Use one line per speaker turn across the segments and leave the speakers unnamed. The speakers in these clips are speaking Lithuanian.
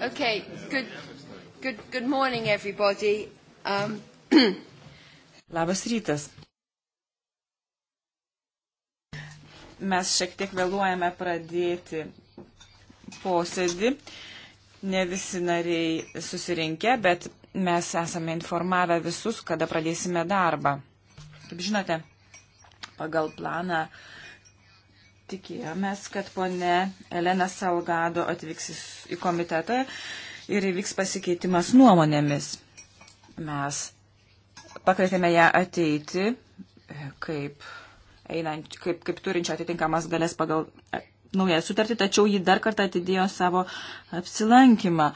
Okay, good,
good, good morning everybody.
Um, Labas rytas. Mes šiek tiek vėluojame pradėti posėdį. Ne visi nariai susirinkę, bet mes esame informavę visus, kada pradėsime darbą. Kaip žinote, pagal planą uh, Tikėjomės, kad ponė Elena Salgado atvyks į komitetą ir įvyks pasikeitimas nuomonėmis. Mes pakvietėme ją ateiti e, kaip, einant, kaip, kaip turinčią atitinkamas galės pagal e, naują sutartį, tačiau ji dar kartą atidėjo savo apsilankimą.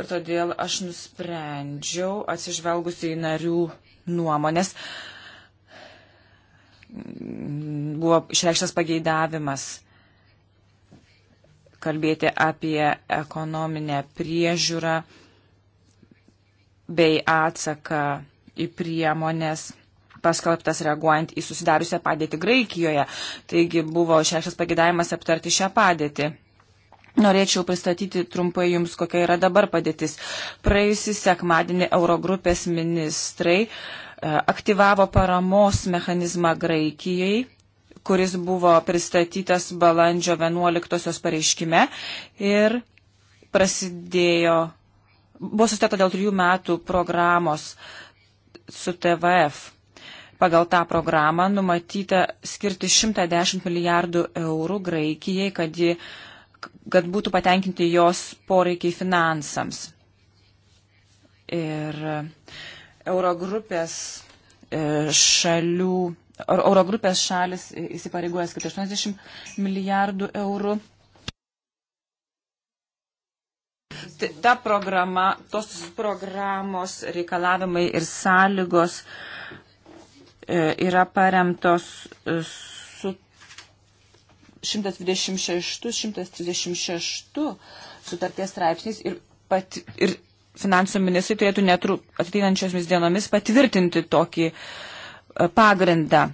Ir todėl aš nusprendžiau, atsižvelgusi į narių nuomonės, uh, buvo išreikštas pageidavimas kalbėti apie ekonominę priežiūrą bei atsaką į priemonės paskelbtas reaguojant į susidariusią padėtį Graikijoje. Taigi buvo šeštas pagėdavimas aptarti šią padėtį. Norėčiau pristatyti trumpai Jums, kokia yra dabar padėtis. Praėjusį sekmadienį Eurogrupės ministrai uh, E, aktyvavo paramos mechanizmą Graikijai kuris buvo pristatytas balandžio 11-osios pareiškime ir prasidėjo, buvo sustata dėl trijų metų programos su TVF. Pagal tą programą numatyta skirti 110 milijardų eurų Graikijai, kad, ji, kad būtų patenkinti jos poreikiai finansams. Ir uh, Eurogrupės e, šalių, Eurogrupės šalis įsipareigoja skirti 80 milijardų eurų. Ta programa, tos programos reikalavimai ir sąlygos e, yra paremtos e, su 126-136 sutarties straipsniais ir, pat, ir finansų ministrai turėtų netru ateinančiomis dienomis patvirtinti tokį e, pagrindą,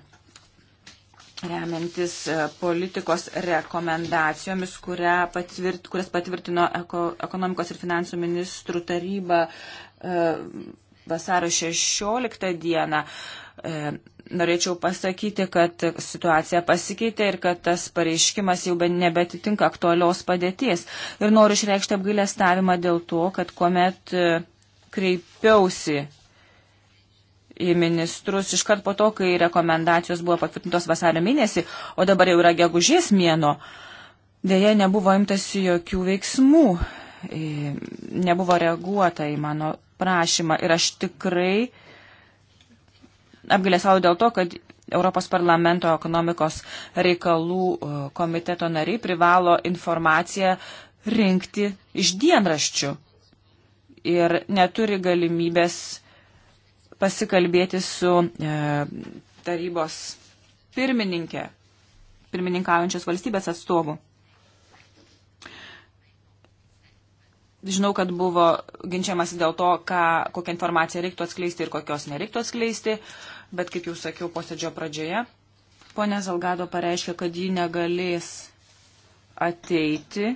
remiantis e, politikos rekomendacijomis, patvirt, kurias patvirtino eko, ekonomikos ir finansų ministrų taryba e, vasario 16 dieną norėčiau pasakyti, kad situacija pasikeitė ir kad tas pareiškimas jau nebetitinka aktualios padėties. Ir noriu išreikšti apgailę stavimą dėl to, kad kuomet e, kreipiausi į ministrus iškart po to, kai rekomendacijos buvo patvirtintos vasario mėnesį, o dabar jau yra gegužės mėno, dėja nebuvo imtasi jokių veiksmų, e, nebuvo reaguota į mano prašymą ir aš tikrai apgalėsau dėl to, kad Europos parlamento ekonomikos reikalų e, komiteto nariai privalo informaciją rinkti iš dienraščių ir neturi galimybės pasikalbėti su e, tarybos pirmininkė, pirmininkaujančios valstybės atstovu. Žinau, kad buvo ginčiamasi dėl to, ką, kokią informaciją reiktų atskleisti ir kokios nereiktų atskleisti. E, bet kaip jau sakiau posėdžio pradžioje, ponė Zalgado pareiškė, kad ji negalės ateiti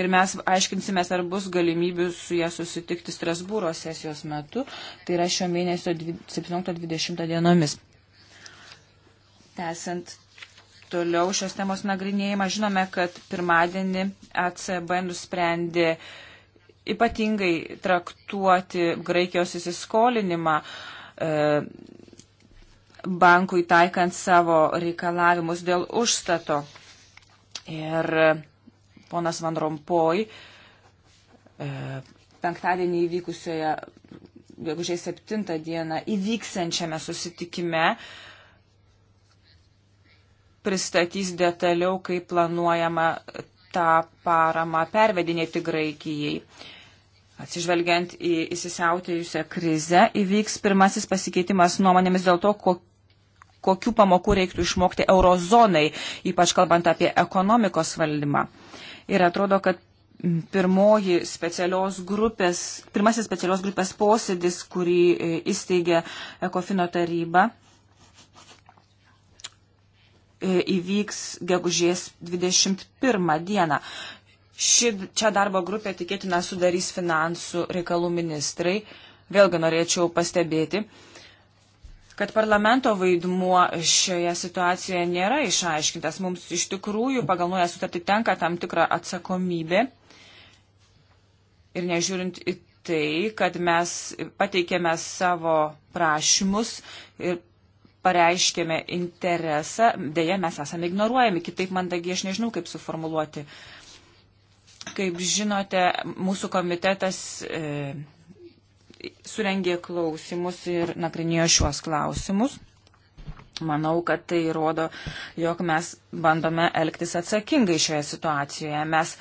ir mes aiškinsimės, ar bus galimybių su ją susitikti Strasbūro sesijos metu, tai yra šio mėnesio 17-20 dienomis. Tęsant toliau šios temos nagrinėjimą, žinome, kad pirmadienį ECB nusprendė ypatingai traktuoti Graikijos įsiskolinimą. Uh, E, bankui taikant savo reikalavimus dėl užstato. Ir ponas Van Rompoj e, penktadienį įvykusioje, gegužės 7 dieną įvyksiančiame susitikime pristatys detaliau, kaip planuojama tą paramą pervedinėti Graikijai atsižvelgiant į įsisiautėjusią krizę, įvyks pirmasis pasikeitimas nuomonėmis dėl to, kokie kokių pamokų reiktų išmokti eurozonai, ypač kalbant apie ekonomikos valdymą. Ir atrodo, kad pirmoji specialios grupės, pirmasis specialios grupės posėdis, kurį e, įsteigė Ekofino taryba, e, įvyks gegužės 21 dieną. Ši čia darbo grupė tikėtina sudarys finansų reikalų ministrai. Vėlgi norėčiau pastebėti, kad parlamento vaidmuo šioje situacijoje nėra išaiškintas. Mums iš tikrųjų pagal nuoją sutartį tenka tam tikrą atsakomybę. Ir nežiūrint į tai, kad mes pateikėme savo prašymus ir pareiškėme interesą, dėja mes esame ignoruojami, kitaip mandagiai aš nežinau, kaip suformuluoti Kaip žinote, mūsų komitetas e, surengė klausimus ir nagrinėjo šiuos klausimus. Manau, kad tai rodo, jog mes bandome elgtis atsakingai šioje situacijoje. Mes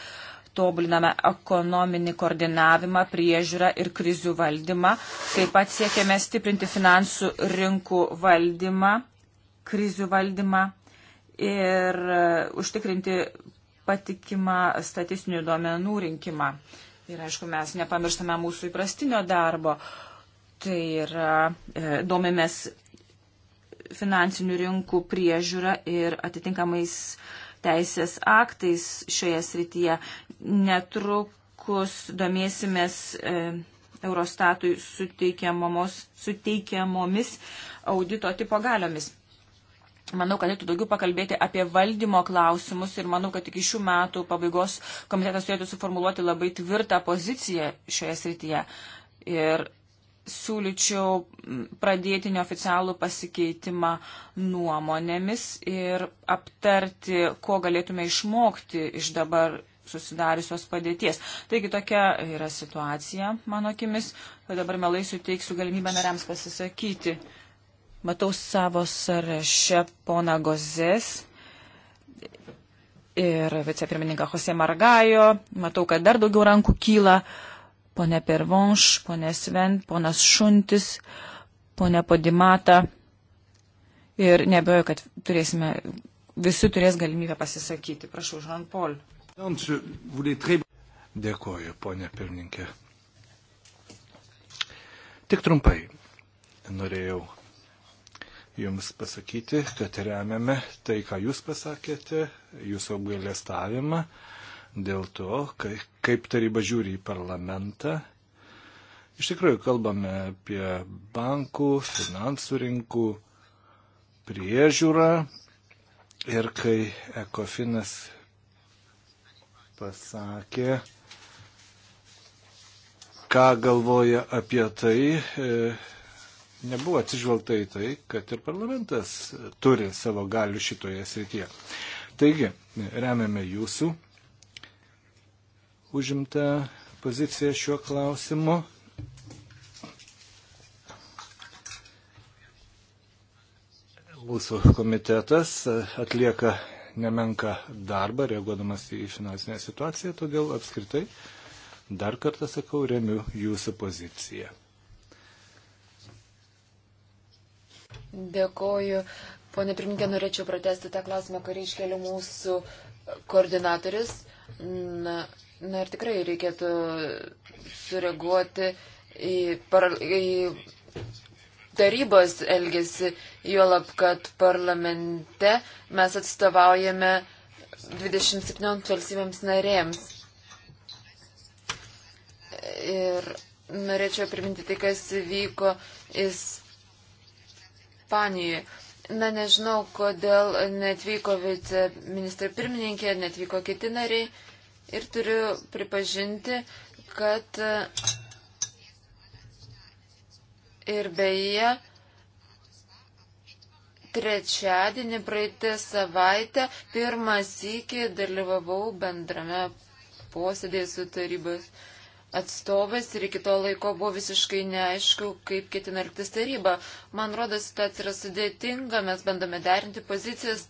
tobuliname ekonominį koordinavimą, priežiūrą ir krizių valdymą. Taip pat siekiame stiprinti finansų rinkų valdymą, krizių valdymą ir e, užtikrinti patikimą statistinių duomenų rinkimą. Ir aišku, mes nepamirštame mūsų įprastinio darbo. Tai yra e, domimės finansinių rinkų priežiūra ir atitinkamais teisės aktais šioje srityje. Netrukus domėsimės e, Eurostatui suteikiamomis audito tipo galiomis. Manau, kad reikėtų daugiau pakalbėti apie valdymo klausimus ir manau, kad iki šių metų pabaigos komitetas turėtų suformuoluoti labai tvirtą poziciją šioje srityje. Ir siūlyčiau pradėti neoficialų pasikeitimą nuomonėmis ir aptarti, ko galėtume išmokti iš dabar susidariusios padėties. Taigi tokia yra situacija, mano akimis. Dabar melai suteiksiu galimybę nariams pasisakyti. Matau savo sąraše pona Gozės ir vicepirmininką Jose Margajo. Matau, kad dar daugiau rankų kyla. Pone Pervonš, pone Sven, ponas Šuntis, pone Podimata. Ir nebejoju, kad turėsime, visi turės galimybę pasisakyti. Prašau, Žan Pol.
Dėkuoju, ponė pirmininkė. Tik trumpai norėjau Jums pasakyti, kad remiame tai, ką Jūs pasakėte, Jūsų apgailestavimą dėl to, kaip taryba žiūri į parlamentą. Iš tikrųjų, kalbame apie bankų, finansų rinkų priežiūrą ir kai Ekofinas pasakė, ką galvoja apie tai, e, nebuvo atsižvelgta į tai, kad ir parlamentas turi savo galių šitoje srityje. Taigi, remiame jūsų užimtą poziciją šiuo klausimu. Mūsų komitetas atlieka nemenka darbą, reaguodamas į finansinę situaciją, todėl apskritai dar kartą sakau, remiu jūsų poziciją.
Dėkoju. Pone pirmininkė, norėčiau pratesti tą klausimą, kurį iškeliu mūsų koordinatorius. Na, na ir tikrai reikėtų sureaguoti į, par, į tarybos elgesį, juolab, kad parlamente mes atstovaujame 27 valstybėms narėms. Ir norėčiau priminti tai, kas vyko įstatymą Ispanijoje. Na, nežinau, kodėl netvyko viceministrė pirmininkė, netvyko kiti nariai. Ir turiu pripažinti, kad ir beje, trečiadienį praeitą savaitę pirmą sykį dalyvavau bendrame posėdėje su tarybos atstovas ir iki to laiko buvo visiškai neaišku, kaip ketina elgtis taryba. Man rodo, situacija yra sudėtinga, mes bandome derinti pozicijas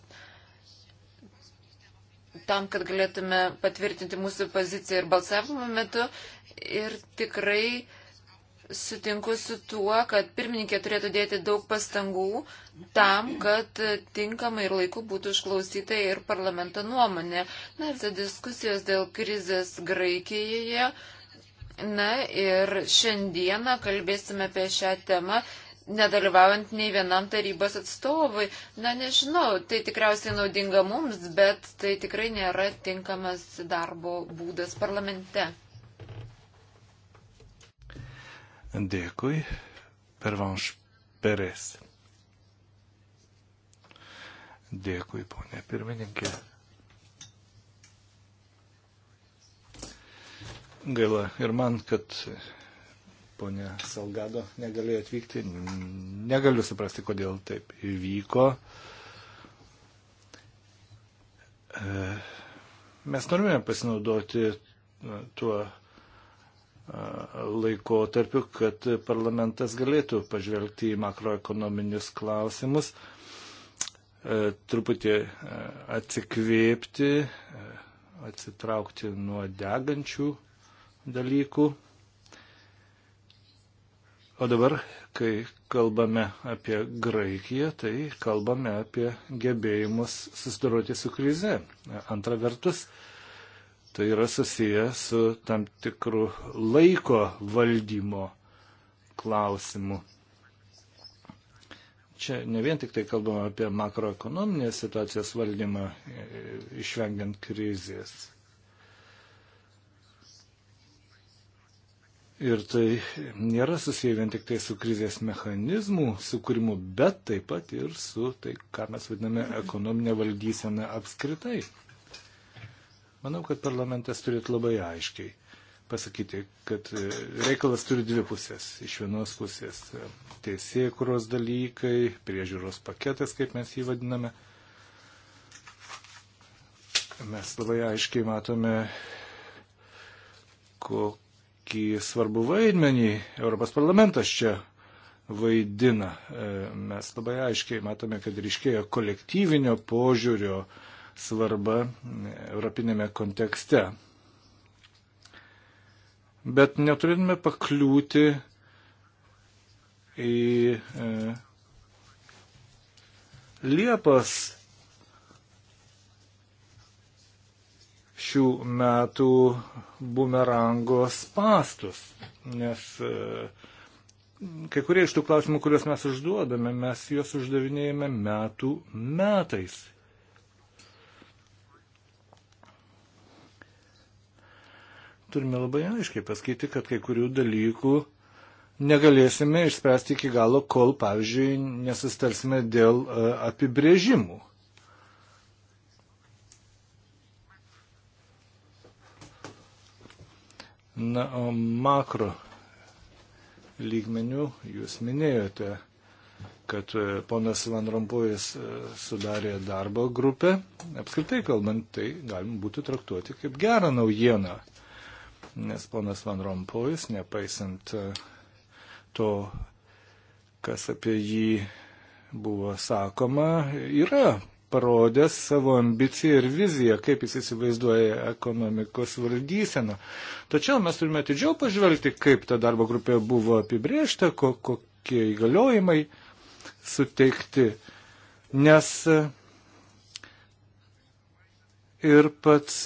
tam, kad galėtume patvirtinti mūsų poziciją ir balsavimo metu. Ir tikrai sutinku su tuo, kad pirmininkė turėtų dėti daug pastangų tam, kad tinkamai ir laiku būtų išklausyta ir parlamento nuomonė. Na ir diskusijos dėl krizės Graikijoje Na ir šiandieną kalbėsime apie šią temą nedalyvaujant nei vienam tarybos atstovui. Na nežinau, tai tikriausiai naudinga mums, bet tai tikrai nėra tinkamas darbo būdas parlamente.
Dėkui. Pervanš Peres. Dėkui, ponė pirmininkė. Gaila ir man, kad ponė Salgado negalėjo atvykti. Negaliu suprasti, kodėl taip įvyko. E, mes norime pasinaudoti e, tuo e, laikotarpiu, kad parlamentas galėtų pažvelgti į makroekonominius klausimus, truputį atsikvėpti, atsitraukti nuo degančių dalykų. O dabar, kai kalbame apie Graikiją, tai kalbame apie gebėjimus susidoroti su krize. Antra vertus, tai yra susiję su tam tikru laiko valdymo klausimu čia ne vien tik tai kalbama apie makroekonominės situacijos valdymą, e, e, išvengiant krizės. Ir tai nėra susiję vien tik tai su krizės mechanizmų sukūrimu, bet taip pat ir su tai, ką mes vadiname ekonominė valdysena apskritai. Manau, kad parlamentas turėtų labai aiškiai pasakyti, kad e, reikalas turi dvi pusės. Iš vienos pusės e, teisėkuros dalykai, priežiūros paketas, kaip mes jį vadiname. Mes labai aiškiai matome, ko, kokį svarbų vaidmenį Europos parlamentas čia vaidina. E, mes labai aiškiai matome, kad ryškėjo kolektyvinio požiūrio svarba e, europinėme kontekste. Bet neturėtume pakliūti į e, Liepos šių metų bumerango spastus, nes e, kai kurie iš tų klausimų, kuriuos mes užduodame, mes juos uždavinėjame metų metais. Turime labai aiškiai pasakyti, kad kai kurių dalykų negalėsime išspręsti iki galo, kol, pavyzdžiui, nesustarsime dėl e, apibrėžimų. Na, o makro lygmenių jūs minėjote, kad e, ponas Van Rompuojas e, sudarė darbo grupę. Apskritai kalbant, tai galim būtų traktuoti kaip gerą naujieną, nes ponas Van Rompuojas, nepaisant e, to, kas apie jį buvo sakoma, yra parodęs savo ambiciją ir viziją, kaip jis įsivaizduoja ekonomikos valdyseną. Tačiau mes turime atidžiau pažvelgti, kaip ta darbo grupė buvo apibriešta, ko, kokie įgaliojimai suteikti, nes ir pats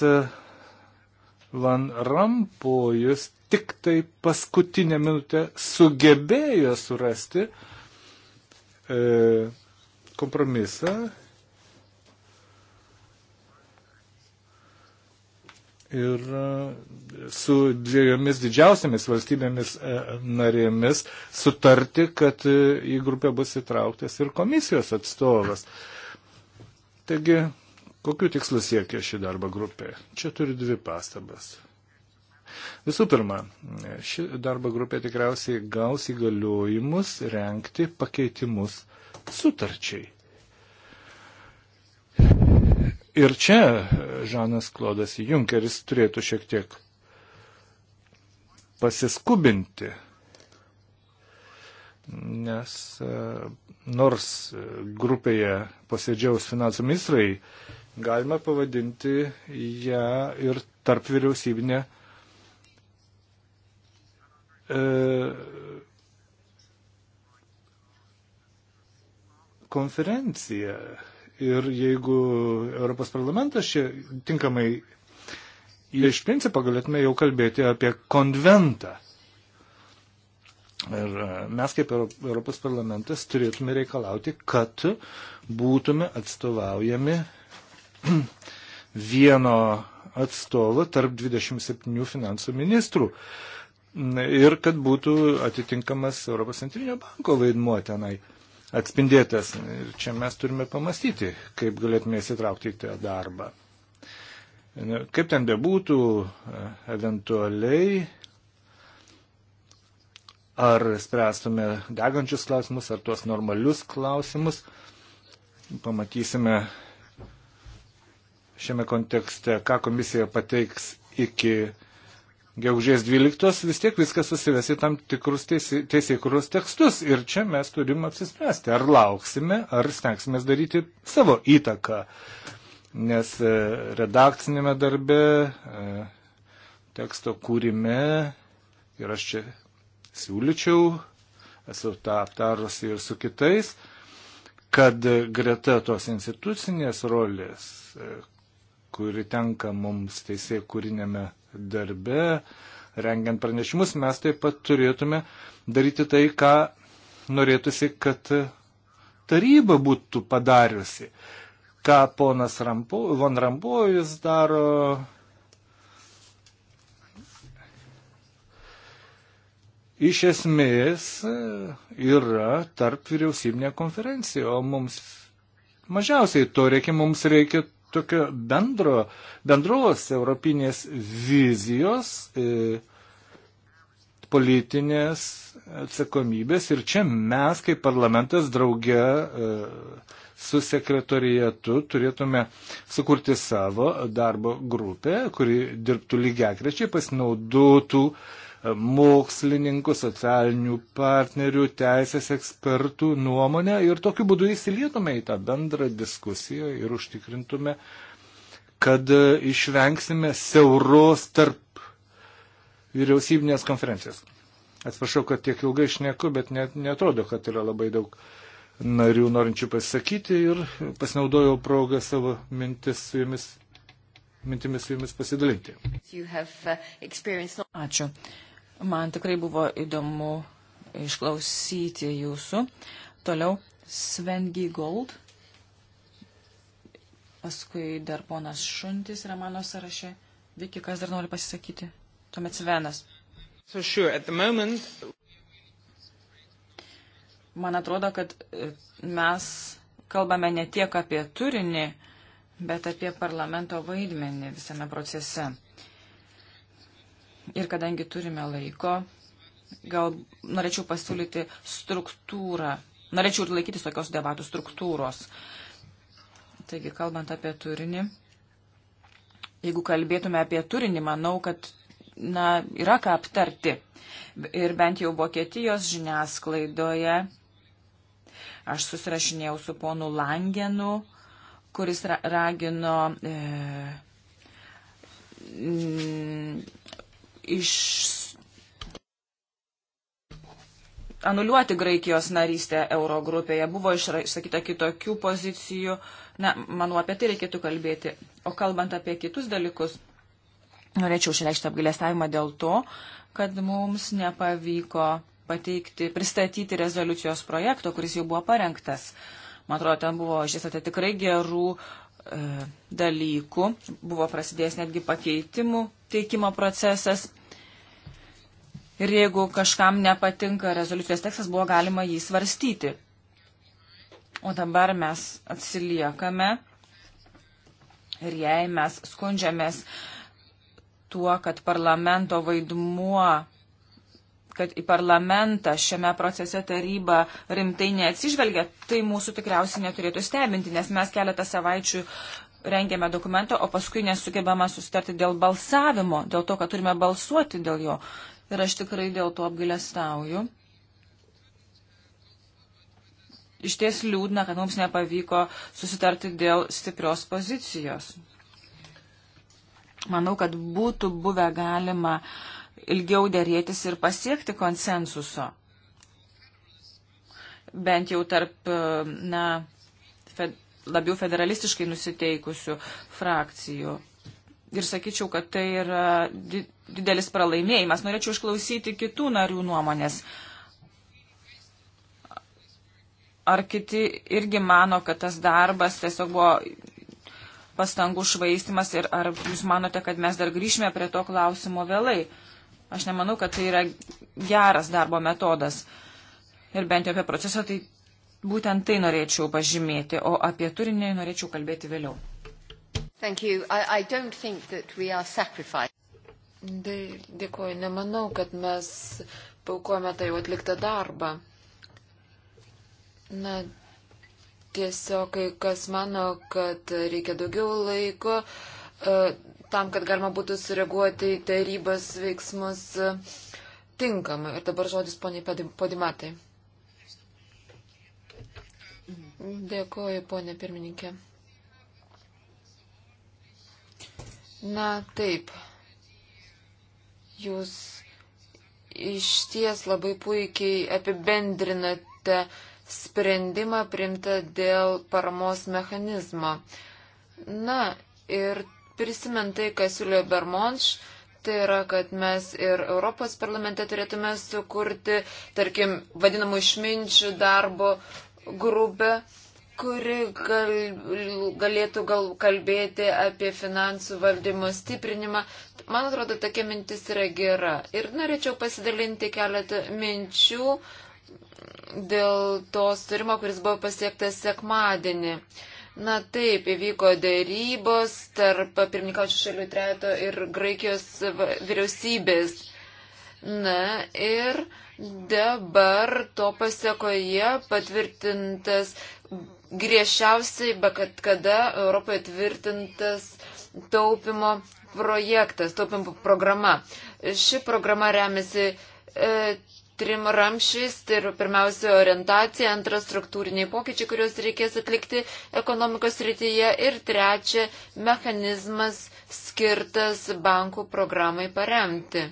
Van Rampojus tik tai paskutinę minutę sugebėjo surasti e, kompromisą ir e, su dviejomis didžiausiamis valstybėmis e, narėmis sutarti, kad e, į grupę bus įtrauktas ir komisijos atstovas. Taigi, kokiu tikslu siekia ši darbo grupė? Čia turi dvi pastabas. Visų pirma, ši darbo grupė tikriausiai gaus įgaliojimus renkti pakeitimus sutarčiai. Ir čia e, Žanas Klodas Junkeris turėtų šiek tiek pasiskubinti, nes e, nors grupėje posėdžiaus finansų ministrai, galima pavadinti ją ir tarp vyriausybinę e, konferencija ir jeigu Europos parlamentas čia tinkamai iš principo galėtume jau kalbėti apie konventą. Ir e, mes kaip Europos parlamentas turėtume reikalauti, kad būtume atstovaujami vieno atstovo tarp 27 finansų ministrų. Ir kad būtų atitinkamas Europos centrinio banko vaidmuo tenai atspindėtas. Ir čia mes turime pamastyti, kaip galėtume įsitraukti į tą darbą. Kaip ten bebūtų, eventualiai, ar spręstume degančius klausimus, ar tuos normalius klausimus, pamatysime šiame kontekste, ką komisija pateiks iki gegužės 12 vis tiek viskas susives į tam tikrus teisėkuros tekstus. Ir čia mes turim apsispręsti, ar lauksime, ar stengsime daryti savo įtaką. Nes e, redakcinėme darbe, e, teksto kūrime, ir aš čia siūlyčiau, esu tą aptarusi ir su kitais, kad greta tos institucinės rolės, e, kuri tenka mums teisė kūrinėme darbe, rengiant pranešimus, mes taip pat turėtume daryti tai, ką norėtųsi, kad taryba būtų padariusi. Ką ponas Rampo, Von Rampojus daro. Iš esmės yra tarp vyriausybinė konferencija, o mums mažiausiai to reikia, mums reikia tokio bendro, bendros europinės vizijos, e, politinės atsakomybės ir čia mes kaip parlamentas drauge e, su sekretorijatu turėtume sukurti savo darbo grupę, kuri dirbtų lygiagrečiai, pasinaudotų e, mokslininkų, socialinių partnerių, teisės ekspertų nuomonę ir tokiu būdu įsilietume į tą bendrą diskusiją ir užtikrintume, kad išvengsime siauros tarp vyriausybinės konferencijos. Atsiprašau, kad tiek ilgai šneku, bet net netrodo, kad yra labai daug narių norinčių pasisakyti ir pasinaudojau progą savo mintis su jumis, mintimis su jumis pasidalinti.
Uh,
Ačiū. Man tikrai buvo įdomu išklausyti jūsų. Toliau Svengi Gold, paskui dar ponas Šuntis yra mano sąraše. Viki, kas dar nori pasisakyti? Tuomet Svenas.
So sure, moment...
Man atrodo, kad e, mes kalbame ne tiek apie turinį, bet apie parlamento vaidmenį visame procese. Ir kadangi turime laiko, gal norėčiau pasiūlyti struktūrą. Norėčiau ir laikytis tokios debatų struktūros. Taigi, kalbant apie turinį, jeigu kalbėtume apie turinį, manau, kad na, yra ką aptarti. Ir bent jau Vokietijos žiniasklaidoje aš susirašinėjau su ponu Langenu, kuris ra ragino. E, mm, iš anuliuoti Graikijos narystę Eurogrupėje. Buvo išsakyta kitokių pozicijų. Na, manau, apie tai reikėtų kalbėti. O kalbant apie kitus dalykus, norėčiau išreikšti apgailestavimą dėl to, kad mums nepavyko pateikti, pristatyti rezoliucijos projekto, kuris jau buvo parengtas. Man atrodo, ten buvo išdėstata tikrai gerų e, dalykų, buvo prasidėjęs netgi pakeitimų teikimo procesas. Ir jeigu kažkam nepatinka rezoliucijos tekstas, buvo galima jį svarstyti. O dabar mes atsiliekame ir jei mes skundžiamės tuo, kad parlamento vaidmuo, kad į parlamentą šiame procese taryba rimtai neatsižvelgia, tai mūsų tikriausiai neturėtų stebinti, nes mes keletą savaičių rengėme dokumentą, o paskui nesugebama susitarti dėl balsavimo, dėl to, kad turime balsuoti dėl jo. Ir aš tikrai dėl to apgailestauju. Iš ties liūdna, kad mums nepavyko susitarti dėl stiprios pozicijos. Manau, kad būtų buvę galima ilgiau dėrėtis ir pasiekti konsensuso. Bent jau tarp, na, labiau federalistiškai nusiteikusių frakcijų. Ir sakyčiau, kad tai yra didelis pralaimėjimas. Norėčiau išklausyti kitų narių nuomonės. Ar kiti irgi mano, kad tas darbas tiesiog buvo pastangų švaistimas ir ar jūs manote, kad mes dar grįšime prie to klausimo vėlai? Aš nemanau, kad tai yra geras darbo metodas. Ir bent jau apie procesą tai Būtent tai norėčiau pažymėti, o apie turinį norėčiau kalbėti vėliau.
I, I Dė, dėkuoju, nemanau, kad mes paukojame tą tai jau atliktą darbą. Na, tiesiog kai kas mano, kad reikia daugiau laiko e, tam, kad galima būtų sureaguoti į tarybos veiksmus e, tinkamai. Ir dabar žodis poniai Podimatai. Dėkuoju, ponė pirmininkė. Na taip, jūs iš ties labai puikiai apibendrinate sprendimą primtą dėl paramos mechanizmo. Na ir prisimint tai, ką siūlė Bermonš, tai yra, kad mes ir Europos parlamente turėtume sukurti, tarkim, vadinamų išminčių darbo grupę, kuri gal, galėtų gal kalbėti apie finansų valdymo stiprinimą. Man atrodo, tokia mintis yra gera. Ir norėčiau pasidalinti keletą minčių dėl to sutarimo, kuris buvo pasiektas sekmadienį. Na taip, įvyko dėrybos tarp pirmininkaučių šalių treto ir Graikijos vyriausybės. Na ir dabar to pasiekoje patvirtintas griežčiausiai, bet kada Europoje tvirtintas taupimo projektas, taupimo programa. Ši programa remiasi e, trim ramšiais, tai yra pirmiausia orientacija, antras struktūriniai pokyčiai, kuriuos reikės atlikti ekonomikos rytyje ir trečia mechanizmas skirtas bankų programai paremti.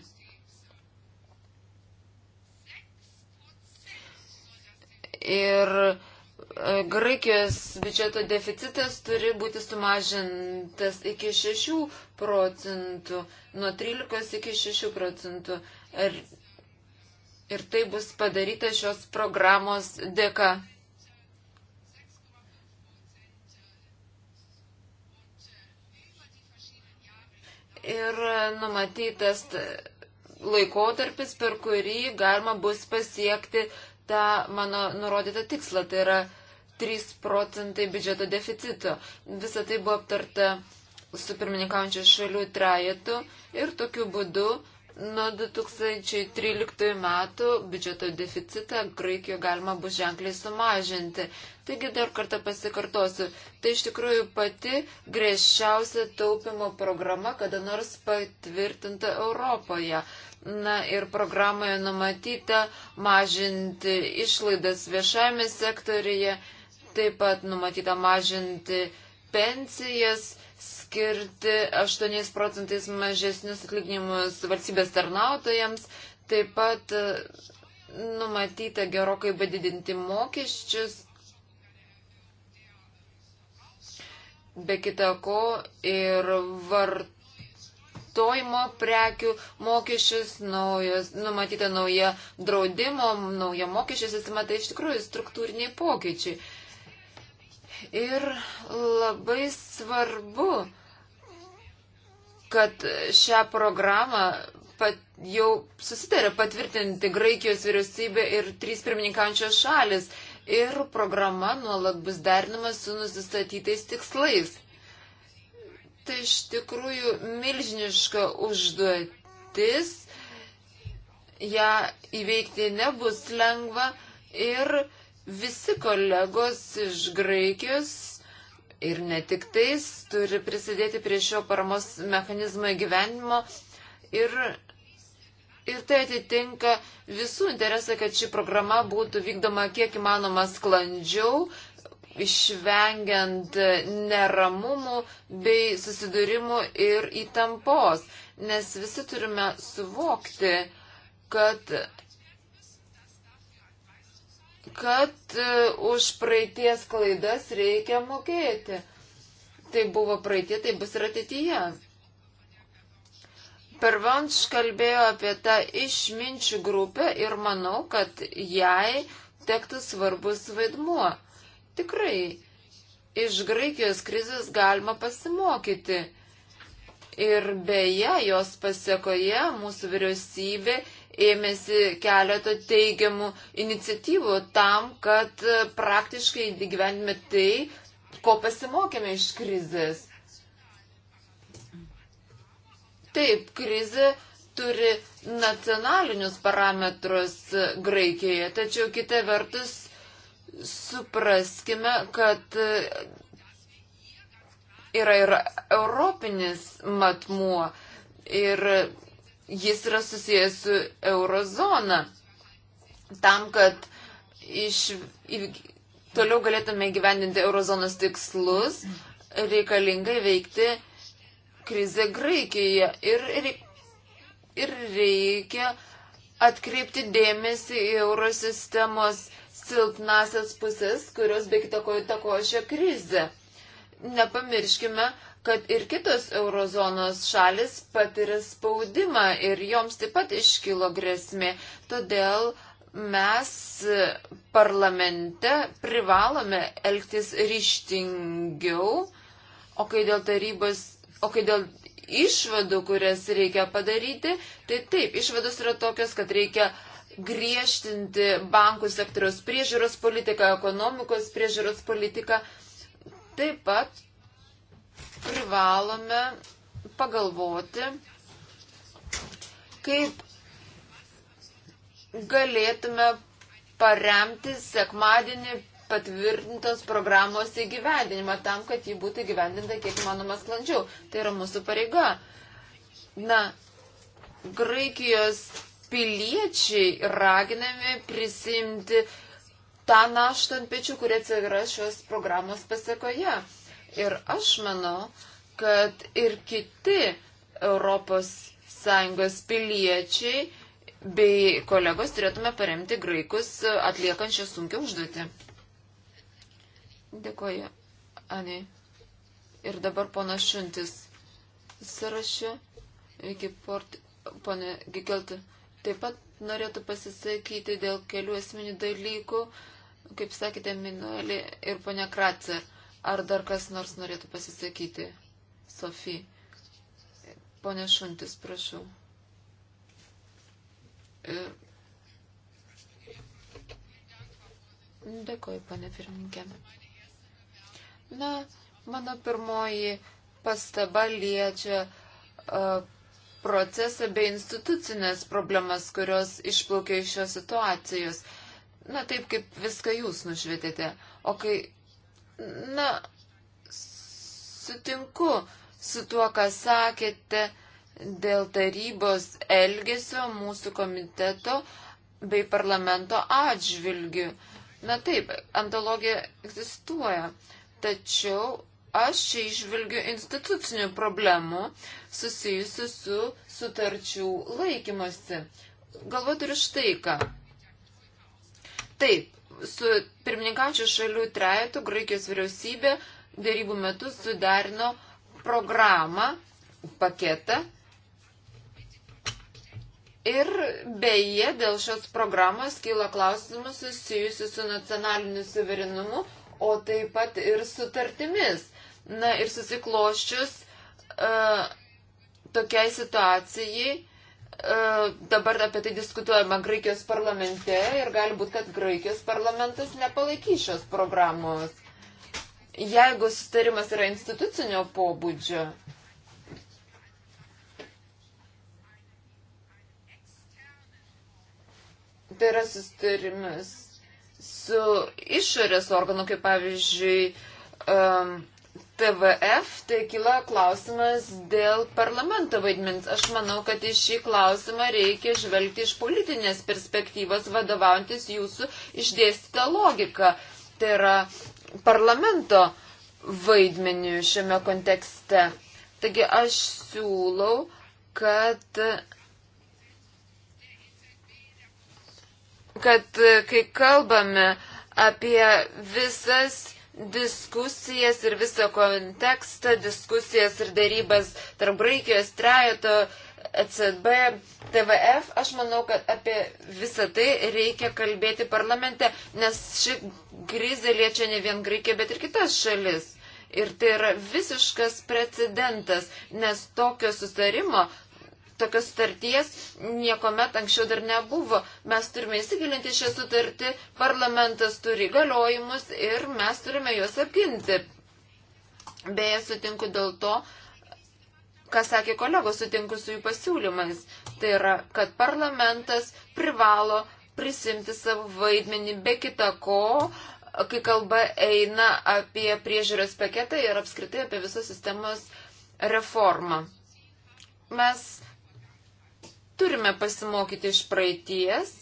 ir e, Graikijos biudžeto deficitas turi būti sumažintas iki 6 procentų, nuo 13 iki 6 procentų. Ir, ir tai bus padaryta šios programos dėka. Ir numatytas laikotarpis, per kurį galima bus pasiekti tą mano nurodytą tikslą, tai yra 3 procentai biudžeto deficito. Visą tai buvo aptarta su pirmininkaujančio šalių trajetu ir tokiu būdu nuo 2013 metų biudžeto deficitą Graikijoje galima bus ženkliai sumažinti. Taigi dar kartą pasikartosiu, tai iš tikrųjų pati griežčiausia taupimo programa kada nors patvirtinta Europoje. Na ir programoje numatyta mažinti išlaidas viešajame sektorije, taip pat numatyta mažinti pensijas, skirti 8 procentais mažesnius atlyginimus valstybės tarnautojams, taip pat e, numatyta gerokai padidinti mokesčius, be kita ko ir vartotojams vartojimo prekių mokesčius, naujos, numatyta nauja draudimo, nauja mokesčių sistema, tai iš tikrųjų struktūriniai pokyčiai. Ir labai svarbu, kad šią programą pat, jau susitarė patvirtinti Graikijos vyriausybė ir trys pirmininkančios šalis. Ir programa nuolat bus derinama su nusistatytais tikslais. Tai iš tikrųjų milžiniška užduotis, ją įveikti nebus lengva ir visi kolegos iš Graikijos ir ne tik tais turi prisidėti prie šio paramos mechanizmo įgyvenimo ir, ir tai atitinka visų interesą, kad ši programa būtų vykdoma kiek įmanoma sklandžiau, išvengiant neramumų bei susidūrimų ir įtampos, nes visi turime suvokti, kad kad e, už praeities klaidas reikia mokėti. Tai buvo praeitie, tai bus ir ateityje. Pervanš kalbėjo apie tą išminčių grupę ir manau, kad jai tektų svarbus vaidmuo tikrai iš Graikijos krizės galima pasimokyti. Ir beje, jos pasiekoje mūsų vyriausybė ėmėsi keletą teigiamų iniciatyvų tam, kad e, praktiškai gyvenime tai, ko pasimokėme iš krizės. Taip, krizė turi nacionalinius parametrus e, Graikijoje, tačiau kita vertus supraskime, kad yra ir europinis matmuo ir jis yra susijęs su eurozona. Tam, kad iš, toliau galėtume gyvendinti eurozonos tikslus, reikalinga veikti krizę Graikijoje ir, reik, ir reikia atkreipti dėmesį į eurosistemos sistemos silpnasias pusės, kurios be kitako įtako šią krizę. Nepamirškime, kad ir kitos eurozonos šalis patiria spaudimą ir joms taip pat iškilo grėsmė. Todėl mes parlamente privalome elgtis ryštingiau, o kai dėl tarybos, o kai dėl išvadų, kurias reikia padaryti, tai taip, išvados yra tokios, kad reikia uh, griežtinti bankų sektoriaus priežiūros politiką, ekonomikos priežiūros politiką. Taip pat privalome pagalvoti, kaip galėtume paremti sekmadienį patvirtintos programos įgyvendinimą tam, kad ji būtų įgyvendinta kiek įmanoma sklandžiau. Tai yra mūsų pareiga. Na, Graikijos piliečiai raginami prisimti tą naštą ant pečių, kurie atsiras šios programos pasakoje. Ir aš manau, kad ir kiti ES piliečiai bei kolegos turėtume paremti graikus atliekančią sunkią užduotį. Dėkoju, Ani. Ir dabar ponas Šuntis sąraše. Iki port, ponė Gikelti. Taip pat norėtų pasisakyti dėl kelių esminių dalykų, kaip sakėte, Minuelį ir ponia Kratzer. Ar dar kas nors norėtų pasisakyti? Sofija. Pone Šuntis, prašau. Ir... E, Dėkuoju, pane pirmininkė. Na, mano pirmoji pastaba liečia uh, procesą bei institucinės problemas, kurios išplaukia iš šios situacijos. Na, taip kaip viską jūs nušvietėte. O kai, na, sutinku su tuo, ką sakėte dėl tarybos elgesio mūsų komiteto bei parlamento atžvilgių. Na taip, antologija egzistuoja, tačiau Aš čia išvilgiu institucinių problemų susijusių su sutarčių laikymasi. Galvo turiu štai ką. Taip, su pirmininkačio šalių trejetu Graikijos vyriausybė dėrybų metu sudarino programą, paketą. Ir beje, dėl šios programos kyla klausimas susijusius su nacionaliniu suverenumu, o taip pat ir sutartimis. Na ir susikloščius uh, tokiai situacijai, uh, dabar apie tai diskutuojama Graikijos parlamente ir gali būti, kad Graikijos parlamentas nepalaikys šios programos. Jeigu sustarimas yra institucinio pobūdžio, tai yra sustarimas su išorės organu, kaip pavyzdžiui, um, TVF, tai kila klausimas dėl parlamento vaidmens. Aš manau, kad į šį klausimą reikia žvelgti iš politinės perspektyvos, vadovaujantis jūsų išdėstytą logiką. Tai yra parlamento vaidmeniu šiame kontekste. Taigi aš siūlau, kad kad kai kalbame apie visas diskusijas ir visą kontekstą, diskusijas ir darybas tarp Graikijos trejato ECB, TVF, aš manau, kad apie visą tai reikia kalbėti parlamente, nes ši krizė liečia ne vien Graikiją, bet ir kitas šalis. Ir tai yra visiškas precedentas, nes tokio sustarimo tokios sutarties niekuomet anksčiau dar nebuvo. Mes turime įsigilinti šią sutartį, parlamentas turi galiojimus ir mes turime juos apginti. Beje, sutinku dėl to, ką sakė kolegos, sutinku su jų pasiūlymais. Tai yra, kad parlamentas privalo prisimti savo vaidmenį be kita ko, kai kalba eina apie priežiūros paketą ir apskritai apie visos sistemos reformą. Mes Turime pasimokyti iš praeities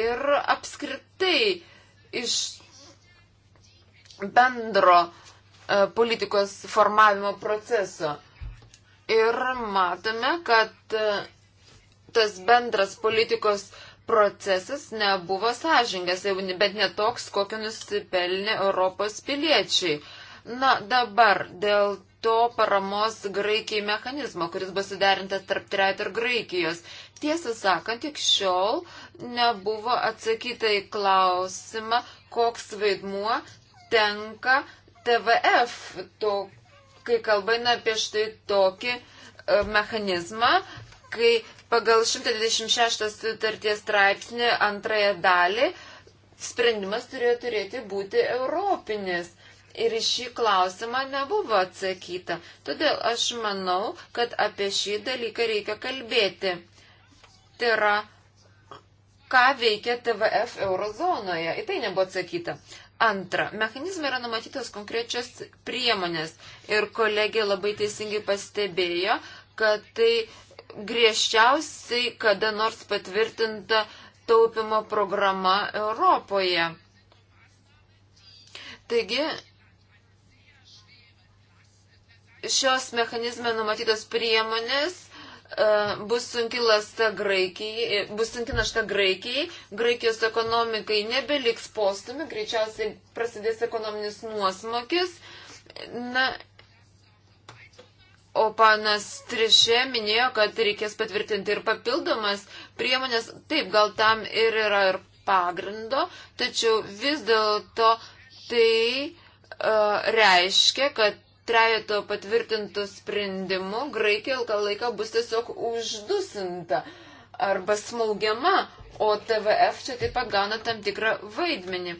ir apskritai iš bendro e, politikos formavimo proceso. Ir matome, kad e, tas bendras politikos procesas nebuvo sąžingas, bet netoks, kokį nusipelnė Europos piliečiai. Na dabar dėl to paramos Graikijai mechanizmo, kuris buvo suderintas tarp trejato ir Graikijos. Tiesą sakant, tik šiol nebuvo atsakyta į klausimą, koks vaidmuo tenka TVF, to, kai kalba eina apie štai tokį e, mechanizmą, kai pagal 126 sutarties straipsnį antrąją dalį sprendimas turėjo turėti būti europinis ir šį klausimą nebuvo atsakyta. Todėl aš manau, kad apie šį dalyką reikia kalbėti. Tai yra, ką veikia TVF eurozonoje. Į tai nebuvo atsakyta. Antra, mechanizmai yra numatytos konkrečios priemonės ir kolegė labai teisingai pastebėjo, kad tai griežčiausiai kada nors patvirtinta taupimo programa Europoje. Taigi, šios mechanizme numatytos priemonės e, bus sunki lasta Graikijai, e, bus sunki našta Graikijai, Graikijos ekonomikai nebeliks postumi, greičiausiai prasidės ekonominis nuosmokis. Na, o panas Trišė minėjo, kad reikės patvirtinti ir papildomas priemonės, taip gal tam ir yra ir pagrindo, tačiau vis dėlto tai uh, reiškia, kad trejeto patvirtintų sprendimų Graikija ilgą laiką bus tiesiog uždusinta arba smaugiama, o TVF čia taip pat gauna tam tikrą vaidmenį.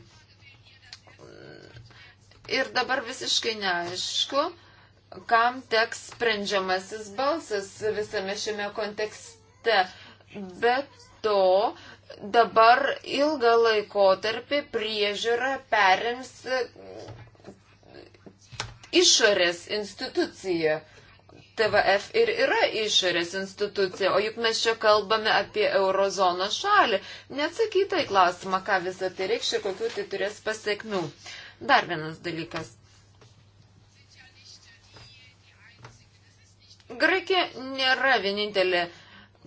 Ir dabar visiškai neaišku, kam teks sprendžiamasis balsas visame šiame kontekste. Be to, dabar ilgą laikotarpį priežiūrą perims išorės institucija. TVF ir yra išorės institucija, o juk mes čia kalbame apie eurozono šalį. Neatsakyta į klausimą, ką visą tai reikš ir kokiu tai turės pasiekmių. Dar vienas dalykas. Graikija nėra vienintelė,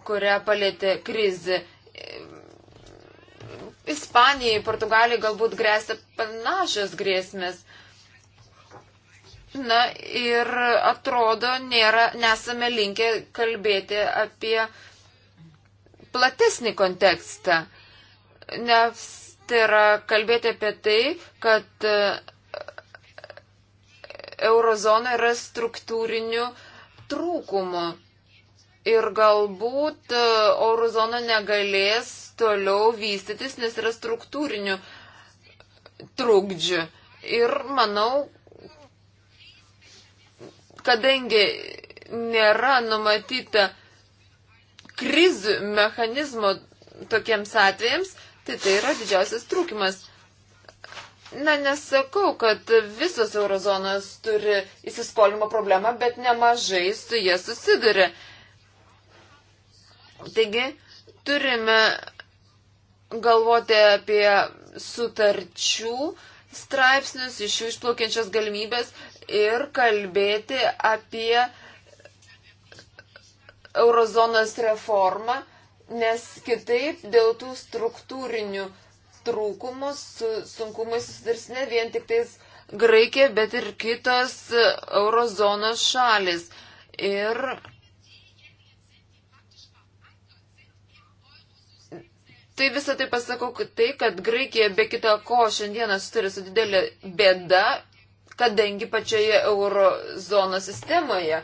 kurią palėtė krizi. Ispanijai, Portugalijai galbūt grėsia panašios grėsmės. Na ir atrodo, nėra, nesame linkę kalbėti apie platesnį kontekstą. Nes tai yra kalbėti apie tai, kad e, eurozona yra struktūrinių trūkumų. Ir galbūt e, eurozona negalės toliau vystytis, nes yra struktūrinių trūkdžių. Ir manau, kadangi nėra numatyta krizių mechanizmo tokiems atvejams, tai tai yra didžiausias trūkimas. Na, nesakau, kad visos eurozonos turi įsiskolimo problemą, bet nemažai su jie susiduria. Taigi, turime galvoti apie sutarčių straipsnius, iš jų išplaukiančias galimybės, ir kalbėti apie eurozonos reformą, nes kitaip dėl tų struktūrinių trūkumų su sunkumai susidurs ne vien tik tais Graikija, bet ir kitos eurozonos šalis. Ir Tai visą tai pasakau tai, kad Graikija be kita ko šiandieną suturi su didelė bėda kadangi pačioje eurozono sistemoje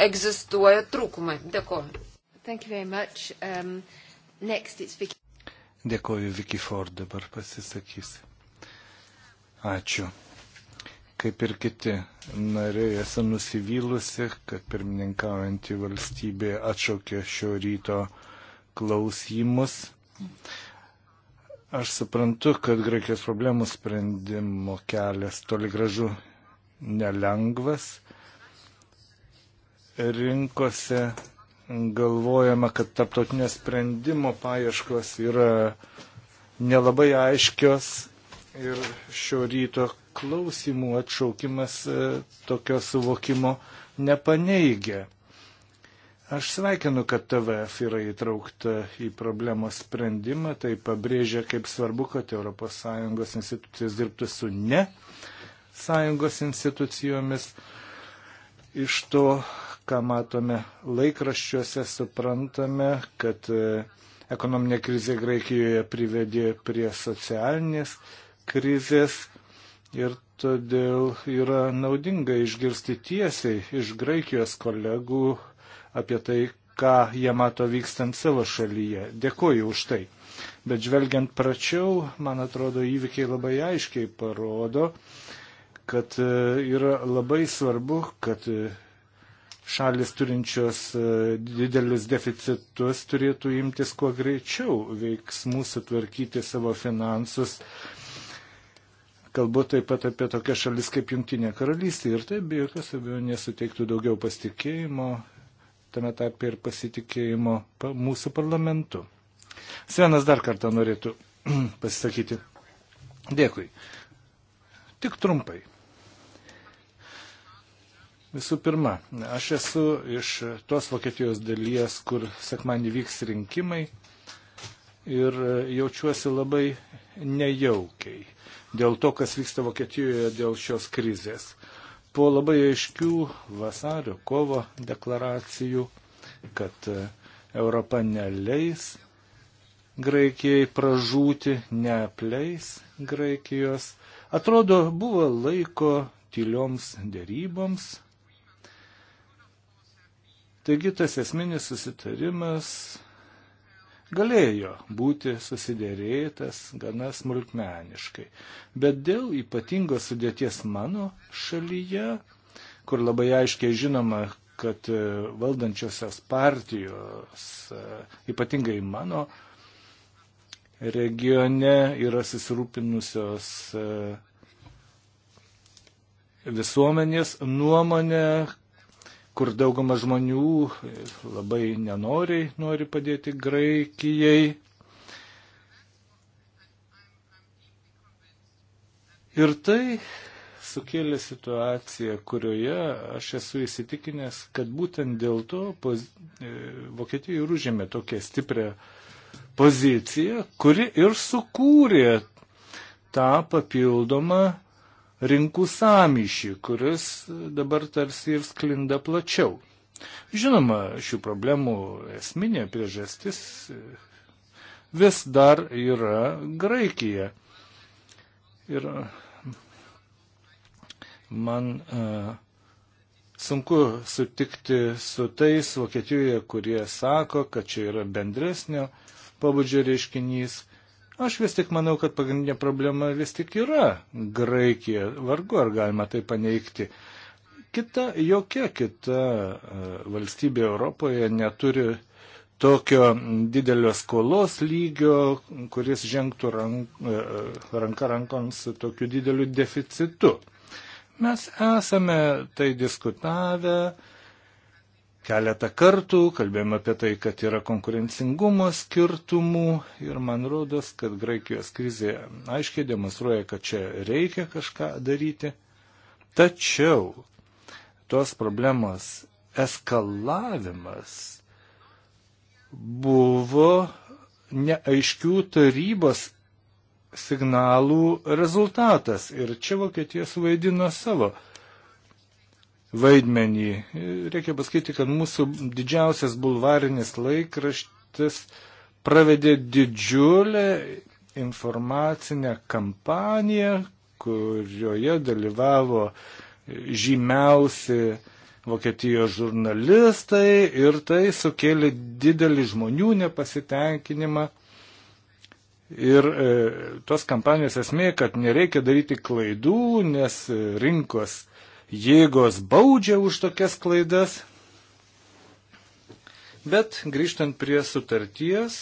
egzistuoja trūkumai. Dėkuoju. Um, next, Vicky.
Dėkuoju, Vicky Ford dabar pasisakys. Ačiū. Kaip ir kiti nariai, esu nusivylusi, kad pirmininkaujantį valstybė atšaukė šio ryto klausimus. Aš suprantu, kad Graikijos problemų sprendimo kelias toli gražu nelengvas. Rinkose galvojama, kad tarptautinio sprendimo paieškos yra nelabai aiškios ir šio ryto klausimų atšaukimas e, tokio suvokimo nepaneigia. Aš sveikinu, kad TVF yra įtraukta į problemos sprendimą, tai pabrėžia, kaip svarbu, kad ES institucijos dirbtų su ne sąjungos institucijomis. Iš to, ką matome laikraščiuose, suprantame, kad e, ekonominė krizė Graikijoje privedė prie socialinės krizės ir todėl yra naudinga išgirsti tiesiai iš Graikijos kolegų apie tai, ką jie mato vykstant savo šalyje. Dėkuoju už tai. Bet žvelgiant pračiau, man atrodo, įvykiai labai aiškiai parodo, kad e, yra labai svarbu, kad e, šalis turinčios e, didelius deficitus turėtų imtis kuo greičiau veiksmų sutvarkyti savo finansus. Kalbu taip pat apie tokias šalis kaip Junktinė karalystė ir tai be jokios abejonės suteiktų daugiau pasitikėjimo tame tarp ir pasitikėjimo mūsų parlamentu. Svenas dar kartą norėtų pasisakyti. Dėkui. Tik trumpai. Visų pirma, aš esu iš tos Vokietijos dalies, kur sekmanį vyks rinkimai ir jaučiuosi labai nejaukiai dėl to, kas vyksta Vokietijoje dėl šios krizės po labai aiškių vasario kovo deklaracijų, kad e, Europa neleis Graikijai pražūti, neapleis Graikijos. Atrodo, buvo laiko tylioms dėryboms. Taigi tas esminis susitarimas galėjo būti susidėrėtas gana smulkmeniškai. Bet dėl ypatingos sudėties mano šalyje, kur labai aiškiai žinoma, kad e, valdančiosios partijos, e, ypatingai mano regione, yra susirūpinusios e, visuomenės nuomonę, kur dauguma žmonių labai nenoriai nori padėti Graikijai. Ir tai sukėlė situaciją, kurioje aš esu įsitikinęs, kad būtent dėl to poz... E, Vokietija ir užėmė tokią stiprią poziciją, kuri ir sukūrė tą papildomą rinkų samyšį, kuris dabar tarsi ir sklinda plačiau. Žinoma, šių problemų esminė priežastis vis dar yra Graikija. Ir uh, man a, uh, sunku sutikti su tais Vokietijoje, kurie sako, kad čia yra bendresnio pabudžio reiškinys Aš vis tik manau, kad pagrindinė problema vis tik yra Graikija. Vargu ar galima tai paneigti. Kita, jokia kita e, valstybė Europoje neturi tokio didelio skolos lygio, kuris žengtų rank, e, e, ranka rankon su tokiu dideliu deficitu. Mes esame tai diskutavę, keletą kartų, kalbėjome apie tai, kad yra konkurencingumo skirtumų ir man rodos, kad Graikijos krizė aiškiai demonstruoja, kad čia reikia kažką daryti. Tačiau tos problemos eskalavimas buvo neaiškių tarybos signalų rezultatas ir čia Vokietija suvaidino savo vaidmenį. Reikia pasakyti, kad mūsų didžiausias bulvarinis laikraštis pravedė didžiulę informacinę kampaniją, kurioje dalyvavo žymiausi Vokietijos žurnalistai ir tai sukėlė didelį žmonių nepasitenkinimą. Ir e, tos kampanijos esmė, kad nereikia daryti klaidų, nes e, rinkos jėgos baudžia už tokias klaidas. Bet grįžtant prie sutarties,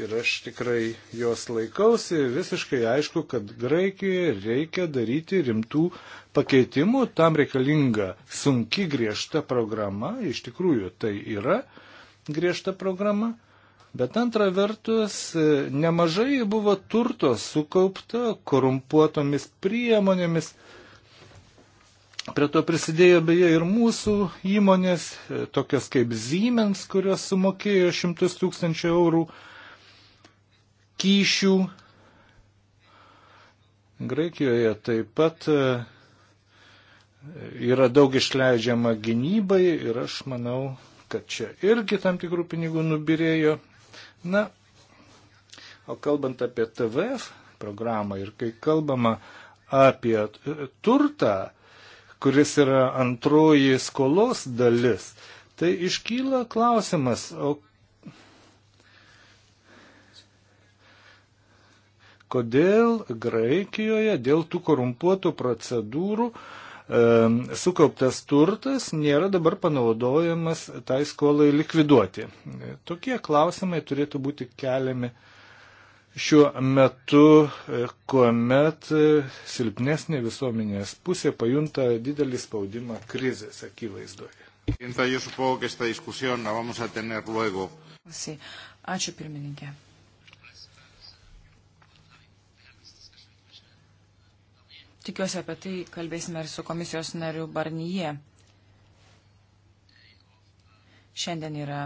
ir aš tikrai jos laikausi, visiškai aišku, kad Graikijoje reikia daryti rimtų pakeitimų, tam reikalinga sunki griežta programa, iš tikrųjų tai yra griežta programa, bet antra vertus nemažai buvo turto sukaupta korumpuotomis priemonėmis, Prie to prisidėjo beje ir mūsų įmonės, e, tokios kaip Siemens, kurios sumokėjo šimtus tūkstančių eurų kyšių. Graikijoje taip pat e, yra daug išleidžiama gynybai ir aš manau, kad čia irgi tam tikrų pinigų nubirėjo. Na, o kalbant apie TVF programą ir kai kalbama apie turtą, kuris yra antroji skolos dalis, tai iškyla klausimas, o kodėl Graikijoje dėl tų korumpuotų procedūrų e, sukauptas turtas nėra dabar panaudojamas tai skolai likviduoti. Tokie klausimai turėtų būti keliami šiuo metu, e, kuomet e, silpnesnė visuomenės pusė pajunta didelį spaudimą krizės akivaizdoje.
Ačiū pirmininkė. Tikiuosi apie tai kalbėsime ir su komisijos nariu Barnyje. Šiandien yra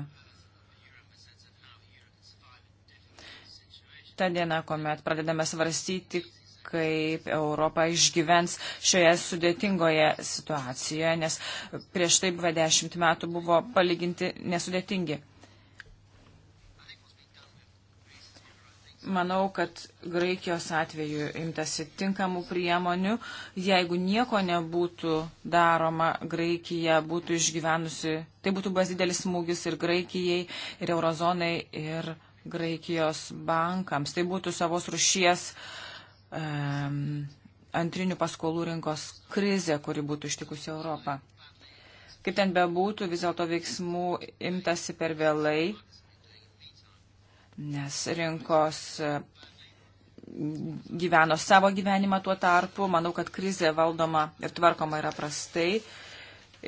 ta diena, kuomet pradedame svarstyti, kaip Europa išgyvens šioje sudėtingoje situacijoje, nes prieš tai buvę dešimt metų buvo palyginti nesudėtingi. Manau, kad Graikijos atveju imtasi tinkamų priemonių. Jeigu nieko nebūtų daroma, Graikija būtų išgyvenusi, tai būtų buvęs didelis smūgis ir Graikijai, ir eurozonai, ir Graikijos bankams. Tai būtų savos rušies um, antrinių paskolų rinkos krizė, kuri būtų ištikusi Europą. Kaip ten bebūtų, vis dėlto veiksmų imtasi per vėlai, nes rinkos e, gyveno savo gyvenimą tuo tarpu. Manau, kad krizė valdoma ir tvarkoma yra prastai. Uh,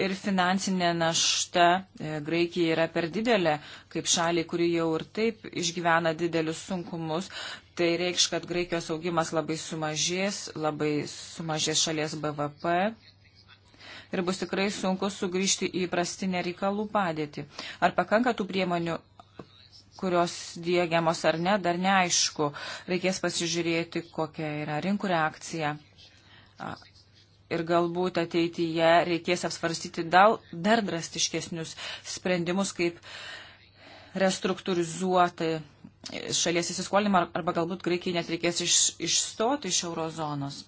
ir finansinė našta e, Graikija yra per didelė, kaip šaliai, kuri jau ir taip išgyvena didelius sunkumus. Tai reikš, kad Graikijos augimas labai sumažės, labai sumažės šalies BVP ir bus tikrai sunku sugrįžti į prastinę reikalų padėtį. Ar pakanka tų priemonių, kurios dėgiamos ar ne, dar neaišku. Reikės pasižiūrėti, kokia yra rinkų reakcija ir galbūt ateityje reikės apsvarstyti dal, dar drastiškesnius sprendimus, kaip restruktūrizuoti šalies įsiskolimą arba galbūt Graikijai net reikės iš, išstoti iš eurozonos.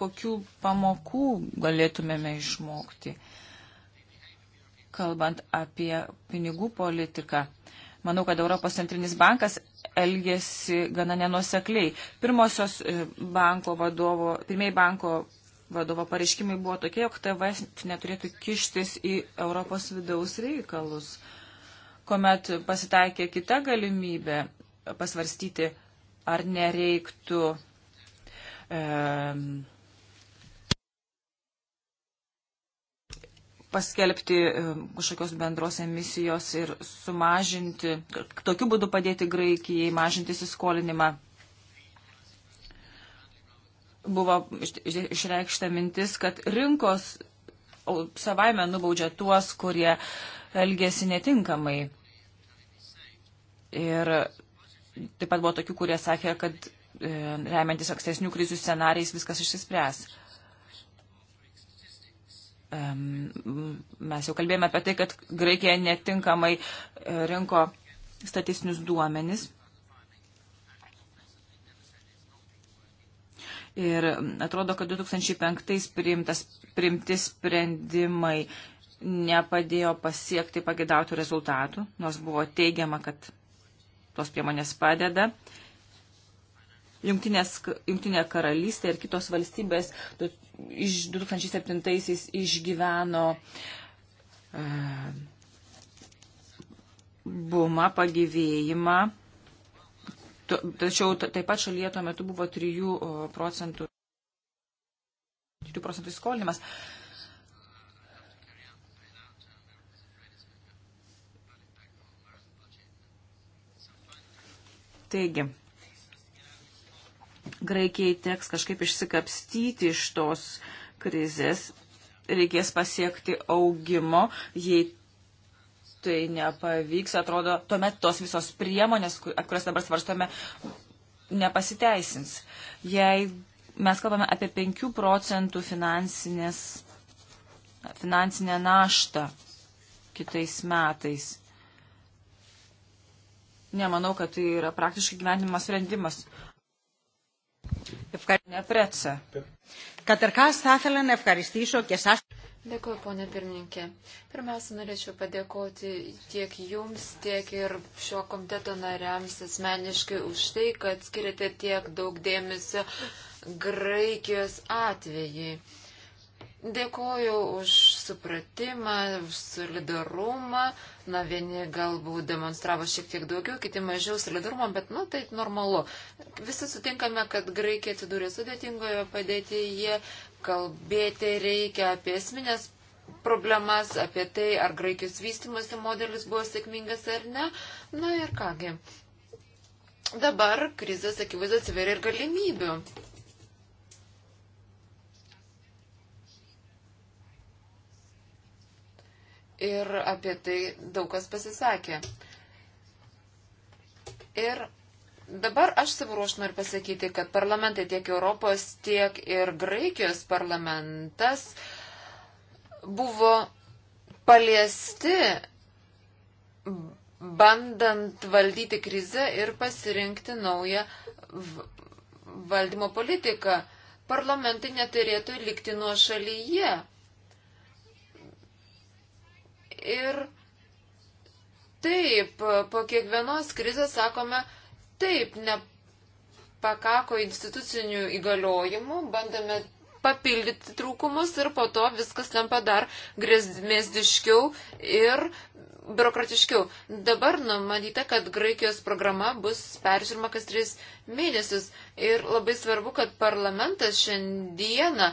Kokių pamokų galėtumėme išmokti, kalbant apie pinigų politiką? Manau, kad Europos centrinis bankas elgėsi gana nenusekliai. Pirmosios e, banko vadovo, pirmieji banko vadovo pareiškimai buvo tokie, jog TVF neturėtų kištis į Europos vidaus reikalus, kuomet pasitaikė kita galimybė pasvarstyti, ar nereiktų e, paskelbti e, kažkokios bendros emisijos ir sumažinti, tokiu būdu padėti Graikijai mažinti įsiskolinimą. Buvo išreikšta mintis, kad rinkos savaime nubaudžia tuos, kurie elgėsi netinkamai. Ir taip pat buvo tokių, kurie sakė, kad e, remiantis ankstesnių krizių scenarijais viskas išsispręs. Mes jau kalbėjome apie tai, kad Graikija netinkamai e, rinko statistinius duomenis. Ir atrodo, kad 2005 priimtas, priimti sprendimai nepadėjo pasiekti pagidautų rezultatų, nors buvo teigiama, kad tos priemonės padeda. Jungtinės, Jungtinė karalystė ir kitos valstybės iš 2007-aisiais išgyveno uh, bumą, pagyvėjimą. Tačiau taip pat šalyje tuo metu buvo 3 procentų, 3 procentų skolinimas. Taigi, Graikijai teks kažkaip išsikapstyti iš tos krizės, reikės pasiekti augimo, jei tai nepavyks, atrodo, tuomet tos visos priemonės, kurias dabar svarstome, nepasiteisins. Jei mes kalbame apie 5 procentų finansinę naštą kitais metais. Nemanau, kad tai yra praktiškai gyvenimas sprendimas. Dėkuoju, ponė
pirmininkė. Pirmiausia, norėčiau padėkoti tiek jums, tiek ir šio komiteto nariams asmeniškai už tai, kad skiriate tiek daug dėmesio Graikijos atvejai. Dėkoju už supratimą, už solidarumą. Na, vieni galbūt demonstravo šiek tiek daugiau, kiti mažiau solidarumo, bet, nu, tai normalu. Visi sutinkame, kad Graikija atsidūrė sudėtingoje padėtyje, kalbėti reikia apie esminės problemas, apie tai, ar Graikijos vystimosi modelis buvo sėkmingas ar ne. Na ir kągi. Dabar krizės akivaizdu atsiveria ir galimybių. ir apie tai daug kas pasisakė. Ir dabar aš savo ruoštų noriu pasakyti, kad parlamentai tiek Europos, tiek ir Graikijos parlamentas buvo paliesti bandant valdyti krizę ir pasirinkti naują valdymo politiką. Parlamentai neturėtų likti nuo šalyje. Ir taip, po kiekvienos krizės sakome, taip, nepakako institucinių įgaliojimų, bandome papildyti trūkumus ir po to viskas tampa dar grėsmėsdiškiau ir biurokratiškiau. Dabar numatyta, kad Graikijos programa bus peržiūrima kas tris mėnesius. Ir labai svarbu, kad parlamentas šiandieną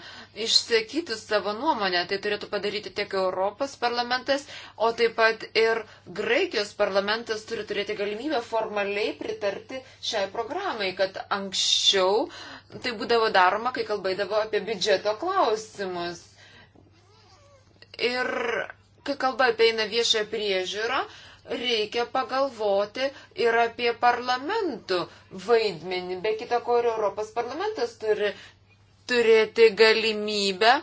išsakytų savo nuomonę. Tai turėtų padaryti tiek Europos parlamentas, o taip pat ir Graikijos parlamentas turi turėti galimybę formaliai pritarti šiai programai, kad anksčiau tai būdavo daroma, kai kalbėdavo apie biudžeto klausimus. Ir kai kalba apeina viešą priežiūrą, reikia pagalvoti ir apie parlamentų vaidmenį. Be kita ko ir Europos parlamentas turi turėti galimybę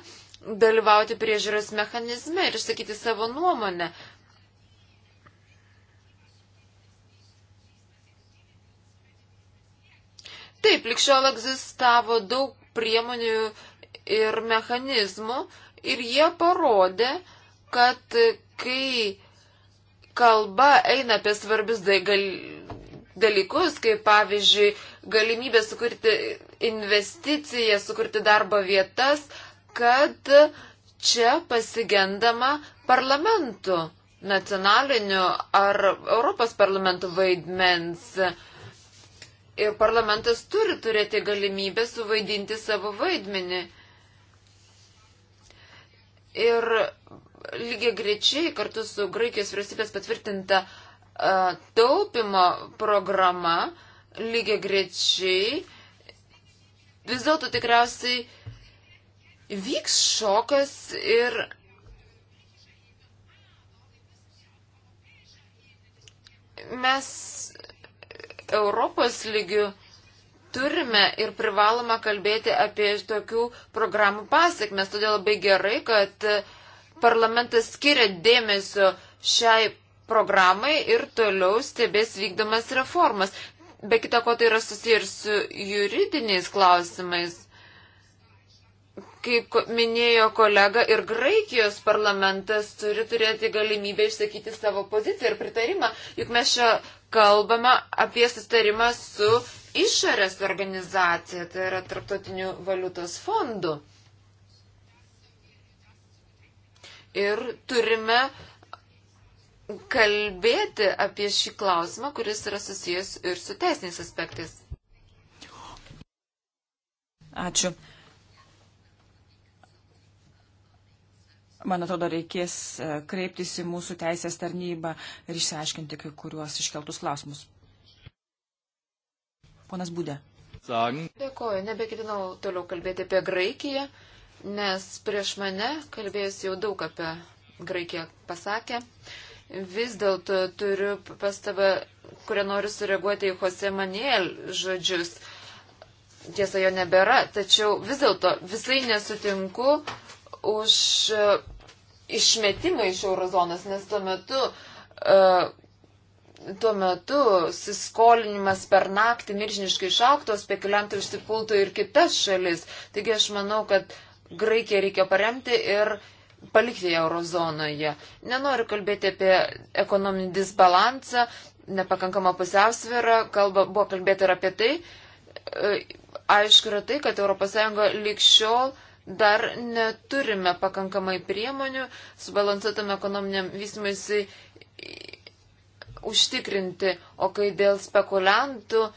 dalyvauti priežiūros mechanizme ir išsakyti savo nuomonę. Taip, likščiol egzistavo daug priemonių ir mechanizmų ir jie parodė, kad kai kalba eina apie svarbius dalykus, kaip pavyzdžiui galimybė sukurti investiciją, sukurti darbo vietas, kad čia pasigendama parlamentų, nacionalinių ar Europos parlamentų vaidmens. Ir parlamentas turi turėti galimybę suvaidinti savo vaidmenį. Ir lygiai grečiai kartu su Graikijos vyriausybės patvirtinta uh, taupimo programa, lygiai grečiai vis dėlto tikriausiai vyks šokas ir mes Europos lygių turime ir privalome kalbėti apie tokių programų pasiekmes. Todėl labai gerai, kad uh, parlamentas skiria dėmesio šiai programai ir toliau stebės vykdomas reformas. Be kita ko, tai yra susiję ir su juridiniais klausimais. Kaip minėjo kolega, ir Graikijos parlamentas turi turėti galimybę išsakyti savo poziciją ir pritarimą, juk mes čia kalbame apie sustarimą su išorės organizacija, tai yra Tarptautinių valiutos fondų. ir turime kalbėti apie šį klausimą, kuris yra susijęs ir su teisiniais aspektais.
Ačiū. Man atrodo, reikės e, kreiptis į mūsų teisės tarnybą ir išsiaiškinti kai kuriuos iškeltus klausimus. Ponas Būdė.
Dėkoju, nebeketinau toliau kalbėti apie Graikiją. Uh, nes prieš mane kalbėjus jau daug apie Graikiją pasakė. Vis dėlto turiu pastabą, kurią noriu sureaguoti į Jose Maniel žodžius. Tiesa, jo nebėra, tačiau vis dėlto visai nesutinku už e, išmetimą iš eurozonos, nes tuo metu uh, tuo metu siskolinimas per naktį milžiniškai išauktų, spekuliantai užsipultų ir kitas šalis. Taigi aš manau, kad Graikiją reikia paremti ir palikti ją eurozonoje. Nenoriu kalbėti apie ekonominį disbalansą, nepakankamą pusiausvyrą, kalba, buvo kalbėti ir apie tai. E, aišku yra tai, kad ES likščiol dar neturime pakankamai priemonių subalansuotam ekonominiam vystimuisi užtikrinti, o kai dėl spekuliantų,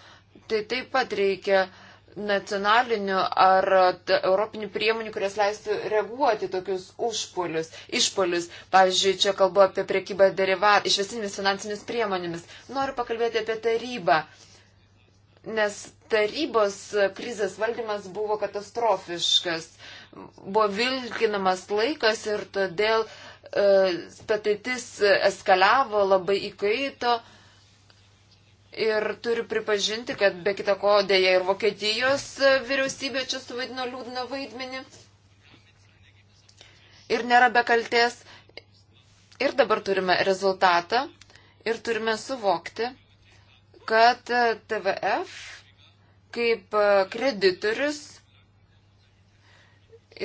tai taip pat reikia uh, nacionalinių ar europinių priemonių, kurias leistų reaguoti tokius užpolius, išpolius. Pavyzdžiui, čia kalbu apie priekybą derivat, išvesinėmis finansinėmis priemonėmis. Noriu pakalbėti apie tarybą, nes tarybos krizės valdymas buvo katastrofiškas. Buvo vilkinamas laikas ir todėl uh, e, patirtis eskalavo, labai įkaito. Uh, Ir turiu pripažinti, kad be kita ko dėja ir Vokietijos vyriausybė čia suvaidino liūdną vaidmenį. Ir nėra be kalties. Ir dabar turime rezultatą ir turime suvokti, kad TVF kaip kreditorius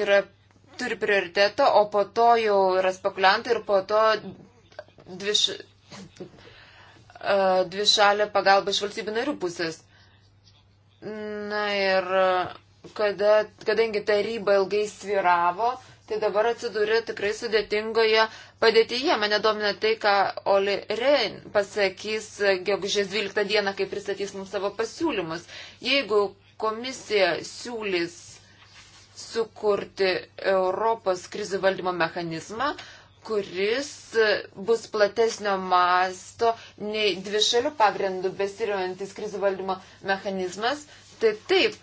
yra, turi prioritetą, o po to jau yra spekuliantai ir po to dviš, E, dvišalę pagalbą iš valstybių narių pusės. Na ir e, kada, kadangi taryba ilgai sviravo, tai dabar atsidūrė tikrai sudėtingoje padėtyje. Mane domina tai, ką Oli Rein pasakys gegužės 12 dieną, kai pristatys mums savo pasiūlymus. Jeigu komisija siūlys sukurti Europos krizių valdymo mechanizmą, kuris e, bus platesnio masto nei dvišalių pagrindų besiriuojantis krizių valdymo mechanizmas. Tai taip,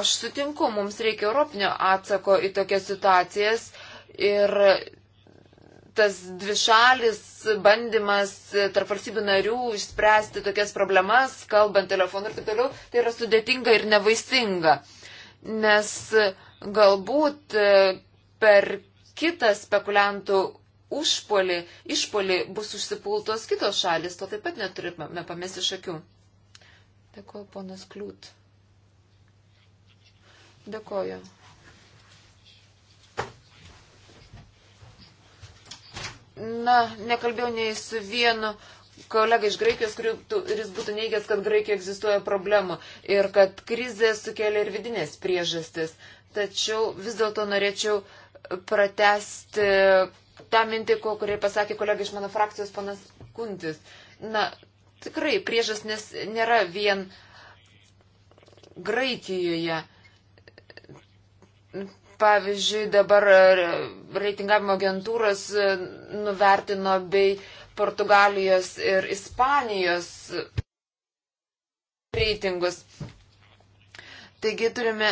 aš sutinku, mums reikia europinio atsako į tokias situacijas ir tas dvišalis bandymas tarp valstybių narių išspręsti tokias problemas, kalbant telefonu ir taip toliau, tai yra sudėtinga ir nevaisinga. Nes galbūt e, per kitą spekuliantų užpolį, išpolį bus užsipultos kitos šalis, to taip pat neturime pamesti iš akių. Dėkuoju, ponas Kliūt. Dėkuoju. Na, nekalbėjau nei su vienu kolega iš Graikijos, kuris būtų neigęs, kad Graikijoje egzistuoja problemų ir kad krizė sukelia ir vidinės priežastis. Tačiau vis dėlto norėčiau pratesti tą mintį, kurį pasakė kolega iš mano frakcijos panas Kuntis. Na, tikrai priežastis nėra vien Graikijoje. Pavyzdžiui, dabar reitingavimo agentūros nuvertino bei Portugalijos ir Ispanijos reitingus. Taigi turime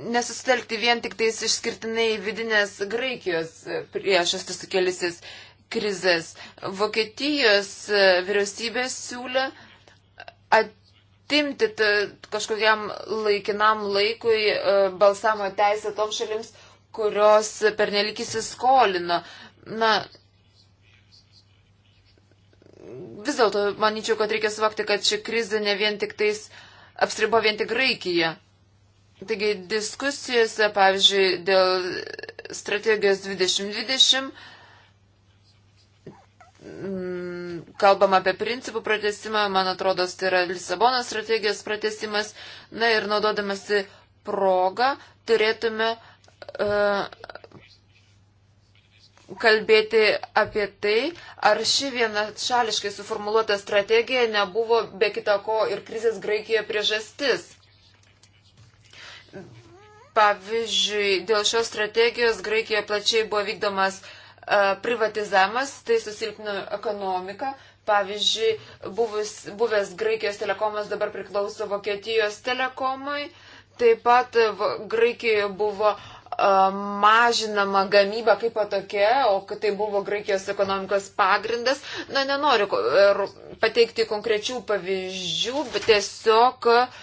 nesusitelkti vien tik tais išskirtinai vidinės Graikijos priešastis sukelisis krizės. Vokietijos e, vyriausybė siūlė atimti kažkokiam laikinam laikui e, balsamo teisę toms šalims, kurios pernelik įsiskolino. Na, vis dėlto manyčiau, kad reikia suvokti, kad ši krizė ne vien tik tais apsribo vien tik Graikiją. Taigi diskusijose, pavyzdžiui, dėl strategijos 2020 mm, kalbam apie principų pratesimą, man atrodo, tai yra Lisabono strategijos pratesimas. Na ir naudodamasi progą turėtume uh, kalbėti apie tai, ar ši viena šališkai suformuoluota strategija nebuvo be kita ko ir krizės Graikijoje priežastis. Pavyzdžiui, dėl šios strategijos Graikijoje plačiai buvo vykdomas e, privatizavimas, tai susilpnino ekonomiką. Pavyzdžiui, buvus, buvęs Graikijos telekomas dabar priklauso Vokietijos telekomui. Taip pat e, Graikijoje buvo e, mažinama gamyba kaip patokia, o kad tai buvo Graikijos ekonomikos pagrindas. Na, nenoriu pateikti konkrečių pavyzdžių, bet tiesiog uh,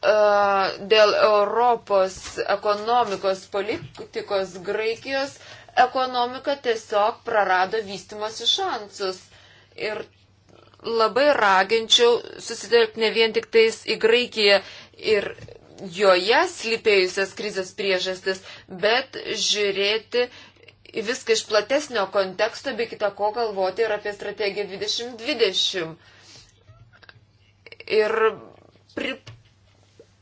dėl Europos ekonomikos politikos Graikijos ekonomika tiesiog prarado vystimosi šansus. Ir labai raginčiau susitelkti ne vien tik tais į Graikiją ir joje slypėjusias krizės priežastis, bet žiūrėti viską iš platesnio konteksto, bei kita ko galvoti ir apie strategiją 2020. Ir pri,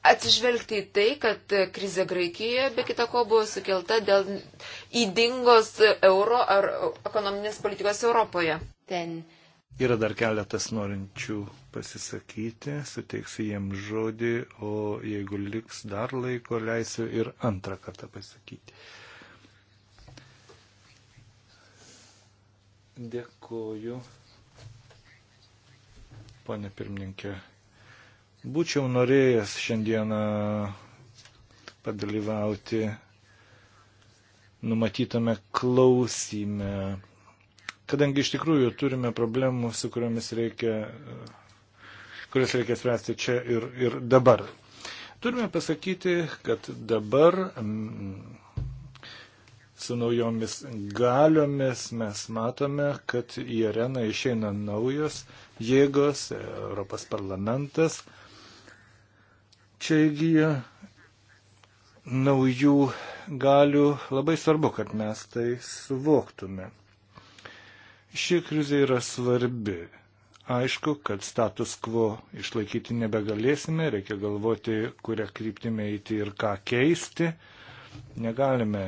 atsižvelgti į tai, kad krize Graikijoje be kita ko buvo sukelta dėl įdingos euro ar ekonominės politikos Europoje. Ten.
Yra dar keletas norinčių pasisakyti, suteiksiu jiem žodį, o jeigu liks dar laiko, leisiu ir antrą kartą pasakyti. Dėkuoju, ponė pirmininkė. Būčiau norėjęs šiandieną padalyvauti numatytame klausime, kadangi iš tikrųjų turime problemų, su kuriomis reikia, kurias reikia spręsti čia ir, ir dabar. Turime pasakyti, kad dabar su naujomis galiomis mes matome, kad į areną išeina naujos jėgos, Europos parlamentas, čia įgyja naujų galių. Labai svarbu, kad mes tai suvoktume. Ši krizė yra svarbi. Aišku, kad status quo išlaikyti nebegalėsime, reikia galvoti, kurią kryptimę eiti ir ką keisti. Negalime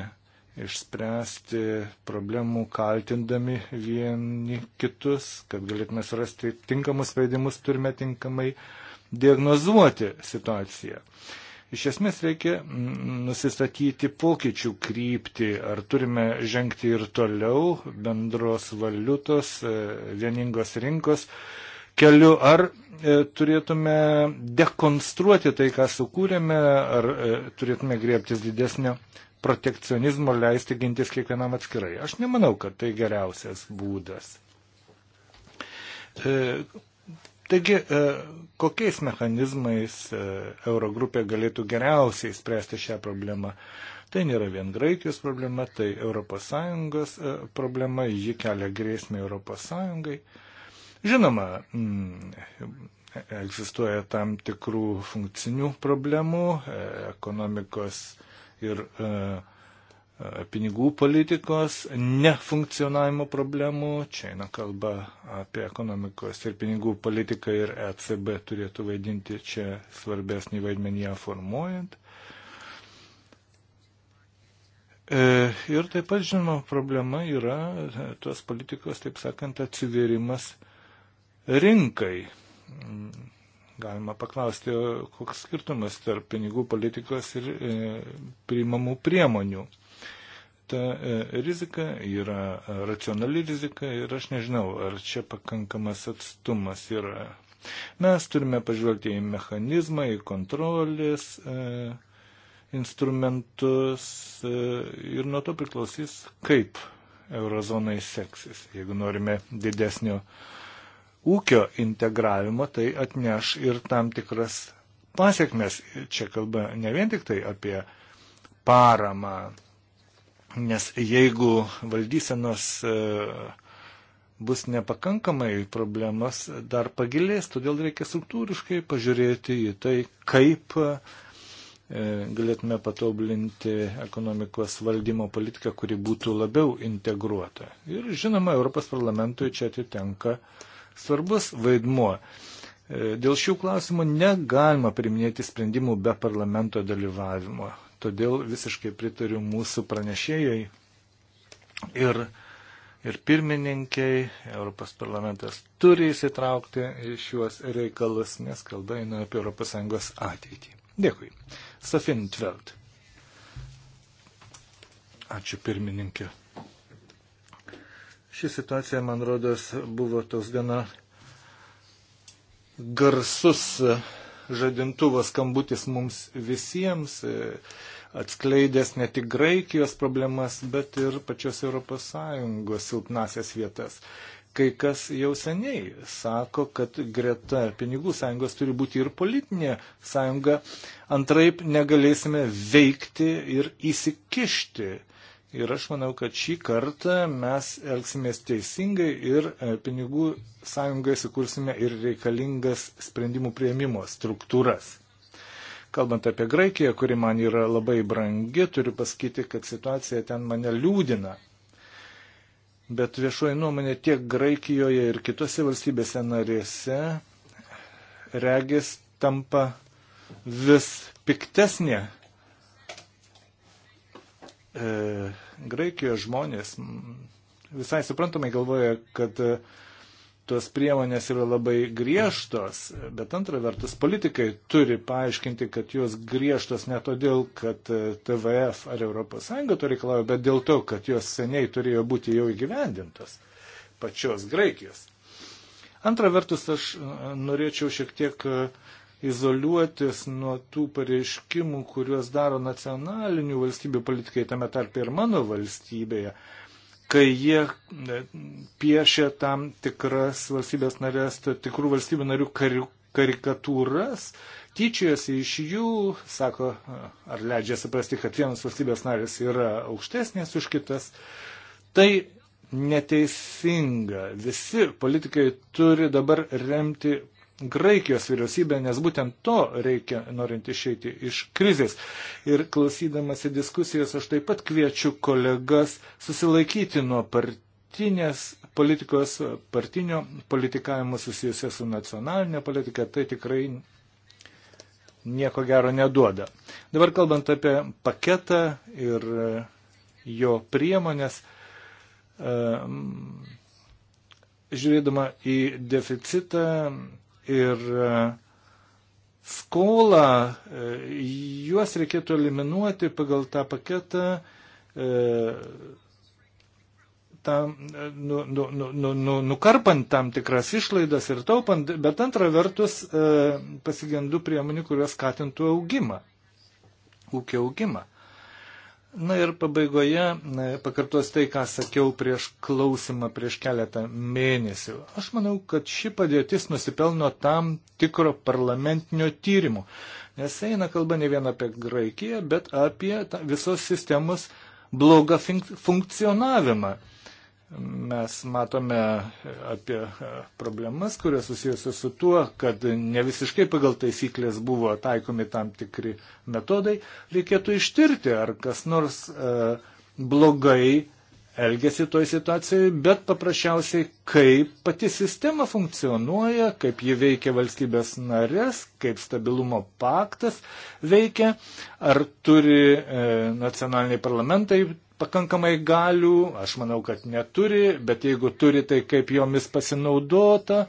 išspręsti problemų kaltindami vieni kitus, kad galėtume surasti tinkamus sprendimus, turime tinkamai uh, diagnozuoti situaciją. Iš esmės reikia mm, nusistatyti pokyčių kryptį, ar turime žengti ir toliau bendros valiutos, e, vieningos rinkos keliu, ar e, turėtume dekonstruoti tai, ką sukūrėme, ar e, turėtume griebtis didesnio protekcionizmo, leisti gintis kiekvienam atskirai. Aš nemanau, kad tai geriausias būdas Taigi, e, kokiais mechanizmais e, Eurogrupė galėtų geriausiai spręsti šią problemą? Tai nėra vien Graikijos problema, tai ES e, problema, ji kelia grėsmę ES. Žinoma, mm, egzistuoja tam tikrų funkcinių problemų, ekonomikos ir uh, E, pinigų politikos nefunkcionavimo problemų. Čia eina kalba apie ekonomikos ir pinigų politiką ir ECB turėtų vaidinti čia svarbesnį vaidmenį ją formuojant. E, ir taip pat, žinoma, problema yra e, tos politikos, taip sakant, atsivėrimas rinkai. Galima paklausti, koks skirtumas tarp pinigų politikos ir priimamų priemonių ta e, rizika yra e, racionali rizika ir aš nežinau, ar čia pakankamas atstumas yra. Mes turime pažvelgti į mechanizmą, į kontrolės e, instrumentus ir nuo to priklausys, kaip eurozonai seksis. Jeigu norime didesnio ūkio integravimo, tai atneš ir tam tikras pasiekmes. Čia kalba ne vien tik tai apie paramą Nes jeigu valdysenos e, bus nepakankamai, problemas dar pagilės, todėl reikia struktūriškai pažiūrėti į tai, kaip e, galėtume patobulinti ekonomikos valdymo politiką, kuri būtų labiau integruota. Ir žinoma, Europos parlamentui čia atitenka svarbus vaidmuo. E, dėl šių klausimų negalima priminėti sprendimų be parlamento dalyvavimo. Todėl visiškai pritariu mūsų pranešėjai ir, ir pirmininkiai. Europos parlamentas turi įsitraukti į šiuos reikalus, nes kalba eina apie ES ateitį. Dėkui. Safin Tvelt. Ačiū pirmininkė. Ši situacija, man rodos, buvo tos gana garsus žadintuvas skambutis mums visiems, e, atskleidęs ne tik Graikijos problemas, bet ir pačios ES silpnasias vietas. Kai kas jau seniai sako, kad greta pinigų sąjungos turi būti ir politinė sąjunga, antraip negalėsime veikti ir įsikišti Ir aš manau, kad šį kartą mes elgsimės teisingai ir e, pinigų sąjungai sukursime ir reikalingas sprendimų prieimimo struktūras. Kalbant apie Graikiją, kuri man yra labai brangi, turiu pasakyti, kad situacija ten mane liūdina. Bet viešoji nuomonė tiek Graikijoje ir kitose valstybėse narėse regis tampa vis piktesnė E, Graikijos žmonės visai suprantamai galvoja, kad e, tos priemonės yra labai griežtos, bet antra vertus politikai turi paaiškinti, kad jos griežtos ne todėl, kad e, TVF ar ES to reikalauja, bet dėl to, kad jos seniai turėjo būti jau įgyvendintos pačios Graikijos. Antra vertus, aš norėčiau šiek tiek uh, izoliuotis nuo tų pareiškimų, kuriuos daro nacionalinių valstybių politikai, tame tarp ir mano valstybėje, kai jie e, piešia tam tikras valstybės narės, tikrų valstybių narių karių karikatūras, tyčiojasi iš jų, sako, e, ar leidžia suprasti, kad vienas valstybės narės yra aukštesnės už kitas. Tai neteisinga. Visi politikai turi dabar remti Graikijos vyriausybę, nes būtent to reikia, norint išeiti iš krizės. Ir klausydamasi diskusijos, aš taip pat kviečiu kolegas susilaikyti nuo partinės politikos, partinio politikavimo susijusia su nacionalinė politika, tai tikrai nieko gero neduoda. Dabar kalbant apie paketą ir e, jo priemonės, e, žiūrėdama į deficitą, ir e, skolą, e, juos reikėtų eliminuoti pagal tą paketą e, tam, nu, nu, nu, nu, nu, nukarpant tam tikras išlaidas ir taupant, bet antra vertus e, pasigendu priemonių, kurios skatintų augimą, ūkio augimą. Na ir pabaigoje pakartos tai, ką sakiau prieš klausimą prieš keletą mėnesių. Aš manau, kad ši padėtis nusipelno tam tikro parlamentinio tyrimo, nes eina kalba ne vien apie Graikiją, bet apie visos sistemos blogą funkcionavimą. Mes matome e, apie e, problemas, kurios susijusios su tuo, kad ne visiškai pagal taisyklės buvo taikomi tam tikri metodai. Reikėtų ištirti, ar kas nors e, blogai elgesi toj situacijoje, bet paprasčiausiai, kaip pati sistema funkcionuoja, kaip ji veikia valstybės narės, kaip stabilumo paktas veikia, ar turi e, nacionaliniai parlamentai pakankamai galių, aš manau, kad neturi, bet jeigu turi, tai kaip jomis pasinaudota,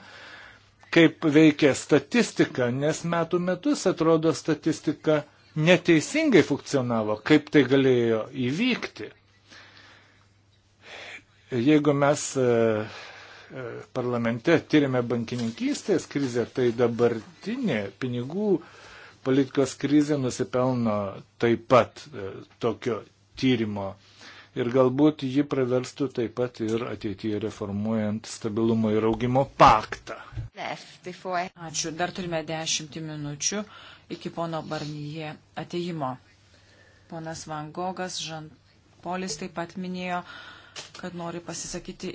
kaip veikia statistika, nes metų metus atrodo statistika neteisingai funkcionavo, kaip tai galėjo įvykti. Jeigu mes e, e, parlamente tyrėme bankininkystės krizę, tai dabartinė pinigų politikos krizė nusipelno taip pat e, tokio tyrimo ir galbūt ji praverstų taip pat ir ateityje reformuojant stabilumo ir augimo paktą.
Ačiū, dar turime dešimtį minučių iki pono Barnyje ateimo. Ponas Van Gogas, Žan Polis taip pat minėjo, kad nori pasisakyti.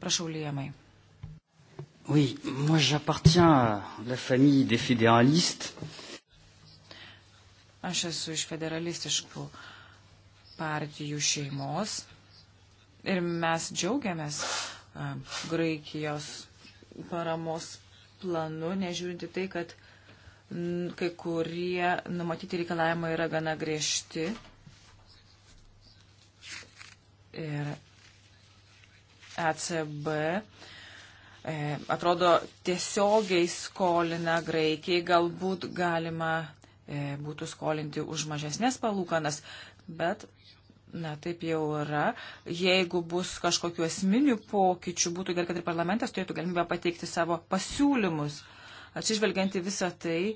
Prašau, Liemai. Oui, moi j'appartiens à la famille des fédéralistes. Aš esu iš federalistiškų partijų šeimos ir mes džiaugiamės Graikijos paramos planu, nežiūrinti tai, kad kai kurie numatyti reikalavimai yra gana griežti. Ir ECB e, atrodo tiesiogiai skolina Graikijai, galbūt galima e, būtų skolinti už mažesnės palūkanas, bet Na, taip jau yra. Jeigu bus kažkokiu esminiu pokyčiu, būtų gerai, kad ir parlamentas turėtų galimybę pateikti savo pasiūlymus. Atsižvelgianti visą tai,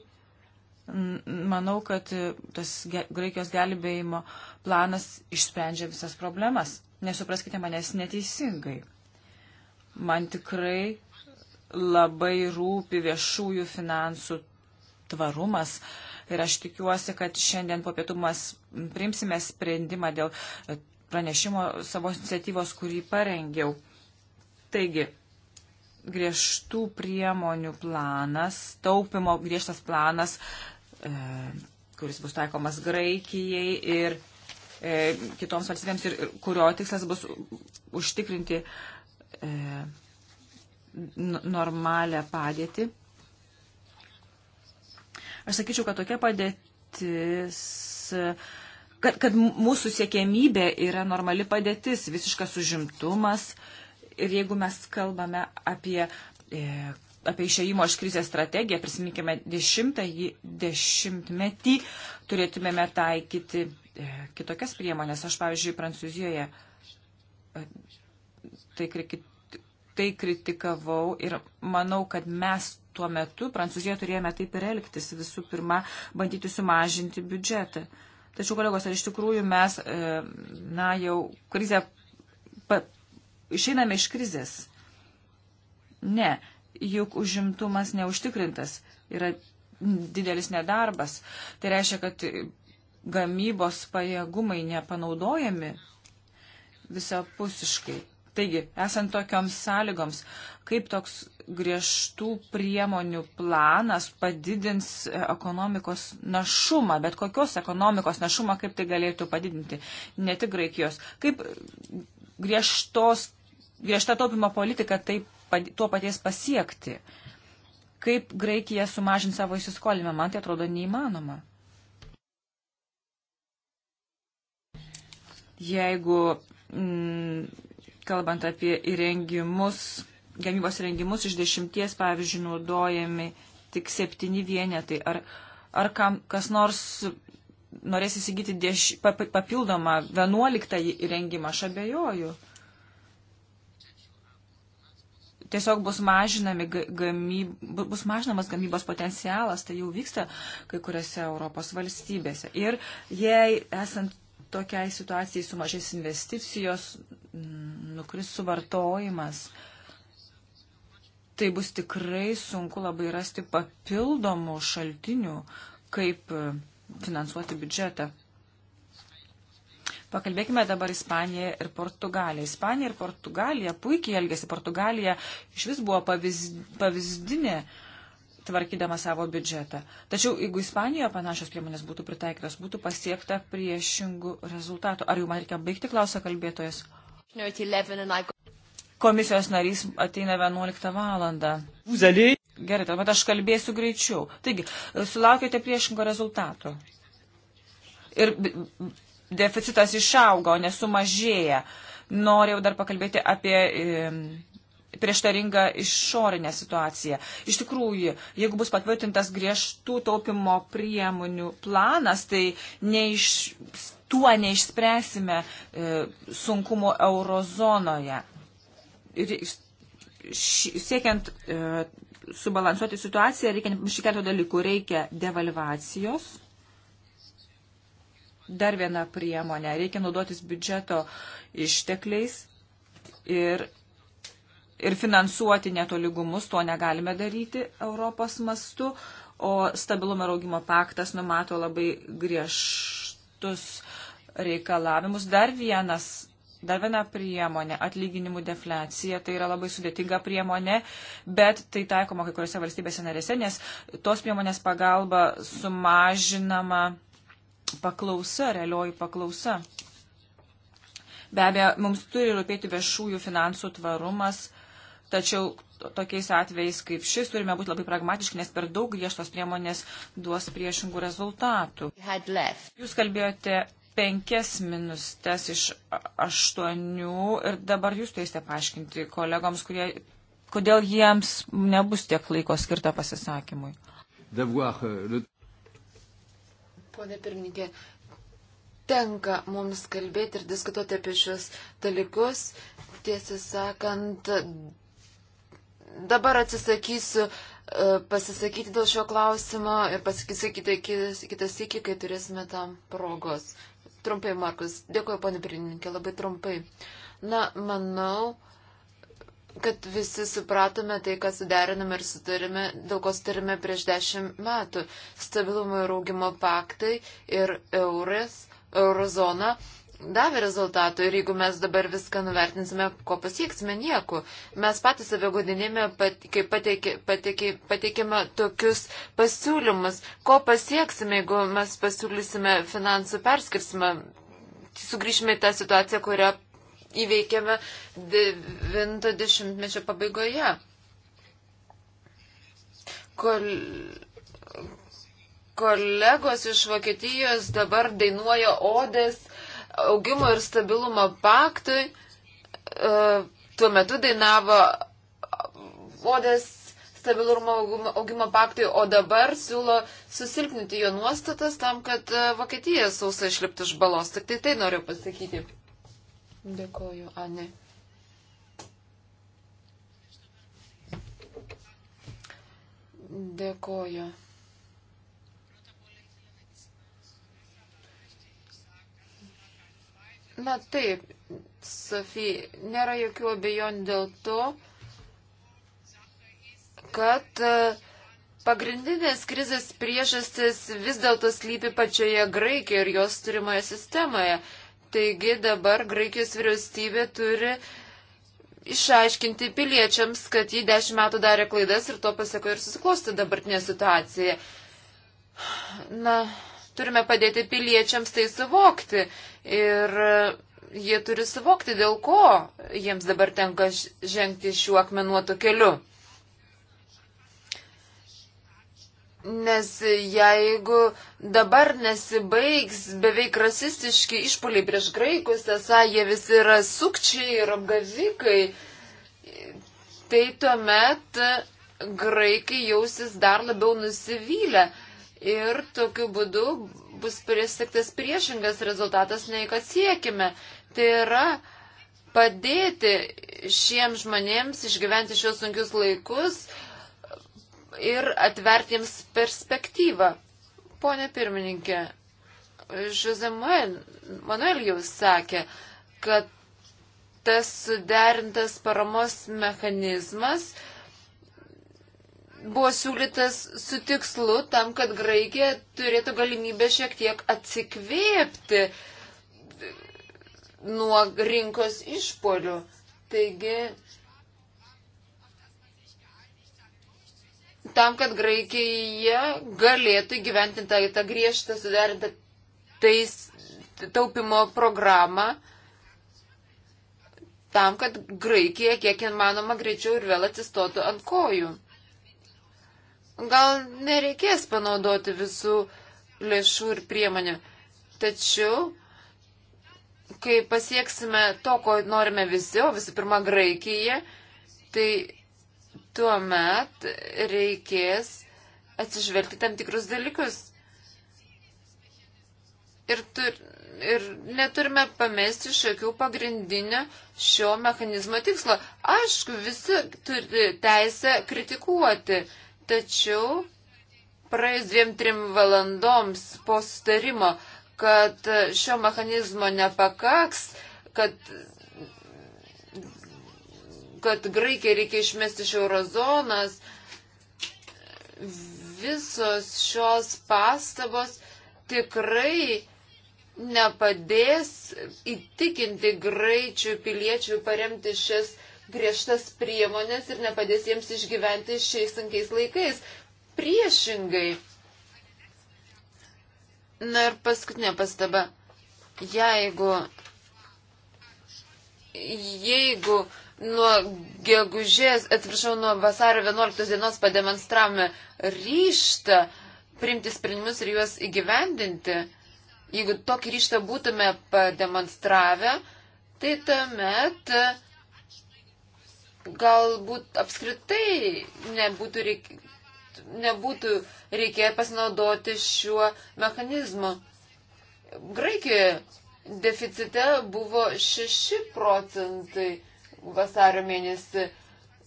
manau, kad tas Graikijos gelbėjimo planas išsprendžia visas problemas. Nesupraskite manęs neteisingai. Man tikrai labai rūpi viešųjų finansų tvarumas. Uh, ir aš tikiuosi, kad šiandien po pietumas primsime sprendimą dėl e, pranešimo savo iniciatyvos, kurį parengiau. Taigi, griežtų priemonių planas, taupimo griežtas planas, e, kuris bus taikomas Graikijai ir e, kitoms valstybėms ir kurio tikslas bus užtikrinti e, normalią padėtį. Aš sakyčiau, kad tokia padėtis, kad, kad mūsų siekėmybė yra normali padėtis, visiškas užimtumas. Ir jeigu mes kalbame apie, e, apie išėjimo iš krizės strategiją, prisiminkime dešimtąjį dešimtmetį, turėtumėme taikyti e, kitokias priemonės. Aš, pavyzdžiui, Prancūzijoje e, tai tai kritikavau ir manau, kad mes tuo metu Prancūzijoje turėjome taip ir elgtis, visų pirma, bandyti sumažinti biudžetą. Tačiau, kolegos, ar iš tikrųjų mes, e, na, jau krizę, pa, išeiname iš krizės? Ne, juk užimtumas neužtikrintas, yra didelis nedarbas. Tai reiškia, kad gamybos pajėgumai nepanaudojami visapusiškai Taigi, esant tokioms sąlygoms, kaip toks griežtų priemonių planas padidins e, ekonomikos našumą, bet kokios ekonomikos našumą, kaip tai galėtų padidinti, ne tik Graikijos. Kaip griežtos, griežta taupimo politika tai, to paties pasiekti? Kaip Graikija sumažins savo įsiskolinimą, man tai atrodo neįmanoma. Jeigu mm, kalbant apie įrengimus, gamybos įrengimus iš dešimties, pavyzdžiui, naudojami tik septyni vienetai. Ar, ar kam, kas nors norės įsigyti deš, papildomą vienuoliktąjį įrengimą, aš abejoju. Tiesiog bus, gamyb, bus mažinamas gamybos potencialas, tai jau vyksta kai kuriuose Europos valstybėse. Ir jei esant tokiai situacijai sumažės investicijos, nukris suvartojimas. Tai bus tikrai sunku labai rasti papildomų šaltinių, kaip finansuoti biudžetą. Pakalbėkime dabar Ispaniją ir Portugaliją. Ispanija ir Portugalija puikiai elgėsi. Portugalija iš vis buvo pavyzdinė tvarkydama savo biudžetą. Tačiau jeigu Ispanijoje panašios priemonės būtų pritaikytos, būtų pasiekta priešingų rezultatų. Ar jau man reikia baigti, klausia kalbėtojas? Komisijos narys ateina 11 valandą. Gerai, tuomet aš kalbėsiu greičiau. Taigi, sulaukėte priešingo rezultato. Ir deficitas išaugo, nesumažėja. Norėjau dar pakalbėti apie prieštaringa išorinė situacija. Iš tikrųjų, jeigu bus patvirtintas griežtų taupimo priemonių planas, tai neiš, tuo neišspręsime e, sunkumo eurozonoje. Ir š, siekiant e, subalansuoti situaciją, reikia nepamiršti keletų dalykų. Reikia devalvacijos. Dar viena priemonė. Reikia naudotis biudžeto ištekliais ir ir finansuoti netoligumus, to negalime daryti Europos mastu, o stabilumo ir augimo paktas numato labai griežtus reikalavimus. Dar vienas. Dar viena priemonė - atlyginimų deflecija. Tai yra labai sudėtinga priemonė, bet tai taikoma kai kuriuose valstybėse narėse, nes tos priemonės pagalba sumažinama paklausa, realioji paklausa. Be abejo, mums turi rūpėti viešųjų finansų tvarumas, Tačiau tokiais atvejais kaip šis turime būti labai pragmatiški, nes per daug griežtos priemonės duos priešingų rezultatų. Jūs kalbėjote penkias minustės iš aštuonių ir dabar jūs turėsite paaiškinti kolegoms, kurie, kodėl jiems nebus tiek laiko skirta pasisakymui.
Euh,
Pone pirmininkė, tenka mums kalbėti ir diskutuoti apie šios dalykus. Tiesą sakant, Dabar atsisakysiu e, pasisakyti dėl šio klausimo ir pasisakyti kitas iki, kai turėsime tam progos. Trumpai, Markus. Dėkuoju, ponė pirmininkė, labai trumpai. Na, manau, kad visi supratome tai, ką suderiname ir sutarime, daug ko sutarime prieš dešimt metų. Stabilumo ir augimo paktai ir euras, eurozona davė rezultatų ir jeigu mes dabar viską nuvertinsime, ko pasieksime, nieko. Mes patys save godinėme, pat, kai pateikėme tokius pasiūlymus, ko pasieksime, jeigu mes pasiūlysime finansų perskirsimą, sugrįšime į tą situaciją, kurią įveikėme 90-mečio pabaigoje. Kol kolegos iš Vokietijos dabar dainuoja odės augimo ir stabilumo paktui e, tuo metu dainavo odės stabilumo augimo paktui, o dabar siūlo susilpninti jo nuostatas tam, kad e, Vokietija sausai išliptų iš balos. Tik tai tai noriu pasakyti. Dėkoju, Ani. Dėkoju. Na taip, Sofija, nėra jokių abejonių dėl to, kad e, pagrindinės krizės priežastis vis dėlto slypi pačioje Graikijoje ir jos turimoje sistemoje. Taigi dabar Graikijos vyriausybė turi išaiškinti piliečiams, kad jį dešimt metų darė klaidas ir to pasako ir susiklosti dabartinė situacija. Na, turime padėti piliečiams tai suvokti. Ir jie turi suvokti, dėl ko jiems dabar tenka žengti šiuo akmenuotu keliu. Nes jeigu dabar nesibaigs beveik rasistiški išpoliai prieš graikus, esą jie visi yra sukčiai ir apgavikai, tai tuomet graikai jausis dar labiau nusivylę ir tokiu būdu bus prisiktas priešingas rezultatas, nei kad siekime. Tai yra padėti šiems žmonėms išgyventi šios sunkius laikus ir atverti jiems perspektyvą. Pone pirmininkė, Žuze Manuel jau sakė, kad tas suderintas paramos mechanizmas, buvo siūlytas su tikslu tam, kad Graikija turėtų galimybę šiek tiek atsikvėpti nuo rinkos išpolių. Taigi, tam, kad Graikija galėtų gyventinti tą griežtą suderintą tais, taupimo programą, tam, kad Graikija kiek įmanoma greičiau ir vėl atsistotų ant kojų gal nereikės panaudoti visų lėšų ir priemonių. Tačiau, kai pasieksime to, ko norime visi, o visų pirma Graikija, tai tuo met reikės atsižvelgti tam tikrus dalykus. Ir, tur, ir neturime pamesti iš akių pagrindinio šio mechanizmo tikslo. Aišku, visi turi teisę kritikuoti. Uh, Tačiau praėjus dviem trim valandoms po sustarimo, kad šio mechanizmo nepakaks, kad, kad Graikiją reikia išmesti iš eurozonas, visos šios pastabos tikrai nepadės įtikinti graičių piliečių paremti šias griežtas priemonės ir nepadės jiems išgyventi šiais sunkiais laikais. Priešingai. Na ir paskutinė pastaba. Jeigu, jeigu nuo gegužės, atsiprašau, nuo vasario 11 dienos pademonstravome ryštą priimti sprendimus ir juos įgyvendinti, jeigu tokį ryštą būtume pademonstravę, tai tuomet galbūt apskritai nebūtų, reik, nebūtų reikėję pasinaudoti šiuo mechanizmu. Graikijoje deficite buvo 6 procentai vasario mėnesį,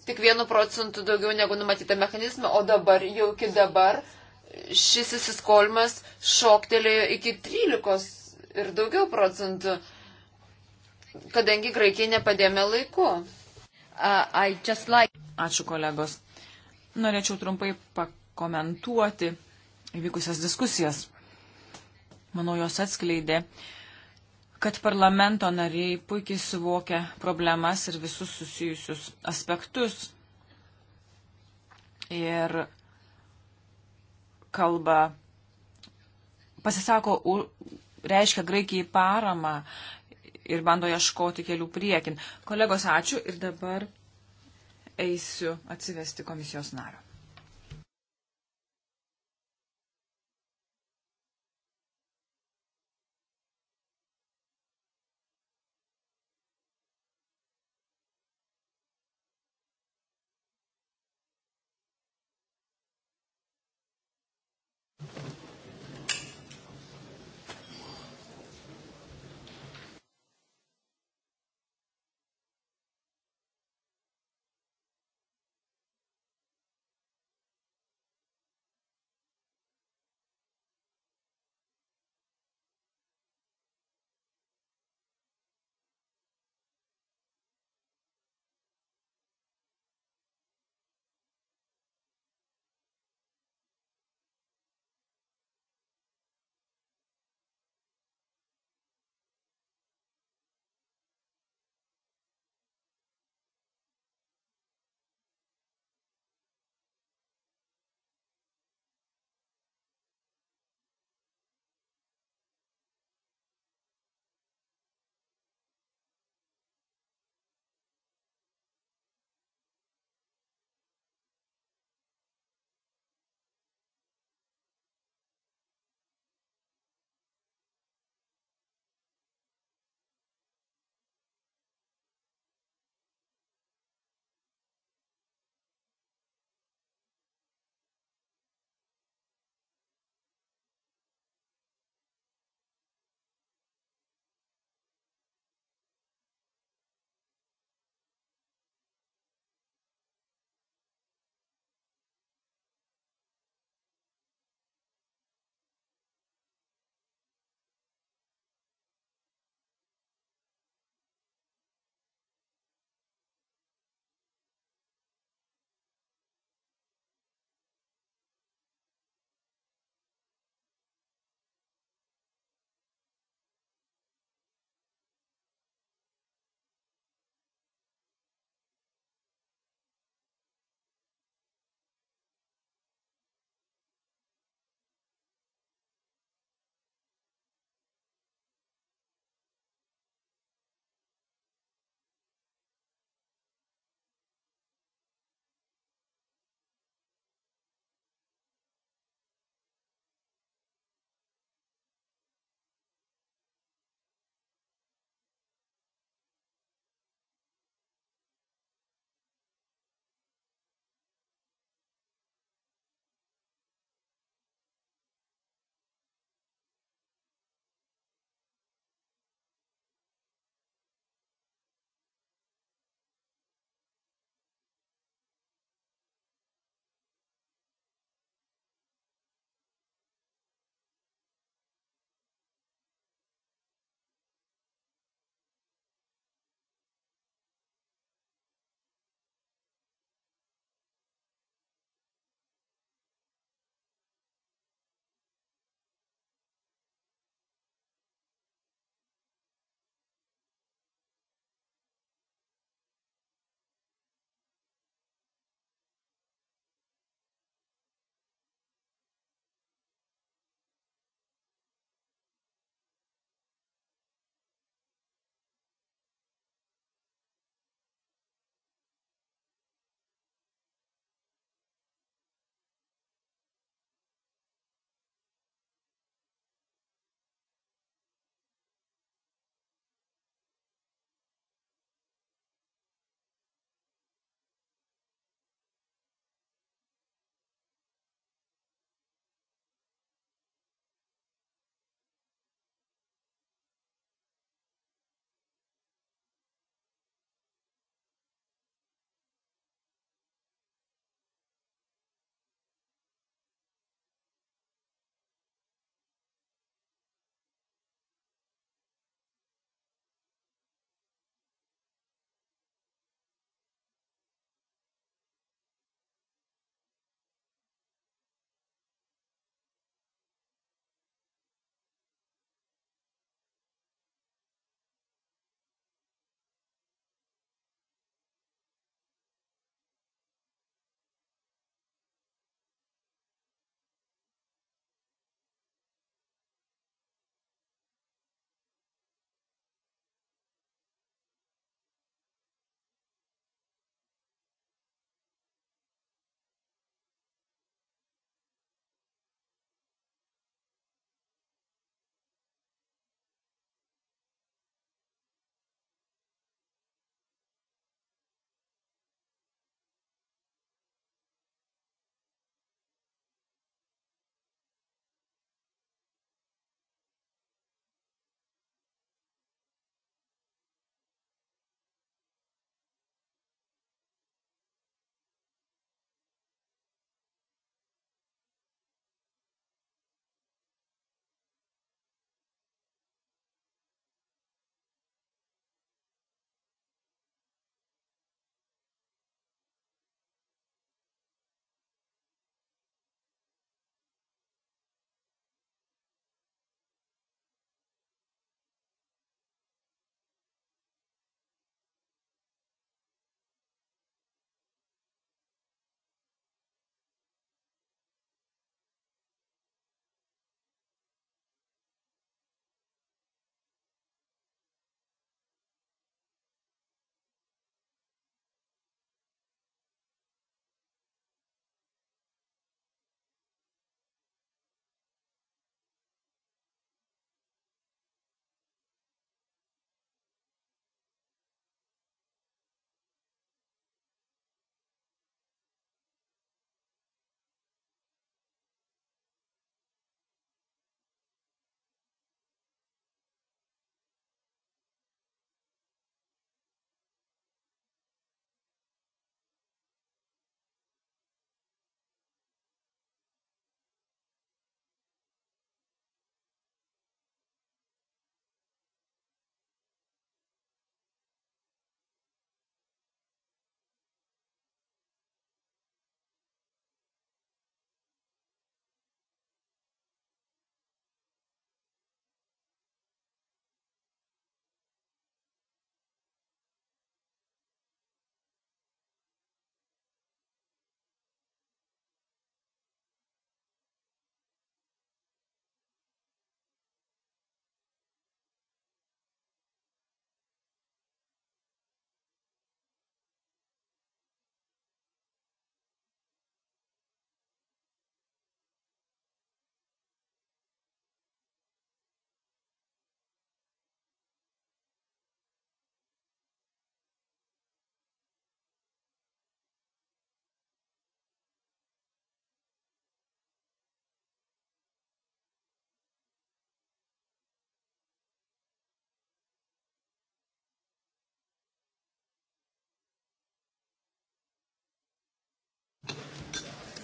tik 1 procentų daugiau negu numatyta mechanizme, o dabar jau iki dabar šis įsiskolimas šoktelėjo iki 13 ir daugiau procentų, kadangi Graikija nepadėmė laiku.
Uh, like... Ačiū kolegos. Norėčiau trumpai pakomentuoti įvykusias diskusijas. Manau, jos atskleidė, kad parlamento nariai puikiai suvokia problemas ir visus susijusius aspektus. Ir kalba, pasisako, reiškia Graikijai paramą ir bando ieškoti kelių priekin. Kolegos, ačiū ir dabar eisiu atsivesti komisijos nario.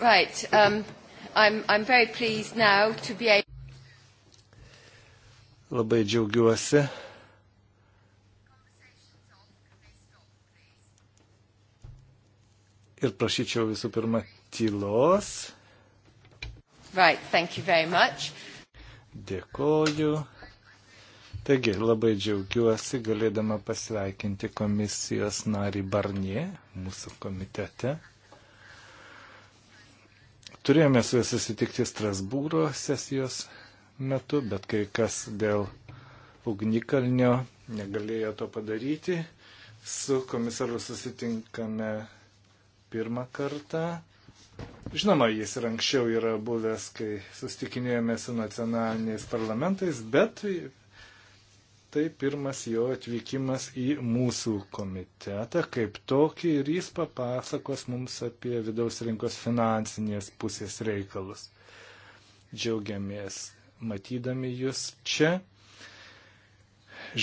Right. Um, I'm, I'm very pleased now to be able...
Labai džiaugiuosi. Ir prašyčiau visų pirma tylos.
Right, thank you very much.
Dėkoju. Taigi, labai džiaugiuosi galėdama pasveikinti komisijos narį Barnie mūsų komitete. Turėjome su juo susitikti Strasbūro sesijos metu, bet kai kas dėl ugnikalnio negalėjo to padaryti. Su komisaru susitinkame pirmą kartą. Žinoma, jis ir anksčiau yra buvęs, kai susitikinėjome su nacionaliniais parlamentais, bet tai pirmas jo atvykimas į mūsų komitetą kaip tokį ir jis papasakos mums apie vidaus rinkos finansinės pusės reikalus. Džiaugiamės matydami jūs čia.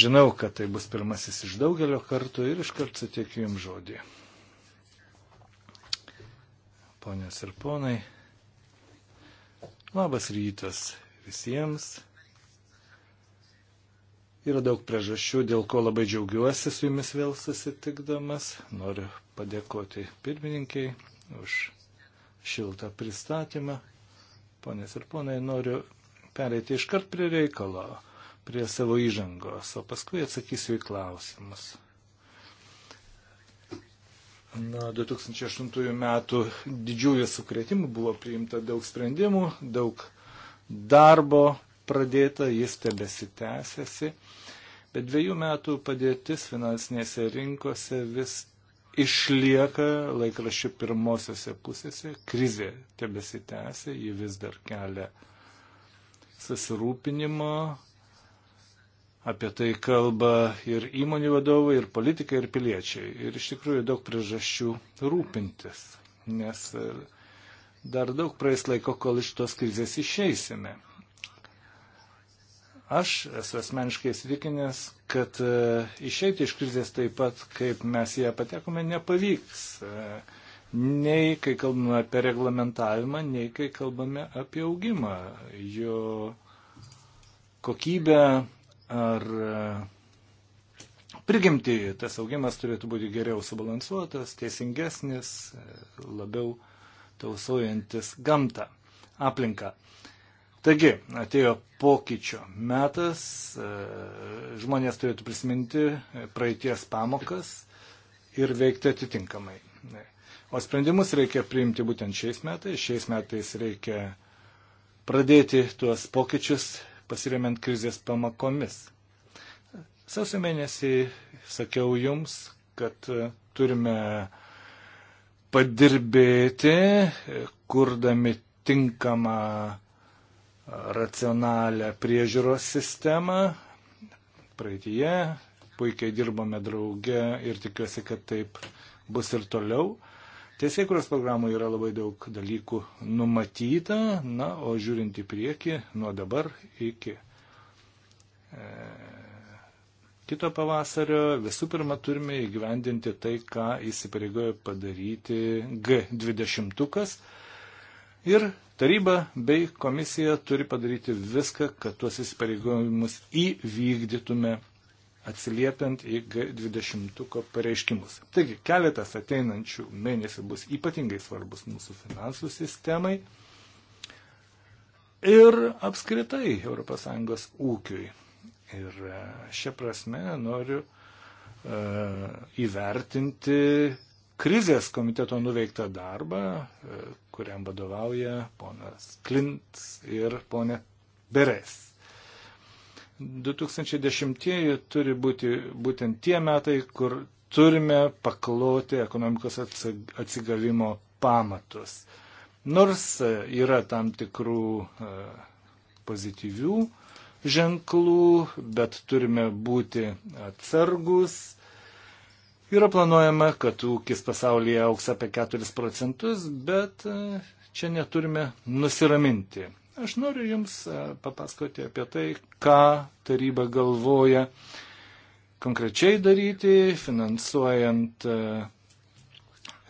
Žinau, kad tai bus pirmasis iš daugelio kartų ir iškart suteikiu jums žodį. Ponios ir ponai, labas rytas visiems. Yra daug priežasčių, dėl ko labai džiaugiuosi su jumis vėl susitikdamas. Noriu padėkoti pirmininkiai už šiltą pristatymą. Ponės ir ponai, noriu pereiti iškart prie reikalo, prie savo įžangos, o paskui atsakysiu į klausimus. Nuo 2008 metų didžiųjų sukretimų buvo priimta daug sprendimų, daug darbo, pradėta, jis tebesitęsiasi, bet dviejų metų padėtis finansinėse rinkose vis išlieka laikraščių pirmosiose pusėse, krizė tebesitęsia, ji vis dar kelia susirūpinimo, apie tai kalba ir įmonių vadovai, ir politikai, ir piliečiai. Ir iš tikrųjų daug priežasčių rūpintis, nes dar daug praeis laiko, kol iš tos krizės išeisime. Aš esu asmeniškai įsitikinęs, kad e, išeiti iš krizės taip pat, kaip mes ją patekome, nepavyks. E, nei kai kalbame apie reglamentavimą, nei kai kalbame apie augimą, jo kokybę ar e, prigimti. Tas augimas turėtų būti geriau subalansuotas, teisingesnis, labiau tausojantis gamtą, aplinką. Taigi, atėjo pokyčio metas, e, žmonės turėtų prisiminti e, praeities pamokas ir veikti atitinkamai. E, o sprendimus reikia priimti būtent šiais metais. Šiais metais reikia pradėti tuos pokyčius pasiremiant krizės pamakomis. Sausio mėnesį sakiau jums, kad turime padirbėti, kurdami tinkamą racionalią priežiūros sistemą. Praeitie puikiai dirbome drauge ir tikiuosi, kad taip bus ir toliau. Teisėkuros programoje yra labai daug dalykų numatyta, na, o žiūrint į priekį nuo dabar iki e, kito pavasario, visų pirma turime įgyvendinti tai, ką įsipareigojo padaryti G20. -tukas. Ir taryba bei komisija turi padaryti viską, kad tuos įsipareigojimus įvykdytume atsiliepiant į G20 pareiškimus. Taigi keletas ateinančių mėnesių bus ypatingai svarbus mūsų finansų sistemai ir apskritai ES ūkiui. Ir e, šią prasme noriu uh, įvertinti krizės komiteto nuveiktą darbą, e, kuriam vadovauja ponas Klint ir ponė Beres. 2010-ieji turi būti būtent tie metai, kur turime pakloti ekonomikos atsigavimo pamatus. Nors e, yra tam tikrų e, pozityvių ženklų, bet turime būti atsargus Yra planuojama, kad ūkis pasaulyje auks apie 4 procentus, bet e, čia neturime nusiraminti. Aš noriu Jums e, papasakoti apie tai, ką taryba galvoja konkrečiai daryti, finansuojant e,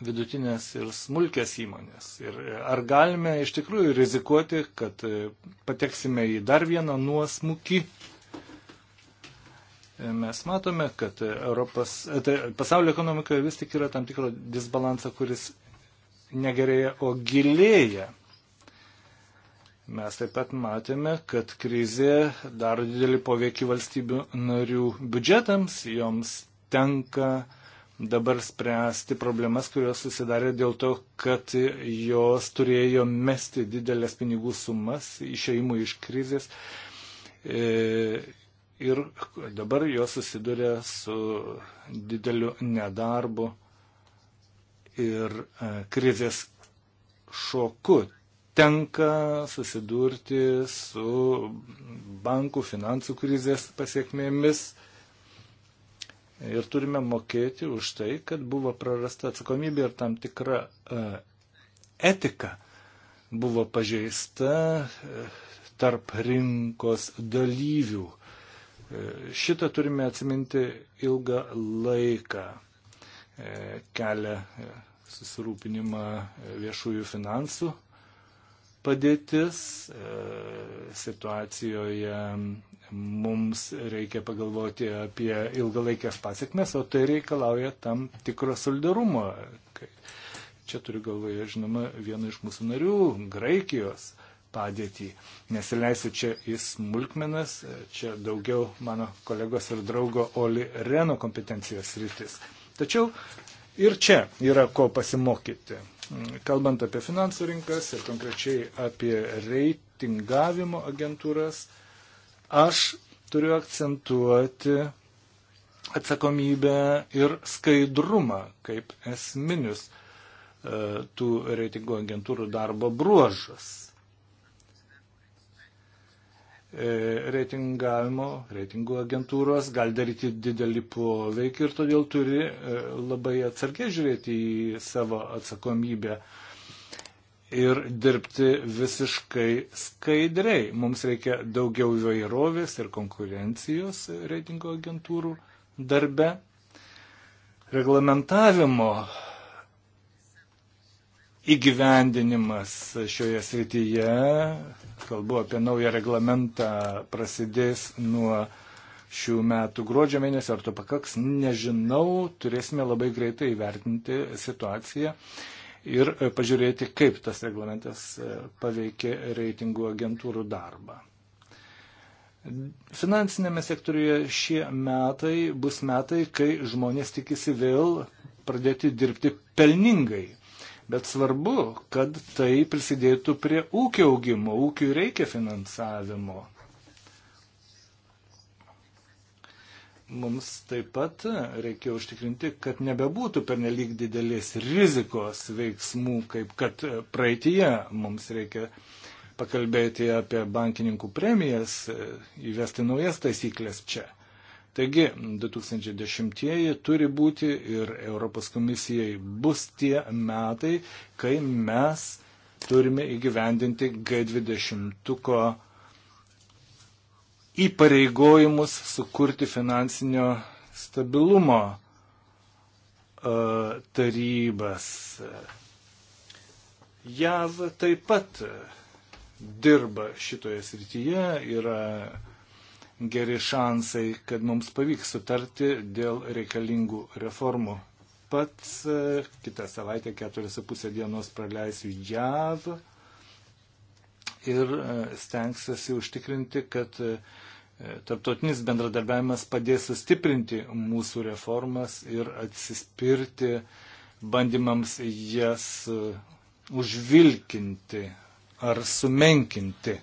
vidutinės ir smulkės įmonės. Ir ar galime iš tikrųjų rizikuoti, kad pateksime į dar vieną nuosmukį mes matome, kad Europos, tai pasaulio ekonomikoje vis tik yra tam tikro disbalanso, kuris negerėja, o gilėja. Mes taip pat matėme, kad krizė daro didelį poveikį valstybių narių biudžetams, joms tenka dabar spręsti problemas, kurios susidarė dėl to, kad jos turėjo mesti didelės pinigų sumas išeimų iš krizės. E, ir dabar jos susiduria su dideliu nedarbu ir e, krizės šoku. Tenka susidurti su bankų finansų krizės pasiekmėmis ir turime mokėti už tai, kad buvo prarasta atsakomybė ir tam tikra e, etika buvo pažeista e, tarp rinkos dalyvių. Šitą turime atsiminti ilgą laiką. E, kelia e, susirūpinimą e, viešųjų finansų padėtis. Situacijoje mums reikia pagalvoti apie ilgalaikės pasiekmes, o tai reikalauja tam tikro solidarumo. Čia turiu galvoje, žinoma, vieną iš mūsų narių - Graikijos padėtį. Nesileisiu čia į smulkmenas, čia daugiau mano kolegos ir draugo Oli Reno kompetencijos rytis. Tačiau ir čia yra ko pasimokyti. Kalbant apie finansų rinkas ir konkrečiai apie reitingavimo agentūras, aš turiu akcentuoti atsakomybę ir skaidrumą kaip esminius e, tų reitingų agentūrų darbo bruožas. E, reitingavimo, reitingų agentūros gali daryti didelį poveikį ir todėl turi e, labai atsargiai žiūrėti į savo atsakomybę ir dirbti visiškai skaidriai. Mums reikia daugiau įvairovės ir konkurencijos reitingų agentūrų darbe. Reglamentavimo įgyvendinimas šioje srityje, kalbu apie naują reglamentą, prasidės nuo šių metų gruodžio mėnesio, ar to pakaks, nežinau, turėsime labai greitai įvertinti situaciją ir pažiūrėti, kaip tas reglamentas paveikė reitingų agentūrų darbą. Finansinėme sektoriuje šie metai bus metai, kai žmonės tikisi vėl pradėti dirbti pelningai. Bet svarbu, kad tai prisidėtų prie ūkio augimo. Ūkiui reikia finansavimo. Mums taip pat reikia užtikrinti, kad nebebūtų pernelyg didelės rizikos veiksmų, kaip kad praeitie mums reikia pakalbėti apie bankininkų premijas, įvesti naujas taisyklės čia. Taigi 2010-ieji turi būti ir Europos komisijai bus tie metai, kai mes turime įgyvendinti G20 įpareigojimus sukurti finansinio stabilumo e, tarybas. JAV taip pat dirba šitoje srityje, yra geri šansai, kad mums pavyks sutarti dėl reikalingų reformų. Pats e, kitą savaitę 4,5 dienos praleisiu JAV ir e, stengsiuosi užtikrinti, kad e, tarptautinis bendradarbiavimas padės sustiprinti mūsų reformas ir atsispirti bandymams jas užvilkinti ar sumenkinti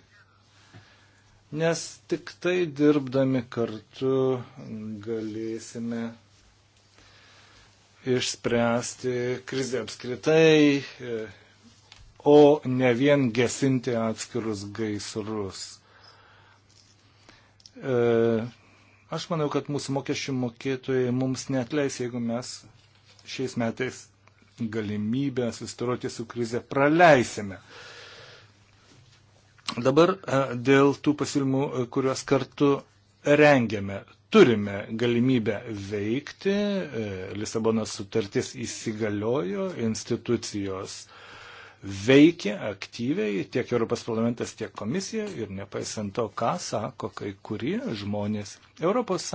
nes tik tai dirbdami kartu galėsime išspręsti krizę apskritai, o ne vien gesinti atskirus gaisrus. E, aš manau, kad mūsų mokesčių mokėtojai mums netleis, jeigu mes šiais metais galimybę sustaroti su krize praleisime. Dabar e, dėl tų pasiūlymų, e, kuriuos kartu rengiame. Turime galimybę veikti, e, Lisabonos sutartis įsigaliojo, institucijos veikia aktyviai tiek Europos parlamentas, tiek komisija ir nepaisant to, ką sako kai kurie žmonės, ES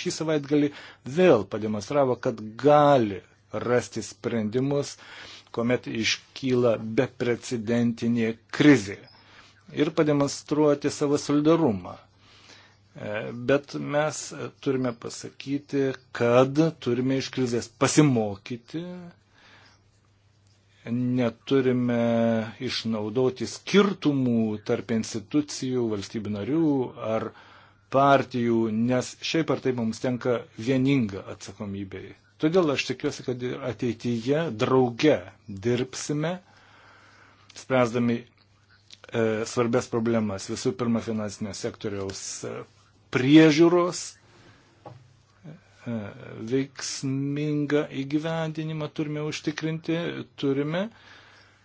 šį savaitgalį vėl pademonstravo, kad gali rasti sprendimus, kuomet iškyla beprecedentinė krizė ir pademonstruoti savo solidarumą. E, bet mes turime pasakyti, kad turime iš krizės pasimokyti, neturime išnaudoti skirtumų tarp institucijų, valstybių narių ar partijų, nes šiaip ar taip mums tenka vieninga atsakomybė. Todėl aš tikiuosi, kad ateityje drauge dirbsime, spręsdami e, svarbės problemas. Visų pirma, finansinio sektoriaus e, priežiūros e, veiksmingą įgyvendinimą turime užtikrinti, turime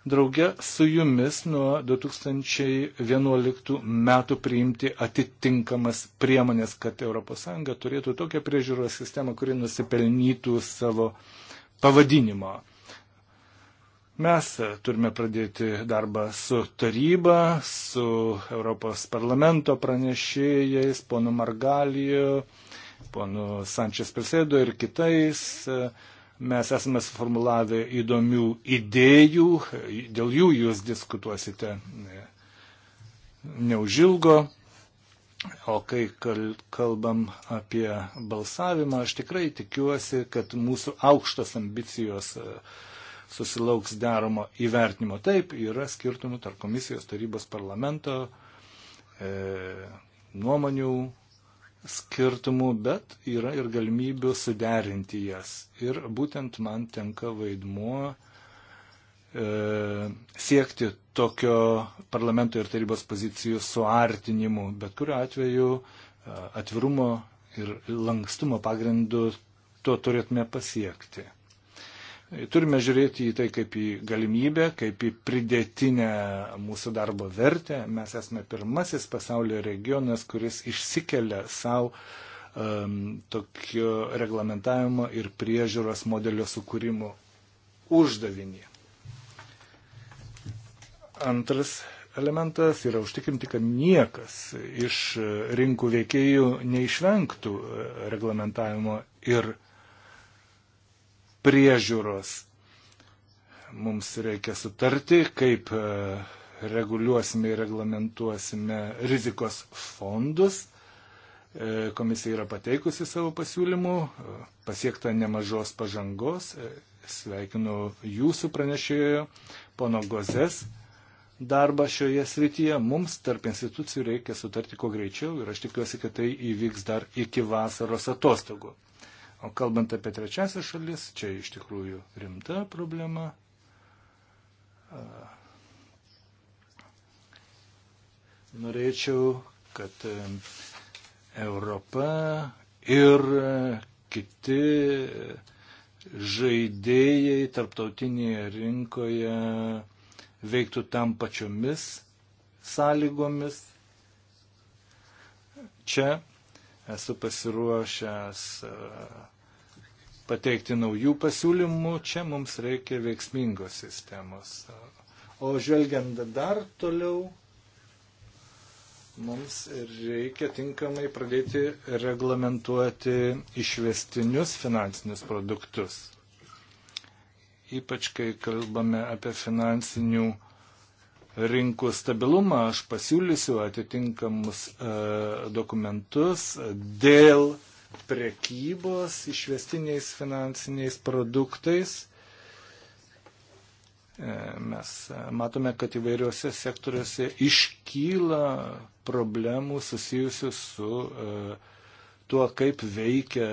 drauge su jumis nuo 2011 metų priimti atitinkamas priemonės, kad ES turėtų tokią priežiūros sistemą, kuri nusipelnytų savo pavadinimo. Mes turime pradėti darbą su taryba, su Europos parlamento pranešėjais, ponu Margaliju, ponu Sančias Prisėdo ir kitais. Mes esame suformulavę įdomių idėjų, dėl jų jūs diskutuosite neužilgo. O kai kalbam apie balsavimą, aš tikrai tikiuosi, kad mūsų aukštos ambicijos uh, susilauks daromo įvertinimo. Taip, yra skirtumų tarp komisijos, tarybos, parlamento e, nuomonių skirtumų, bet yra ir galimybių suderinti jas. Ir būtent man tenka vaidmuo e, siekti tokio parlamento ir tarybos pozicijų suartinimu, bet kuriu atveju e, atvirumo ir lankstumo pagrindu to turėtume pasiekti. Turime žiūrėti į tai kaip į galimybę, kaip į pridėtinę mūsų darbo vertę. Mes esame pirmasis pasaulio regionas, kuris išsikelia savo um, tokio reglamentavimo ir priežiūros modelio sukūrimo uždavinį. Antras elementas yra užtikrinti, kad niekas iš rinkų veikėjų neišvengtų reglamentavimo ir priežiūros. Mums reikia sutarti, kaip e, reguliuosime ir reglamentuosime rizikos fondus. E, komisija yra pateikusi savo pasiūlymų, e, pasiekta nemažos pažangos. Sveikinu jūsų pranešėjo, pono Gozės, darbą šioje srityje. Mums tarp institucijų reikia sutarti kuo greičiau ir aš tikiuosi, kad tai įvyks dar iki vasaros atostogų. O kalbant apie trečiasias šalis, čia iš tikrųjų rimta problema. Norėčiau, kad e, Europa ir e, kiti žaidėjai tarptautinėje rinkoje veiktų tam pačiomis sąlygomis. Čia esu pasiruošęs uh, pateikti naujų pasiūlymų, čia mums reikia veiksmingos sistemos. O žvelgiant dar toliau, mums reikia tinkamai pradėti reglamentuoti išvestinius finansinius produktus. Ypač kai kalbame apie finansinių rinkų stabilumą, aš pasiūlysiu atitinkamus e, dokumentus dėl prekybos išvestiniais finansiniais produktais. E, mes e, matome, kad įvairiuose sektoriuose iškyla problemų susijusių su e, tuo, kaip veikia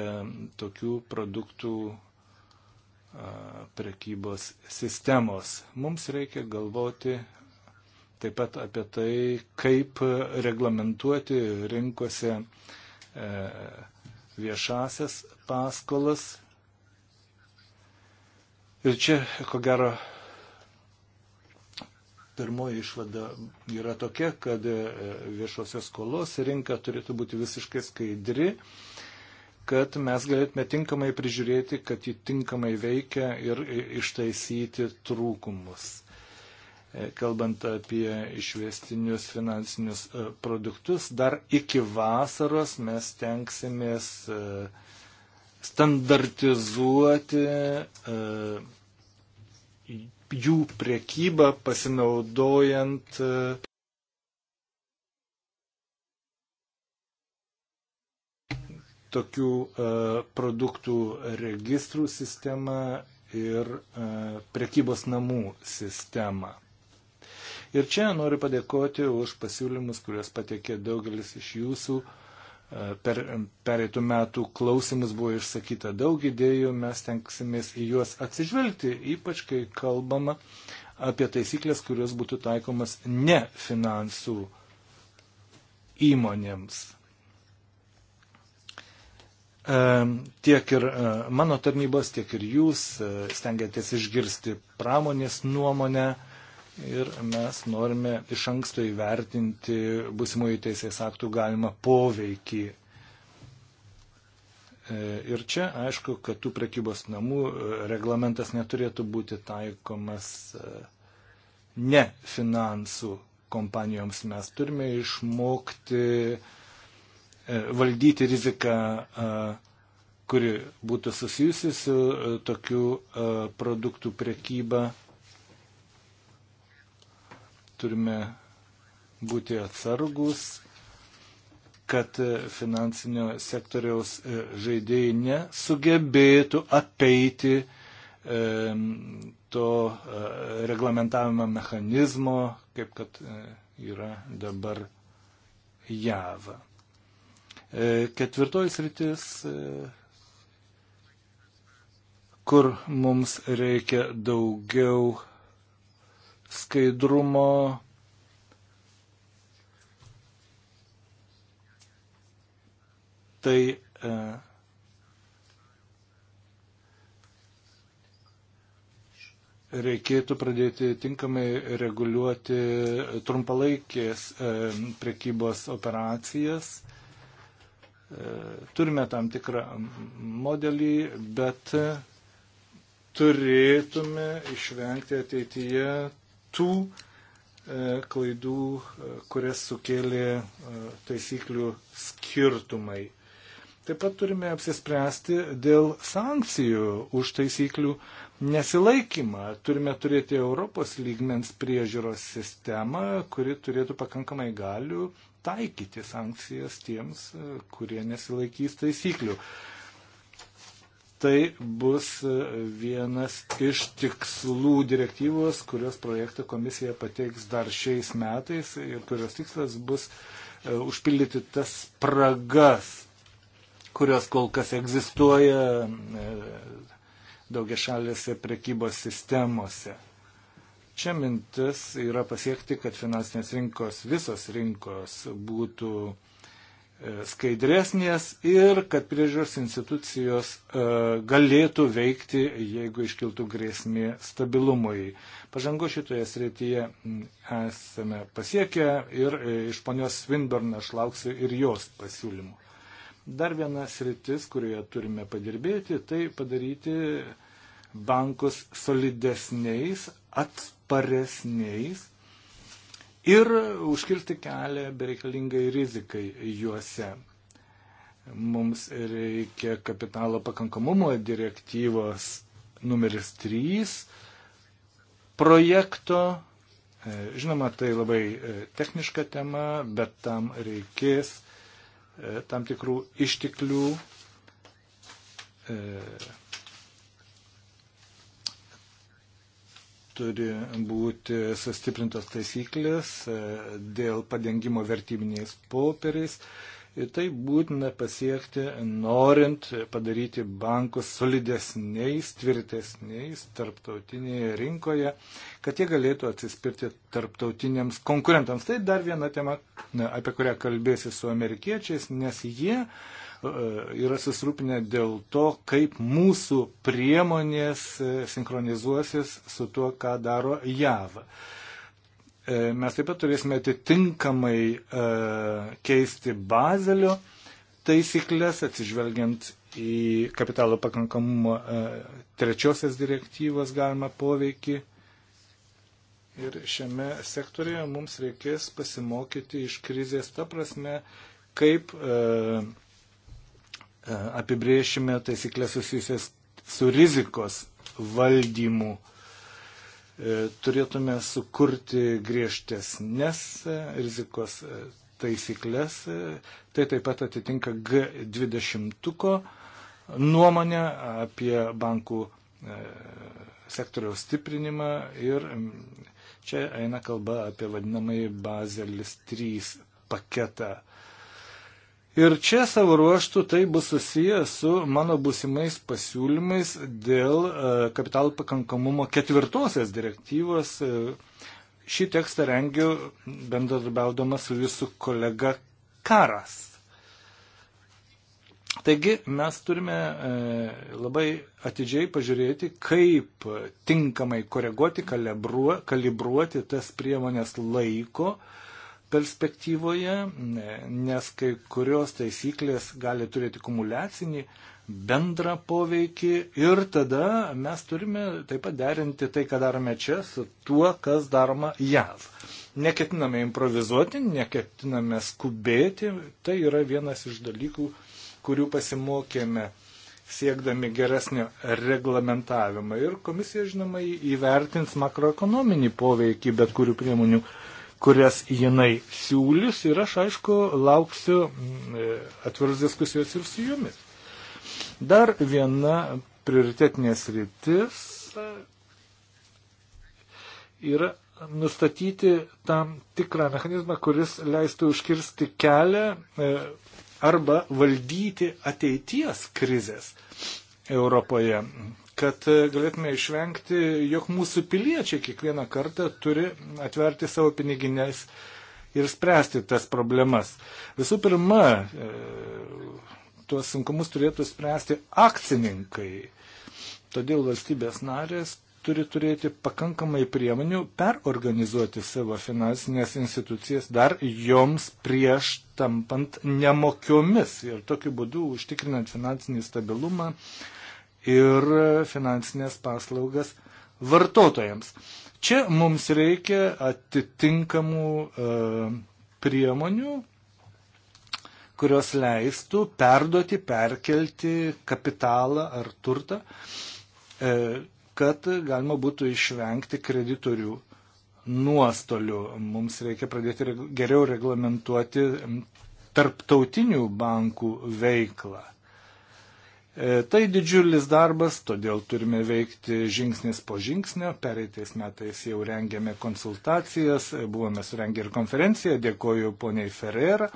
tokių produktų prekybos sistemos. Mums reikia galvoti taip pat apie tai, kaip reglamentuoti rinkose viešasias paskolas. Ir čia, ko gero, pirmoji išvada yra tokia, kad e, viešosios skolos rinka turėtų būti visiškai skaidri, kad mes galėtume tinkamai prižiūrėti, kad ji tinkamai veikia ir ištaisyti trūkumus. E, kalbant apie išvestinius finansinius e, produktus, dar iki vasaros mes tenksimės e, standartizuoti jų priekybą pasinaudojant tokių produktų registrų sistemą ir prekybos namų sistemą. Ir čia noriu padėkoti už pasiūlymus, kuriuos patiekė daugelis iš jūsų. E, per pereitų metų klausimus buvo išsakyta daug idėjų, mes tenksimės į juos atsižvelgti, ypač kai kalbama apie taisyklės, kurios būtų taikomas ne finansų įmonėms. E, tiek ir e, mano tarnybos, tiek ir jūs stengiatės išgirsti pramonės nuomonę ir mes norime iš anksto įvertinti busimųjų teisės aktų galimą poveikį. E, ir čia aišku, kad tų prekybos namų e, reglamentas neturėtų būti taikomas e, ne finansų kompanijoms. Mes turime išmokti valdyti riziką, kuri būtų susijusi su tokių produktų prekyba turime būti atsargus, kad finansinio sektoriaus e, žaidėjai nesugebėtų apeiti e, to e, reglamentavimo mechanizmo, kaip kad yra dabar JAV. Ketvirtoji sritis, kur mums reikia daugiau skaidrumo. Tai e, reikėtų pradėti tinkamai reguliuoti trumpalaikės e, prekybos operacijas. E, turime tam tikrą modelį, bet turėtume išvengti ateityje tų e, klaidų, e, kurias sukėlė e, taisyklių skirtumai. Taip pat turime apsispręsti dėl sankcijų už taisyklių nesilaikymą. Turime turėti Europos lygmens priežiūros sistemą, kuri turėtų pakankamai galių taikyti sankcijas tiems, kurie nesilaikys taisyklių tai bus e, vienas iš tikslų direktyvos, kurios projektą komisija pateiks dar šiais metais ir kurios tikslas bus e, užpildyti tas spragas, kurios kol kas egzistuoja e, daugiašalėse prekybos sistemose. Čia mintis yra pasiekti, kad finansinės rinkos, visos rinkos būtų uh, skaidresnės ir kad priežiūros institucijos e, galėtų veikti, jeigu iškiltų grėsmė stabilumui. Pažango šitoje srityje esame pasiekę ir e, iš ponios Swinburne aš lauksiu ir jos pasiūlymų. Dar viena sritis, kurioje turime padirbėti, tai padaryti bankus solidesniais, atsparesniais ir užkirsti kelią bereikalingai rizikai juose. Mums reikia kapitalo pakankamumo direktyvos numeris 3 projekto. E, žinoma, tai labai e, techniška tema, bet tam reikės e, tam tikrų išteklių turi būti sustiprintos taisyklės e, dėl padengimo vertybiniais popieriais. Ir tai būtina pasiekti, norint padaryti bankus solidesniais, tvirtesniais tarptautinėje rinkoje, kad jie galėtų atsispirti tarptautiniams konkurentams. Tai dar viena tema, apie kurią kalbėsiu su amerikiečiais, nes jie uh, E, yra susirūpinę dėl to, kaip mūsų priemonės e, sinchronizuosis su tuo, ką daro JAV. E, mes taip pat turėsime atitinkamai keisti bazelio taisyklės, atsižvelgiant į kapitalo pakankamumo trečiosios direktyvos galima poveikį. Ir šiame sektorėje mums reikės pasimokyti iš krizės, ta prasme, kaip e, E, apibrėšime taisyklės susijusias su rizikos valdymu. E, turėtume sukurti griežtesnės e, rizikos taisyklės. Tai taip pat atitinka G20 nuomonę apie bankų sektoriaus stiprinimą ir čia eina kalba apie vadinamąjį Bazelis 3 paketą. Ir čia savo ruoštų tai bus susiję su mano būsimais pasiūlymais dėl e, kapital pakankamumo ketvirtosios direktyvos. E, šį tekstą rengiu bendradarbiaudamas su jūsų kolega Karas. Taigi mes turime e, labai atidžiai pažiūrėti, kaip tinkamai koreguoti, kalibruoti tas priemonės laiko, perspektyvoje, nes kai kurios taisyklės gali turėti kumulacinį bendrą poveikį ir tada mes turime taip pat derinti tai, ką darome čia, su tuo, kas daroma JAV. Neketiname improvizuoti, neketiname skubėti, tai yra vienas iš dalykų, kurių pasimokėme siekdami geresnio reglamentavimą. Ir komisija, žinoma, įvertins makroekonominį poveikį bet kurių priemonių kurias jinai siūlis ir aš, aišku, lauksiu mm, e, atviros diskusijos ir su jumis. Dar viena prioritetinės rytis e, yra nustatyti tam tikrą mechanizmą, kuris leistų užkirsti kelią e, arba valdyti ateities krizės Europoje kad e, galėtume išvengti, jog mūsų piliečiai kiekvieną kartą turi atverti savo piniginės ir spręsti tas problemas. Visų pirma, e, tuos sunkumus turėtų spręsti akcininkai. Todėl valstybės narės turi turėti pakankamai priemonių perorganizuoti savo finansinės institucijas dar joms prieš tampant nemokiomis ir tokiu būdu užtikrinant finansinį stabilumą, uh, ir finansinės paslaugas vartotojams. Čia mums reikia atitinkamų e, priemonių, kurios leistų perduoti, perkelti kapitalą ar turtą, e, kad galima būtų išvengti kreditorių nuostolių. Mums reikia pradėti geriau reglamentuoti tarptautinių bankų veiklą. E, tai didžiulis darbas, todėl turime veikti žingsnis po žingsnio. Pereitais metais jau rengėme konsultacijas, e, buvome surengę ir konferenciją. Dėkoju poniai Ferrer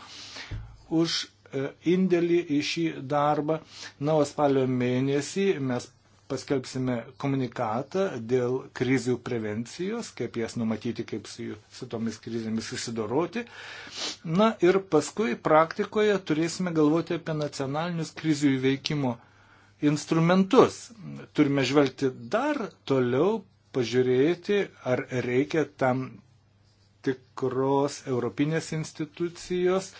už e, indėlį į šį darbą. Na, o spalio mėnesį mes paskelbsime komunikatą dėl krizių prevencijos, kaip jas numatyti, kaip su, su tomis krizėmis susidoroti. Na ir paskui praktikoje turėsime galvoti apie nacionalinius krizių įveikimo instrumentus. Turime žvelgti dar toliau, pažiūrėti, ar reikia tam tikros europinės institucijos, uh,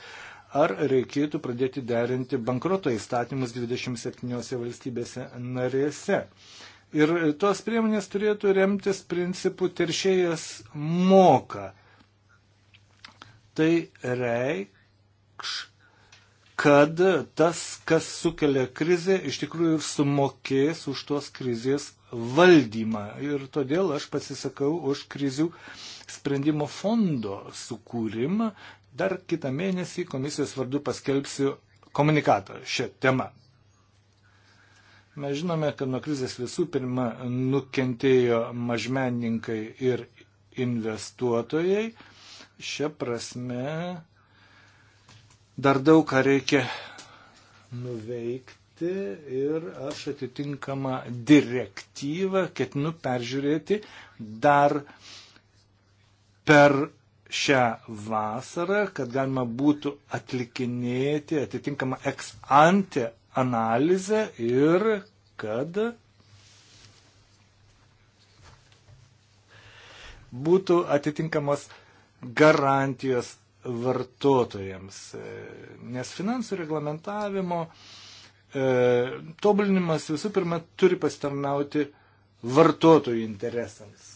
ar reikėtų pradėti derinti bankroto įstatymus 27 valstybėse narėse. Ir tos priemonės turėtų remtis principu teršėjas moka. Tai reikš, kad tas, kas sukelia krizę, iš tikrųjų ir sumokės už tos krizės valdymą. Ir todėl aš pasisakau už krizių sprendimo fondo sukūrimą, Dar kitą mėnesį komisijos vardu paskelbsiu komunikatą šią temą. Mes žinome, kad nuo krizės visų pirma nukentėjo mažmeninkai ir investuotojai. Šia prasme dar daug ką reikia nuveikti ir aš atitinkamą direktyvą ketinu peržiūrėti dar per šią vasarą, kad galima būtų atlikinėti atitinkamą ex ante analizę ir kad būtų atitinkamos garantijos vartotojams. Nes finansų reglamentavimo e, tobulinimas visų pirma turi pasitarnauti vartotojų interesams.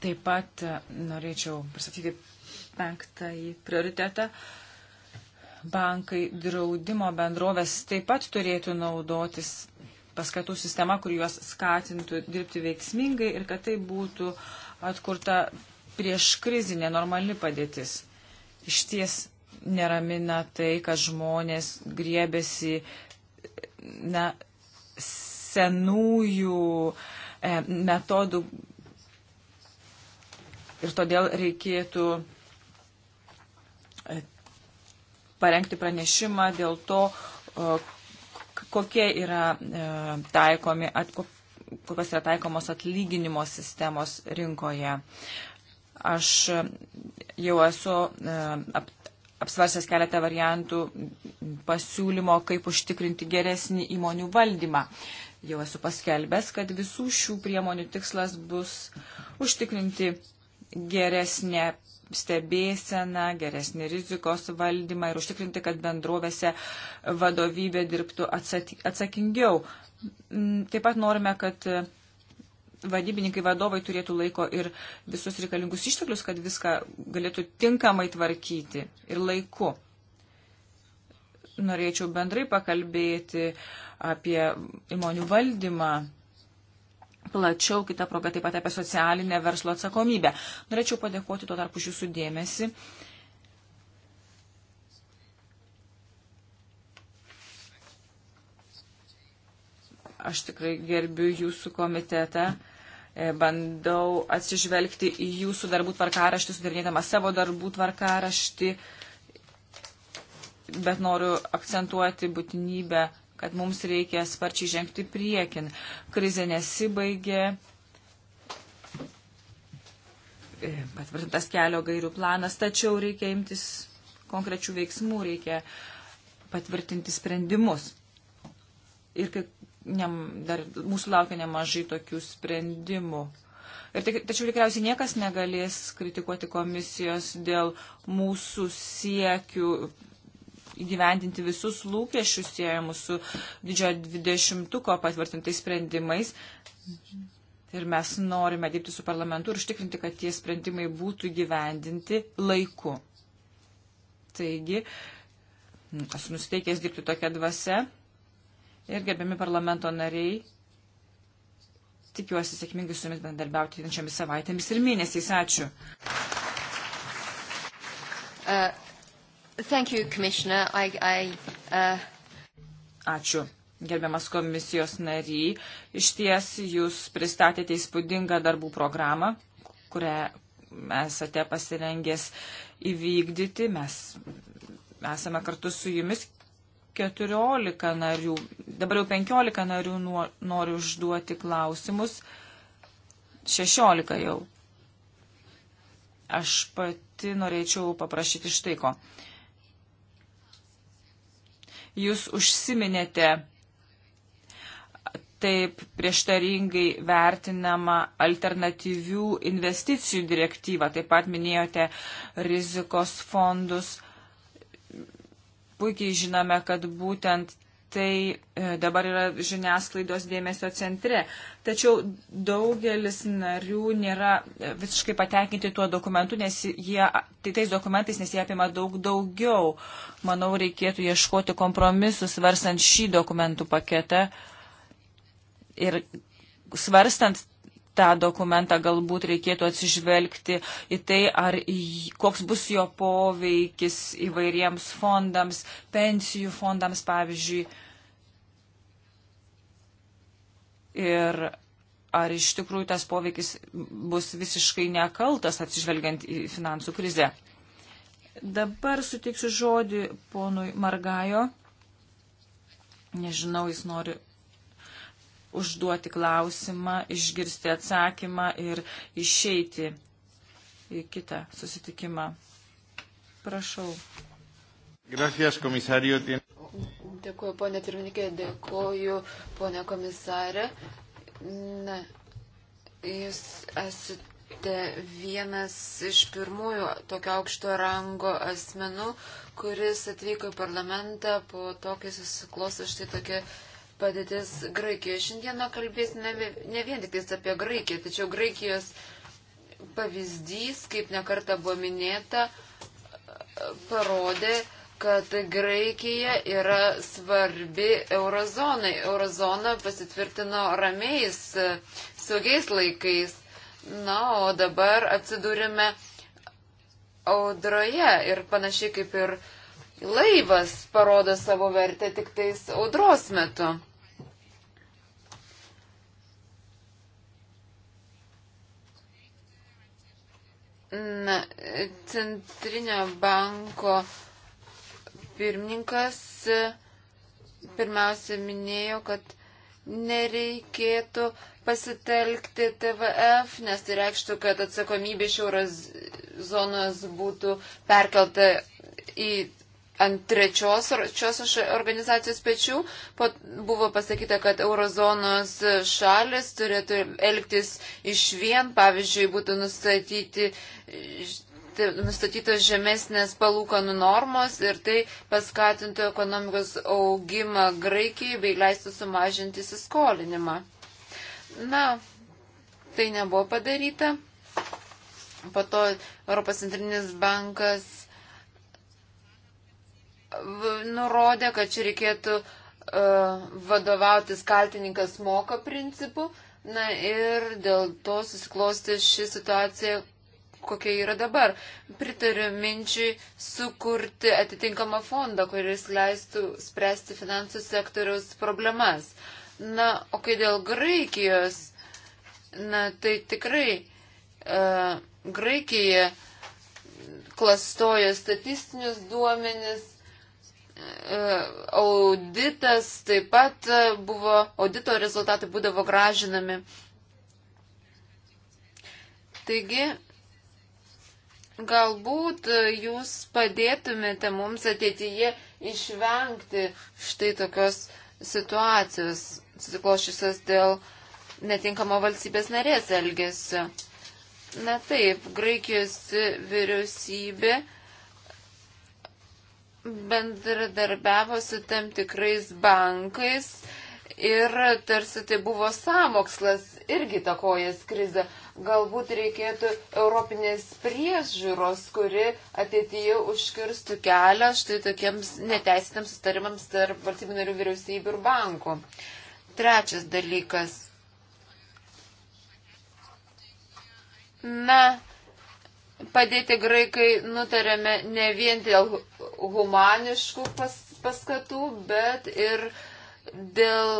Taip pat e, norėčiau pasakyti penktąjį prioritetą. Bankai, draudimo bendrovės taip pat turėtų naudotis paskatų sistema, kur juos skatintų dirbti veiksmingai ir kad tai būtų atkurta prieš krizinė normali padėtis. Iš ties neramina tai, kad žmonės griebėsi na, senųjų e, metodų ir todėl reikėtų e, parengti pranešimą dėl to, kokie yra e, taikomi, kokios yra taikomos atlyginimo sistemos rinkoje. Aš jau esu e, ap, apsvarsęs keletą variantų pasiūlymo, kaip užtikrinti geresnį įmonių valdymą. Jau esu paskelbęs, kad visų šių priemonių tikslas bus užtikrinti geresnė stebėseną, geresnį rizikos valdymą ir užtikrinti, kad bendrovėse vadovybė dirbtų atsakingiau. Mm, taip pat norime, kad vadybininkai vadovai turėtų laiko ir visus reikalingus išteklius, kad viską galėtų tinkamai tvarkyti ir laiku. Norėčiau bendrai pakalbėti apie įmonių valdymą plačiau kitą progą taip pat apie socialinę verslo atsakomybę. Norėčiau padėkoti tuo tarpu jūsų dėmesį. Aš tikrai gerbiu jūsų komitetą e, bandau atsižvelgti į jūsų darbų tvarkaraštį, sudarinėdama savo darbų tvarkaraštį, bet noriu akcentuoti būtinybę kad mums reikia sparčiai žengti priekin. Krize nesibaigė. E, patvirtintas kelio gairių planas, tačiau reikia imtis konkrečių veiksmų, reikia patvirtinti sprendimus. Ir kai ne, dar mūsų laukia nemažai tokių sprendimų. Ir tik, tačiau tikriausiai niekas negalės kritikuoti komisijos dėl mūsų siekių įgyvendinti visus lūkesčius siejamus su didžiojo dvidešimtuko patvirtintais sprendimais. Ir mes norime dirbti su parlamentu ir užtikrinti, kad tie sprendimai būtų gyvendinti laiku. Taigi, esu nusteikęs dirbti tokią dvasę ir gerbiami parlamento nariai, tikiuosi sėkmingai su jumis bendarbiauti šiomis savaitėmis ir mėnesiais. Ačiū. Uh. Thank you, Commissioner. I, I, uh... Ačiū. Gerbiamas komisijos nary, iš ties jūs pristatėte įspūdingą darbų programą, kurią esate pasirengęs įvykdyti. Mes esame kartu su jumis 14 narių, dabar jau 15 narių nuo, noriu užduoti klausimus, 16 jau. Aš pati norėčiau paprašyti štai ko. Uh, jūs užsiminėte taip prieštaringai vertinama alternatyvių investicijų direktyva. Taip pat minėjote rizikos fondus. Puikiai žinome, kad būtent tai e, dabar yra žiniasklaidos dėmesio centre. Tačiau daugelis narių nėra e, visiškai patenkinti tuo dokumentu, nes jie, tai tais dokumentais, nes jie apima daug daugiau. Manau, reikėtų ieškoti kompromisų, svarstant šį dokumentų paketą ir svarstant tą dokumentą galbūt reikėtų atsižvelgti į tai, ar koks bus jo poveikis įvairiems fondams, pensijų fondams, pavyzdžiui. Ir ar iš tikrųjų tas poveikis bus visiškai nekaltas atsižvelgiant į finansų krizę. Dabar sutiksiu žodį ponui Margajo. Nežinau, jis nori užduoti klausimą, išgirsti atsakymą ir išeiti į kitą susitikimą. Prašau.
Gracias, komisario.
Dėkuoju, ponė pirmininkė, dėkuoju, ponė komisarė. Na, jūs esate vienas iš pirmųjų tokio aukšto rango asmenų, kuris atvyko į parlamentą po to, kai susiklosto štai tokia padėtis Graikijoje. Šiandieną kalbėsime ne vien tik apie Graikiją, tačiau Graikijos pavyzdys, kaip nekarta buvo minėta, parodė, kad Graikija yra svarbi eurozonai. Eurozona pasitvirtino ramiais, saugiais laikais. Na, o dabar atsidūrime audroje ir panašiai kaip ir laivas parodo savo vertę tik tais audros metu. Na, centrinio banko pirmininkas e, pirmiausia minėjo, kad nereikėtų pasitelkti TVF, nes tai reikštų, kad atsakomybė iš eurozonos būtų perkelta į ant trečios šios organizacijos pečių Pat, buvo pasakyta, kad eurozonos šalis turėtų elgtis iš vien, pavyzdžiui, būtų nustatyti, nustatytos žemesnės palūkanų normos ir tai paskatintų ekonomikos augimą Graikijai bei leistų sumažinti įsiskolinimą. Na, tai nebuvo padaryta. Po to Europos centrinis bankas nurodė, kad čia reikėtų uh, vadovautis kaltininkas moka principu. Na ir dėl to susiklosti ši situacija, kokia yra dabar. Pritariu minčiai sukurti atitinkamą fondą, kuris leistų spręsti finansų sektoriaus problemas. Na, o kai dėl Graikijos, na, tai tikrai uh, Graikija klastoja statistinius duomenis E, auditas taip pat e, buvo, audito rezultatai būdavo gražinami. Taigi, galbūt e, jūs padėtumėte mums ateityje išvengti štai tokios situacijos, susiklošusios dėl netinkamo valstybės narės elgesio. Na taip, Graikijos vyriausybė bendradarbiavo su tam tikrais bankais ir tarsi tai buvo samokslas irgi takojas krizę. Galbūt reikėtų europinės priežiūros, kuri ateityje užkirstų kelią štai tokiems neteisėtams sustarimams tarp valstybių narių vyriausybių ir bankų. Trečias dalykas. Na, padėti graikai nutarėme ne vien dėl humaniškų pas, paskatų, bet ir dėl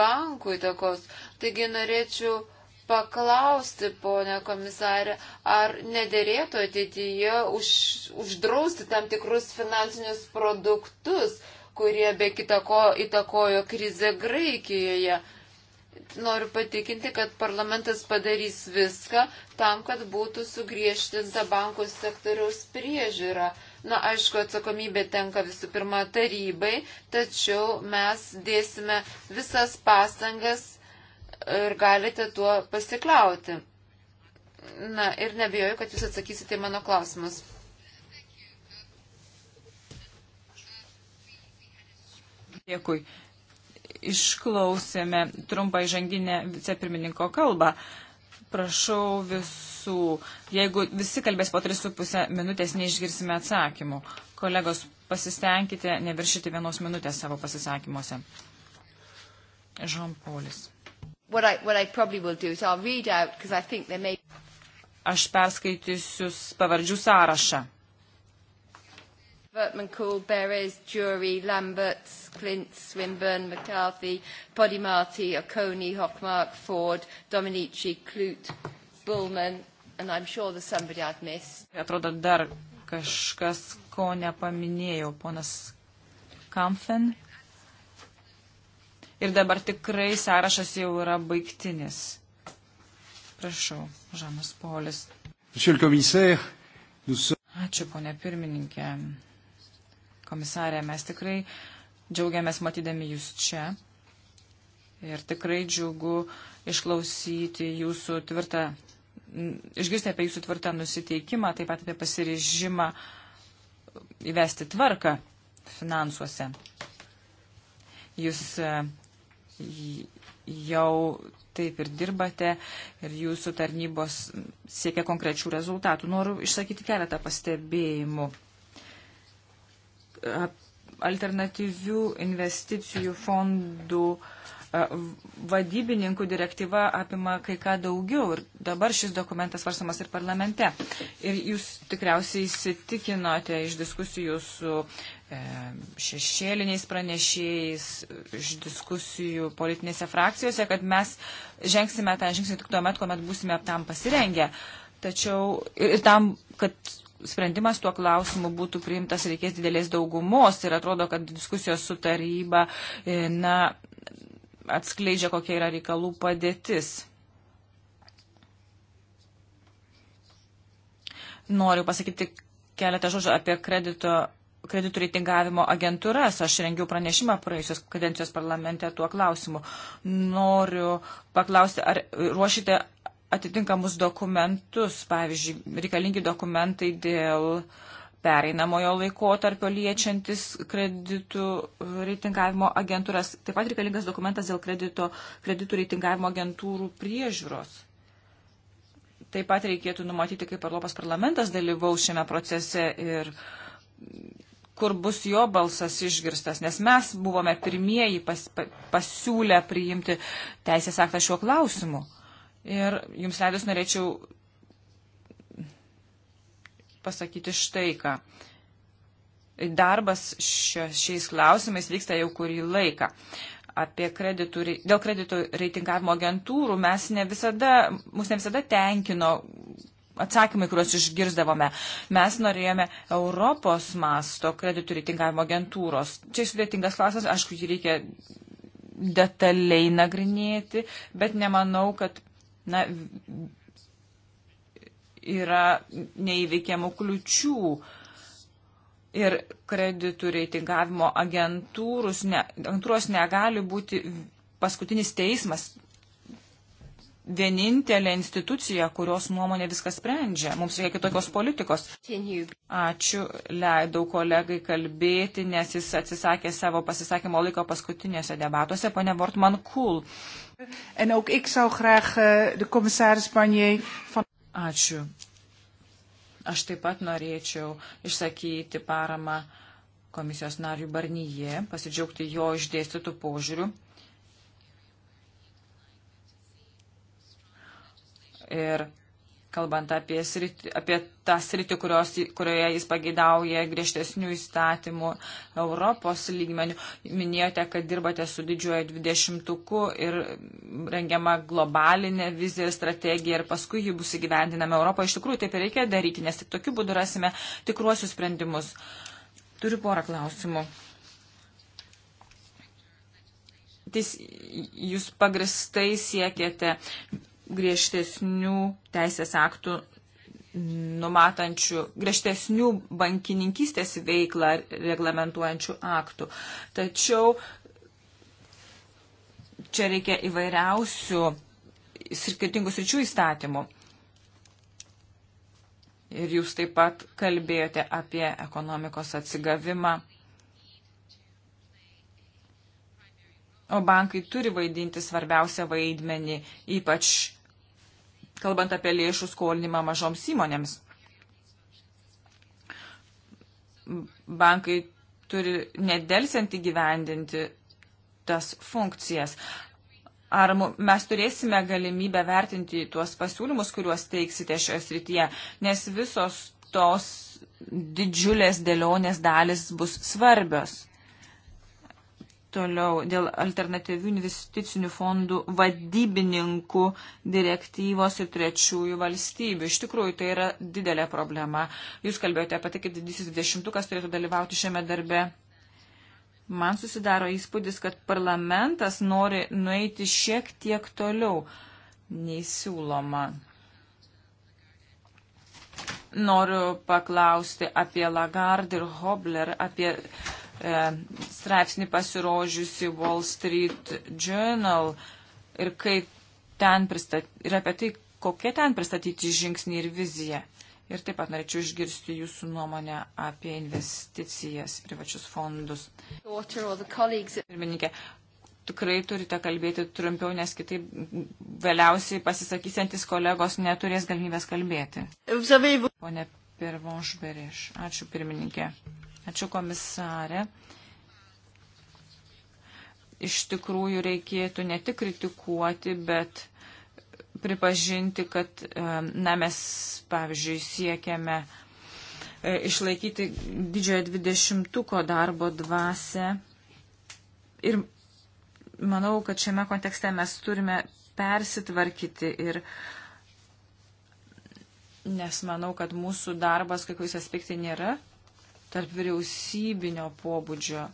bankų įtakos. Taigi norėčiau paklausti, ponė komisarė, ar nederėtų ateityje už, uždrausti tam tikrus finansinius produktus, kurie be kitako įtakojo krizę Graikijoje noriu patikinti, kad parlamentas padarys viską tam, kad būtų sugriežtinta bankų sektoriaus priežiūra. Na, aišku, atsakomybė tenka visų pirma tarybai, tačiau mes dėsime visas pastangas ir galite tuo pasikliauti. Na, ir nebijoju, kad jūs atsakysite į mano klausimus.
Dėkui išklausėme trumpą įžanginę vicepirmininko kalbą. Prašau visų, jeigu visi kalbės po 3,5 minutės, neišgirsime atsakymų. Kolegos, pasistengkite neviršyti vienos minutės savo pasisakymuose. Žompaulis. May... Aš perskaitysiu pavardžių sąrašą.
Vertman Call, Beres, Jury, Lambert, Clint, Swinburne, McCarthy, Podimati, Oconee, Hockmark, Ford, Dominici, Clute, Bullman, and I'm sure there's somebody I've missed.
Atrodo, dar kažkas, ko nepaminėjau, ponas Kamfen. Ir dabar tikrai sąrašas jau yra baigtinis. Prašau, Žanas Polis. Ačiū, ponė pirmininkė. Komisarė, mes tikrai džiaugiamės matydami jūs čia. Ir tikrai džiugu išklausyti jūsų tvirtą, išgirsti apie jūsų tvirtą nusiteikimą, taip pat apie pasirižimą įvesti tvarką finansuose. Jūs e, jau taip ir dirbate ir jūsų tarnybos siekia konkrečių rezultatų. Noriu išsakyti keletą pastebėjimų alternatyvių investicijų fondų e, vadybininkų direktyva apima kai ką daugiau ir dabar šis dokumentas varsamas ir parlamente. Ir jūs tikriausiai įsitikinote iš diskusijų su e, šešėliniais pranešėjais, iš diskusijų politinėse frakcijose, kad mes žengsime tą žingsnį tik tuomet, kuomet būsime tam pasirengę. Tačiau ir tam, kad sprendimas tuo klausimu būtų priimtas reikės didelės daugumos ir atrodo, kad diskusijos su taryba e, na, atskleidžia, kokia yra reikalų padėtis. Noriu pasakyti keletą žodžių apie kredito, kreditų reitingavimo agentūras. Aš rengiau pranešimą praėjusios kadencijos parlamente tuo klausimu. Noriu paklausti, ar ruošite atitinkamus dokumentus, pavyzdžiui, reikalingi dokumentai dėl pereinamojo laiko tarpio liečiantis kreditų reitingavimo agentūras. Taip pat reikalingas dokumentas dėl kredito, kreditų reitingavimo agentūrų priežiūros. Taip pat reikėtų numatyti, kaip Europos parlamentas dalyvaus šiame procese ir kur bus jo balsas išgirstas, nes mes buvome pirmieji pas, pa, pasiūlę priimti teisės aktą šiuo klausimu. Ir jums leidus norėčiau pasakyti štai ką. Darbas šio, šiais klausimais vyksta jau kurį laiką. Apie kreditų, dėl kreditų reitingavimo agentūrų mes ne visada, mus ne visada tenkino atsakymai, kuriuos išgirdavome. Mes norėjome Europos masto kreditų reitingavimo agentūros. Čia sudėtingas klausimas, aišku, jį reikia detaliai nagrinėti, bet nemanau, kad na, yra neįveikiamų kliučių. Ir kreditų reitingavimo agentūros, ne, agentūros negali būti paskutinis teismas vienintelė institucija, kurios nuomonė viskas sprendžia. Mums reikia kitokios politikos. Ačiū, leidau kolegai kalbėti, nes jis atsisakė savo pasisakymo laiko paskutinėse debatuose. Pane Vortman Kul. Ačiū. Aš taip pat norėčiau išsakyti paramą komisijos nariui Barnyje, pasidžiaugti jo išdėstytų požiūrių Ir kalbant apie, sritį, apie tą sritį, kurios, kurioje jis pageidauja griežtesnių įstatymų Europos lygmenių. Minėjote, kad dirbate su didžiuoju dvidešimtuku ir rengiama globalinė vizija ir strategija ir paskui ji bus įgyvendinama Europoje. Iš tikrųjų, taip ir reikia daryti, nes tik tokiu būdu rasime tikruosius sprendimus. Turiu porą klausimų. Tis, jūs pagristai siekėte griežtesnių teisės aktų numatančių griežtesnių bankininkystės veiklą reglamentuojančių aktų. Tačiau čia reikia įvairiausių skirtingų sričių įstatymų. Ir jūs taip pat kalbėjote apie ekonomikos atsigavimą. O bankai turi vaidinti svarbiausią vaidmenį, ypač kalbant apie lėšų skolinimą mažoms įmonėms. Bankai turi nedelsiant įgyvendinti tas funkcijas. Ar mes turėsime galimybę vertinti tuos pasiūlymus, kuriuos teiksite šioje srityje, nes visos tos didžiulės dėlionės dalis bus svarbios. Toliau dėl alternatyvių investicinių fondų vadybininkų direktyvos ir trečiųjų valstybių. Iš tikrųjų, tai yra didelė problema. Jūs kalbėjote apie tai, kaip didysis dešimtukas turėtų dalyvauti šiame darbe. Man susidaro įspūdis, kad parlamentas nori nueiti šiek tiek toliau nei siūloma. Noriu paklausti apie Lagard ir Hobler, apie E, straipsnį pasirožiusi Wall Street Journal ir, pristat, ir apie tai, kokie ten pristatyti žingsniai ir vizija. Ir taip pat norėčiau išgirsti jūsų nuomonę apie investicijas, privačius fondus.
Pirmininkė,
tikrai turite kalbėti trumpiau, nes kitaip vėliausiai pasisakysiantis kolegos neturės galimybės kalbėti. Pone Pirvonšberiš, ačiū pirmininkė. Ačiū komisarė. Iš tikrųjų reikėtų ne tik kritikuoti, bet pripažinti, kad e, na, mes, pavyzdžiui, siekiame e, išlaikyti didžiojo dvidešimtuko darbo dvasę. Ir manau, kad šiame kontekste mes turime persitvarkyti ir nes manau, kad mūsų darbas kai kuriais aspektai nėra tarp vyriausybinio pobūdžio.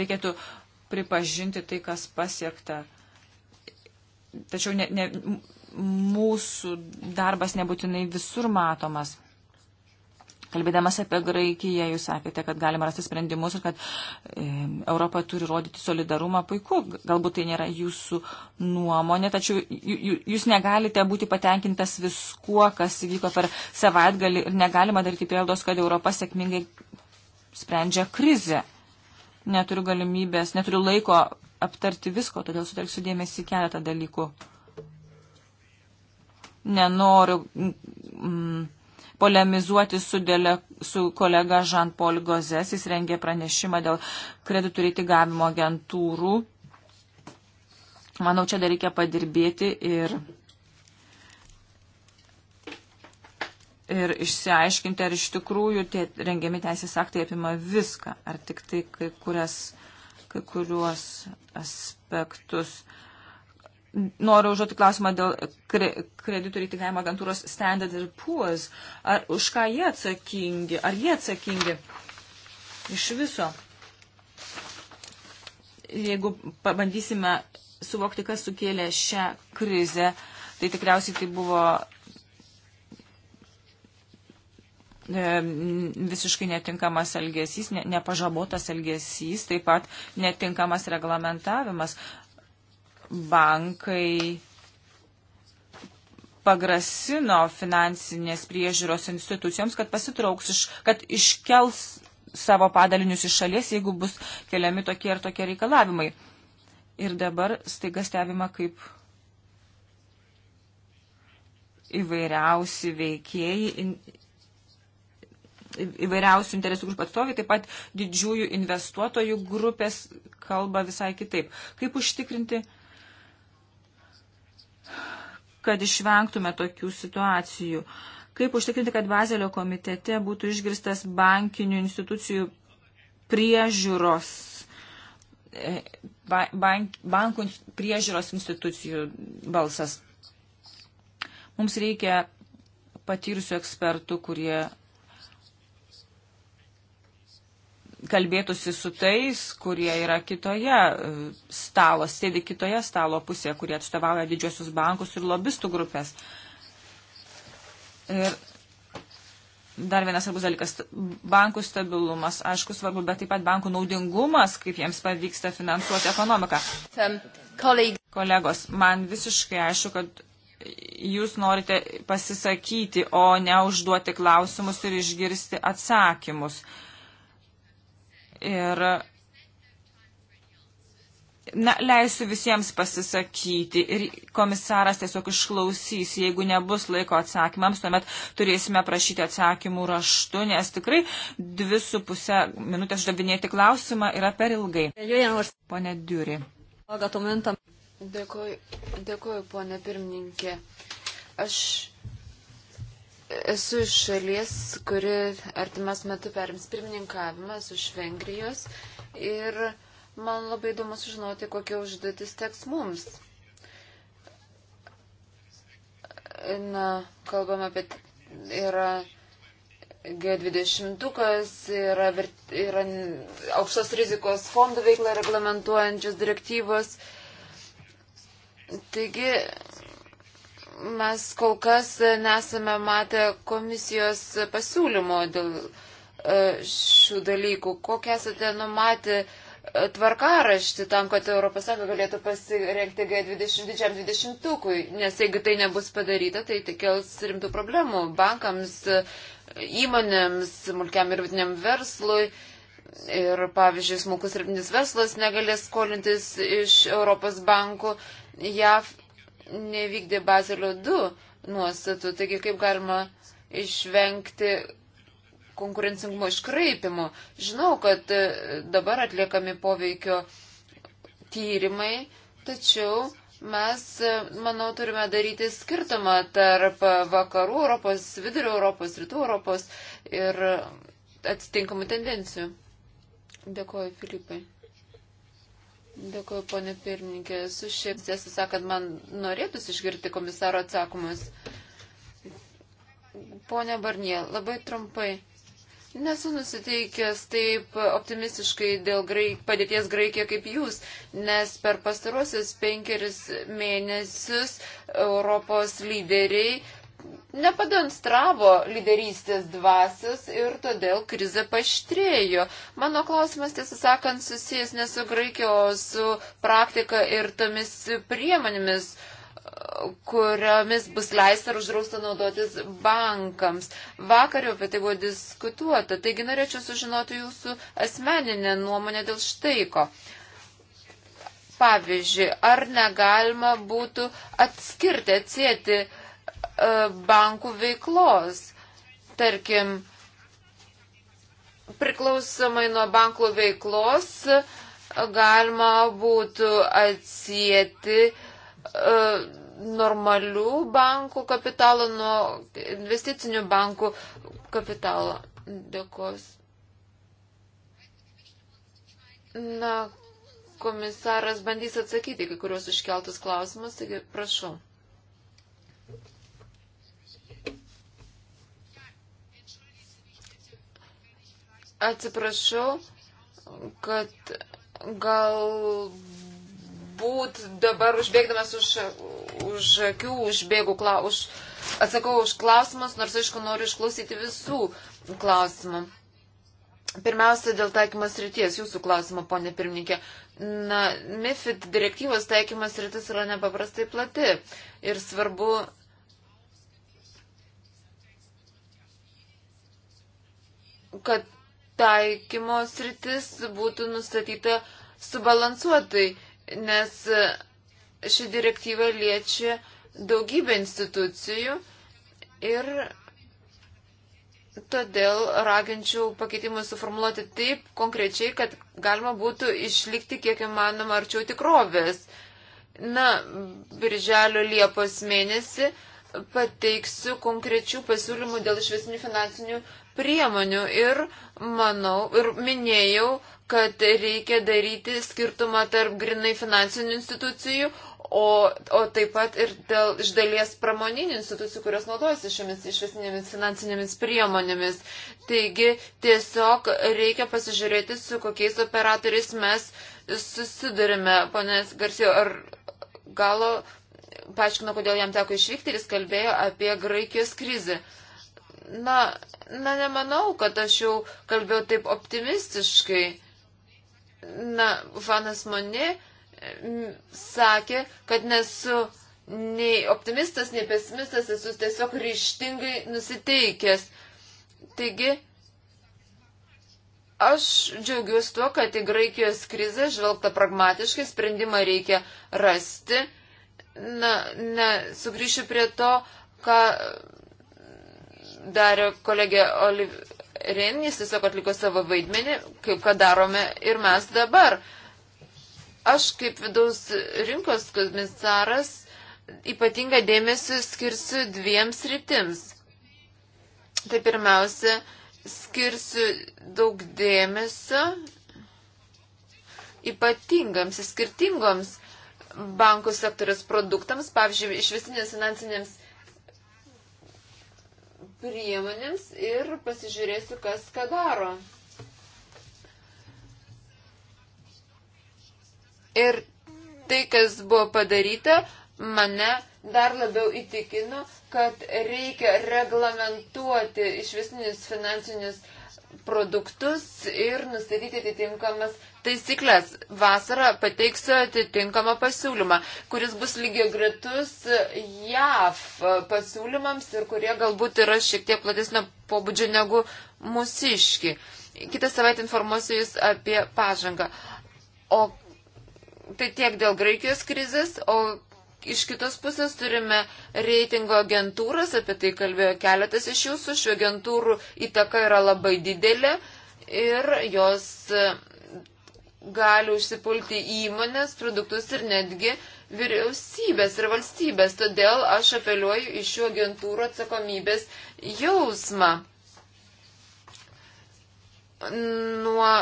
Reikėtų pripažinti tai, kas pasiekta. Tačiau ne, ne, mūsų darbas nebūtinai visur matomas. Kalbėdamas apie Graikiją, jūs sakėte, kad galima rasti sprendimus ir kad e, Europa turi rodyti solidarumą. Puiku, galbūt tai nėra jūsų nuomonė, tačiau jūs negalite būti patenkintas viskuo, kas įvyko per savaitgalį ir negalima daryti prieldos, kad Europa sėkmingai sprendžia krizę. Neturiu galimybės, neturiu laiko aptarti visko, todėl sutelksiu dėmesį keletą dalykų nenoriu mm, mm polemizuoti su, dele, su kolega Jean-Paul Gozes. Jis rengė pranešimą dėl kreditų reitigavimo agentūrų. Manau, čia dar reikia padirbėti ir, ir išsiaiškinti, ar iš tikrųjų tie rengiami teisės aktai apima viską, ar tik tai kai, kurias, kai kuriuos aspektus. Uh, Noriu užduoti klausimą dėl kre, kreditų reitingavimo agentūros Standard Poor's. Ar už ką jie atsakingi? Ar jie atsakingi iš viso? Jeigu pabandysime suvokti, kas sukėlė šią krizę, tai tikriausiai tai buvo e, visiškai netinkamas elgesys, ne, nepažabotas elgesys, taip pat netinkamas reglamentavimas bankai pagrasino finansinės priežiūros institucijoms, kad pasitrauks iš, kad iškels savo padalinius iš šalies, jeigu bus keliami tokie ir tokie reikalavimai. Ir dabar staiga stebima, kaip įvairiausi veikėjai, įvairiausių interesų grupių atstovai, taip pat didžiųjų investuotojų grupės kalba visai kitaip. Kaip užtikrinti kad išvengtume tokių situacijų. Kaip užtikrinti, kad Bazelio komitete būtų išgirstas bankinių institucijų priežiūros, e, bank, bankų priežiūros institucijų balsas. Mums reikia patyrusių ekspertų, kurie kalbėtųsi su tais, kurie yra kitoje e, stalo, sėdi kitoje stalo pusėje, kurie atstovauja didžiosius bankus ir lobistų grupės. Ir dar vienas svarbus dalykas - bankų stabilumas, aišku, svarbu, bet taip pat bankų naudingumas, kaip jiems pavyksta finansuoti ekonomiką. Um, Kolegos, man visiškai aišku, kad jūs norite pasisakyti, o ne užduoti klausimus ir išgirsti atsakymus. Uh, Ir na, leisiu visiems pasisakyti ir komisaras tiesiog išklausys, jeigu nebus laiko atsakymams, tuomet turėsime prašyti atsakymų raštu, nes tikrai dvi su pusę minutės uždavinėti klausimą yra per ilgai. Pone Diuri.
Dėkuoju, dėkuoju, ponė pirmininkė. Aš Esu iš šalies, kuri artimas metu perims pirmininkavimą, esu iš Vengrijos ir man labai įdomu sužinoti, kokia užduotis teks mums. Na, kalbam apie, yra G20, yra, yra aukštos rizikos fondų veiklą reglamentuojančios direktyvos. Taigi, Mes kol kas nesame matę komisijos pasiūlymo dėl e, šių dalykų. Kokią esate numatę e, tvarkaraštį tam, kad ES galėtų pasirengti G20 didžiam 20-ukui, nes jeigu tai nebus padaryta, tai tai kels rimtų problemų bankams, įmonėms, smulkiam ir vidiniam verslui. Ir, pavyzdžiui, smulkus ir vidinis verslas negalės skolintis iš Europos bankų. JAV nevykdė Bazelio 2 nuostatų, taigi kaip galima išvengti konkurencingumo iškraipimo. Žinau, kad e, dabar atliekami poveikio tyrimai, tačiau mes, e, manau, turime daryti skirtumą tarp vakarų Europos, vidurio Europos, rytų Europos ir e, atitinkamų tendencijų. Dėkuoju, Filipai. Dėkuoju, ponė pirmininkė. Su šiaip tiesą sakant, man norėtųsi išgirti komisaro atsakymus. Pone Barnie, labai trumpai. Nesu nusiteikęs taip optimistiškai dėl graik, padėties Graikijoje kaip jūs, nes per pastarosius penkeris mėnesius Europos lyderiai nepademonstravo lyderystės dvasios ir todėl krize paštrėjo. Mano klausimas, tiesą sakant, susijęs ne su Graikija, o su praktika ir tomis priemonėmis kuriomis bus leista ir uždrausta naudotis bankams. Vakar jau apie tai buvo diskutuota, taigi norėčiau sužinoti jūsų asmeninę nuomonę dėl štaiko. Pavyzdžiui, ar negalima būtų atskirti, atsėti uh, E, bankų veiklos. Tarkim, priklausomai nuo bankų veiklos galima būtų atsijėti e, normalių bankų kapitalo nuo investicinių bankų kapitalo. Dėkos. Na, komisaras bandys atsakyti kai kurios iškeltus klausimus, taigi prašau. Atsiprašau, kad galbūt dabar užbėgdamas už, už akių, užbėgu kla, už, atsakau už klausimus, nors aišku noriu išklausyti visų klausimų. Pirmiausia, dėl taikymas ryties, jūsų klausimo, ponė pirmininkė. Na, MIFID direktyvos taikymas rytis yra nepaprastai plati ir svarbu kad taikymo sritis būtų nustatyta subalansuotai, nes ši direktyva liečia daugybę institucijų ir todėl raginčiau pakeitimus suformuoluoti taip konkrečiai, kad galima būtų išlikti kiek įmanoma arčiau tikrovės. Na, birželio Liepos mėnesį pateiksiu konkrečių pasiūlymų dėl išvesnių finansinių priemonių ir, manau, ir minėjau, kad reikia daryti skirtumą tarp grinai finansinių institucijų, o, o taip pat ir dėl iš dalies pramoninių institucijų, kurios naudojasi šiomis išvesinėmis finansinėmis priemonėmis. Taigi tiesiog reikia pasižiūrėti, su kokiais operatoriais mes susidurime. Ponės Garsijo, ar galo paaiškino, kodėl jam teko išvykti ir jis kalbėjo apie Graikijos krizę. Uh, Na, na, nemanau, kad aš jau kalbėjau taip optimistiškai. Na, Vanas Moni mm, sakė, kad nesu nei optimistas, nei pesimistas, esu tiesiog ryštingai nusiteikęs. Taigi, aš džiaugiuosi tuo, kad į Graikijos krizę žvelgta pragmatiškai, sprendimą reikia rasti. Na, ne, sugrįšiu prie to, ką darė kolegė Oliverin, jis tiesiog atliko savo vaidmenį, kaip kad darome ir mes dabar. Aš kaip vidaus rinkos komisaras ypatingą dėmesį skirsiu dviems rytims. Tai pirmiausia, skirsiu daug dėmesio ypatingams, skirtingoms bankų sektoriaus produktams, pavyzdžiui, išvisinėms finansinėms priemonėms ir pasižiūrėsiu, kas ką daro. Ir tai, kas buvo padaryta, mane dar labiau įtikino, kad reikia reglamentuoti išvisinius finansinius produktus ir nustatyti atitinkamas taisyklės. Vasarą pateiksiu atitinkamą pasiūlymą, kuris bus lygiai gretus JAV pasiūlymams ir kurie galbūt yra šiek tiek platesnio pobūdžio negu mūsiški. Kitą savaitę informuosiu Jūs apie pažangą. O tai tiek dėl Graikijos krizės, o iš kitos pusės turime reitingo agentūras, apie tai kalbėjo keletas iš jūsų, šių agentūrų įtaka yra labai didelė ir jos gali užsipulti įmonės, produktus ir netgi vyriausybės ir valstybės. Todėl aš apeliuoju iš šių agentūrų atsakomybės jausmą. Nuo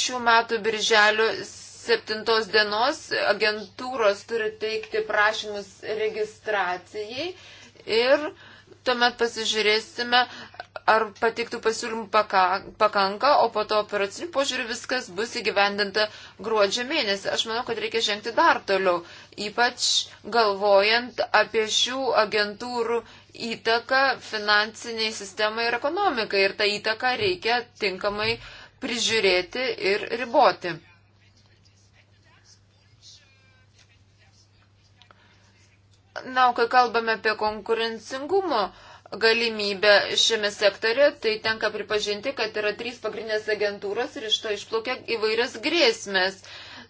šių metų birželio 7 dienos agentūros turi teikti prašymus registracijai ir tuomet pasižiūrėsime, ar pateiktų pasiūlymų pakanka, o po to operacinių požiūrių viskas bus įgyvendinta gruodžio mėnesį. Aš manau, kad reikia žengti dar toliau, ypač galvojant apie šių agentūrų įtaką finansiniai sistemai ir ekonomikai. Ir tą įtaką reikia tinkamai prižiūrėti ir riboti. Na, o kai kalbame apie konkurencingumo uh, galimybę šiame sektorė, tai tenka pripažinti, kad yra trys pagrindinės agentūros ir iš to išplaukia įvairias grėsmės.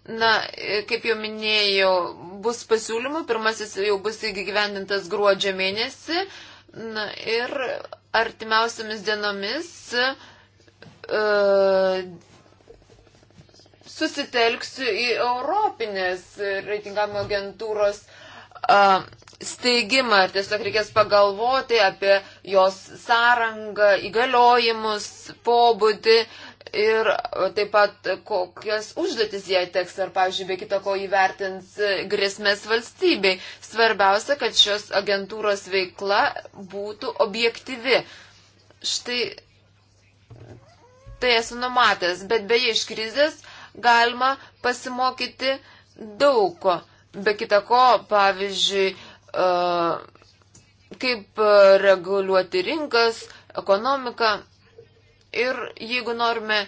Na, e, kaip jau minėjau, bus pasiūlymų, pirmasis jau bus įgyvendintas gruodžio mėnesį na, ir artimiausiamis dienomis e, susitelksiu į Europinės reitingavimo agentūros e, steigimą, ar tiesiog reikės pagalvoti apie jos sąrangą, įgaliojimus, pobūdį ir e, taip pat e, kokias užduotis jai teks, ar, pavyzdžiui, be kita ko įvertins e, grėsmės valstybei. Svarbiausia, kad šios agentūros veikla būtų objektyvi. Štai tai esu numatęs, bet beje iš krizės galima pasimokyti daug ko. Be kita ko, pavyzdžiui, Uh, kaip uh, reguliuoti rinkas, ekonomiką. Ir jeigu norime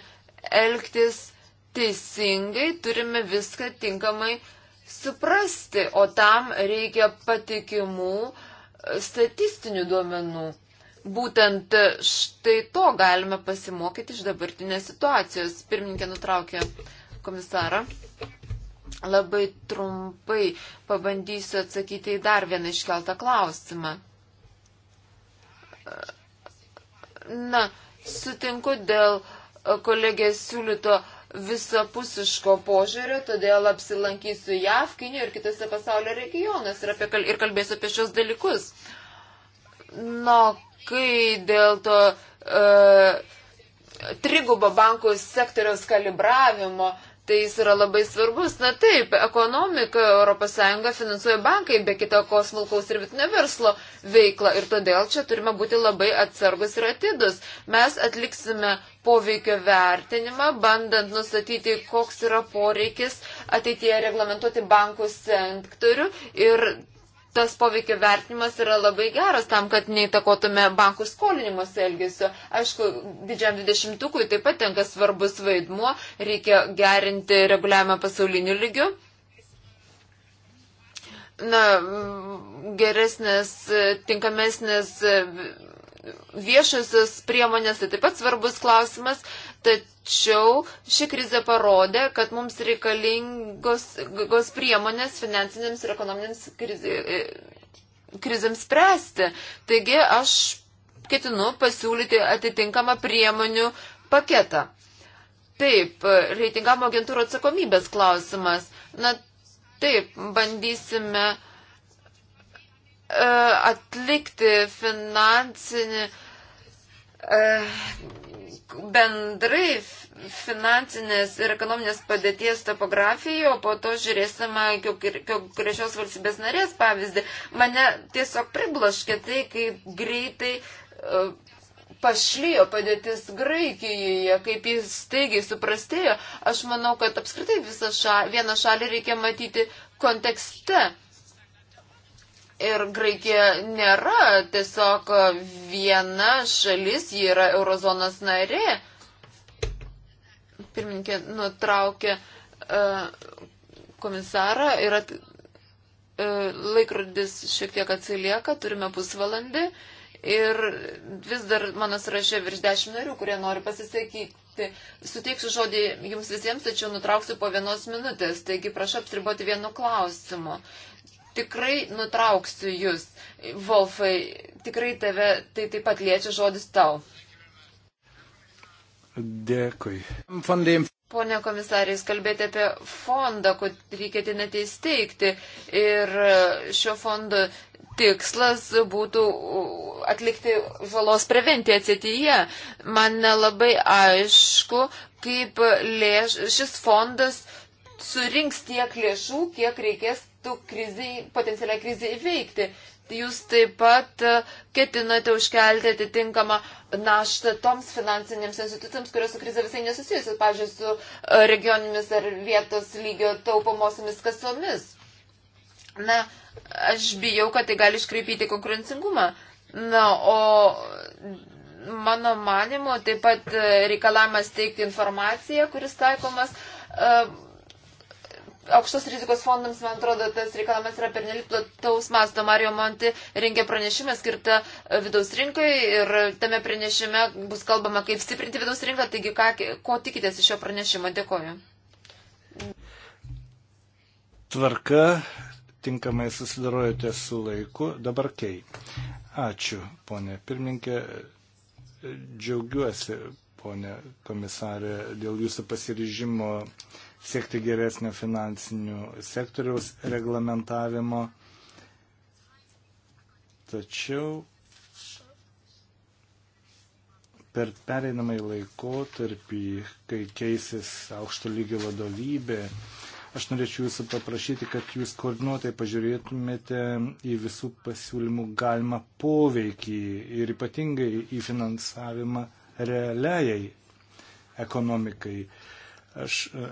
elgtis teisingai, turime viską tinkamai suprasti, o tam reikia patikimų uh, statistinių duomenų. Būtent štai to galime pasimokyti iš dabartinės situacijos. Pirmininkė nutraukė komisarą. Labai trumpai pabandysiu atsakyti į dar vieną iškeltą klausimą. Na, sutinku dėl kolegės siūlyto visapusiško požiūrio, todėl apsilankysiu JAV, Kinijoje ir kitose pasaulio regionuose ir, apie, ir kalbėsiu apie šios dalykus. Na, kai dėl to e, trigubo bankų sektoriaus kalibravimo e, tai jis yra labai svarbus. Na taip, ekonomika ES finansuoja bankai, be kita ko smulkaus ir vidutinio verslo veiklą ir todėl čia turime būti labai atsargus ir atidus. Mes atliksime poveikio vertinimą, bandant nustatyti, koks yra poreikis ateityje reglamentuoti bankų sektorių ir tas poveikio vertinimas yra labai geras tam, kad neįtakotume bankų skolinimus elgesio. Aišku, didžiam dvidešimtukui taip pat tenka svarbus vaidmuo, reikia gerinti reguliavimą pasauliniu lygiu. Na, geresnės, tinkamesnės viešosios priemonės, tai taip pat svarbus klausimas, Tačiau ši krizė parodė, kad mums reikalingos priemonės finansinėms ir ekonominėms krizėms spręsti. Taigi aš ketinu pasiūlyti atitinkamą priemonių paketą. Taip, reitingamo agentūro atsakomybės klausimas. Na, taip, bandysime e, atlikti finansinį e, bendrai finansinės ir ekonominės padėties topografiją, o po to žiūrėsime konkrečios valstybės narės pavyzdį. Mane tiesiog priblaškė tai, kaip greitai uh, e, pašlyjo padėtis Graikijoje, kaip jis staigiai suprastėjo. Aš manau, kad apskritai visą šalį, vieną šalį reikia matyti kontekste. Ir Graikija nėra tiesiog viena šalis, ji yra eurozonos narė. Pirminkė nutraukė uh, komisarą ir at, uh, laikrodis šiek tiek atsilieka, turime pusvalandį ir vis dar mano sąraše virš dešimt narių, kurie nori pasisakyti. Suteiksiu žodį jums visiems, tačiau nutrauksiu po vienos minutės, taigi prašau apsiriboti vienu klausimu. Uh, tikrai nutrauksiu jūs. Wolfai, tikrai tave tai taip pat liečia žodis tau. Dėkui. Pone komisarė, jūs kalbėjote apie fondą, kurį ketinate tai įsteigti. Ir šio fondo tikslas būtų atlikti žalos prevenciją atsityje. Man nelabai aišku, kaip lėš, šis fondas surinks tiek lėšų, kiek reikės reikėtų krizai, potencialiai krizai įveikti. Jūs taip pat e, ketinate užkelti atitinkamą naštą toms finansinėms institucijams, kurios su krize visai nesusijusios, pavyzdžiui, su e, regionimis ar vietos lygio taupomosiamis kasomis. Na, aš bijau, kad tai gali iškreipyti konkurencingumą. Na, o mano manimo, taip pat e, reikalavimas teikti informaciją, kuris taikomas, aukštos rizikos fondams, man atrodo, tas reikalavimas yra pernelik plataus masto. Mario Monti rengė pranešimą skirtą e, vidaus rinkai ir tame pranešime bus kalbama, kaip stiprinti vidaus rinką, taigi ką, ko tikitės iš šio pranešimo. Dėkoju.
Tvarka, tinkamai susidarojate su laiku, dabar kei. Ačiū, ponė pirmininkė. Džiaugiuosi, ponė komisarė, dėl jūsų pasiryžimo uh, siekti geresnio finansinių sektoriaus reglamentavimo. Tačiau per pereinamai laikotarpį, kai keisis aukšto lygio vadovybė, aš norėčiau jūsų paprašyti, kad jūs koordinuotai pažiūrėtumėte į visų pasiūlymų galimą poveikį ir ypatingai į finansavimą realiai ekonomikai. Aš e,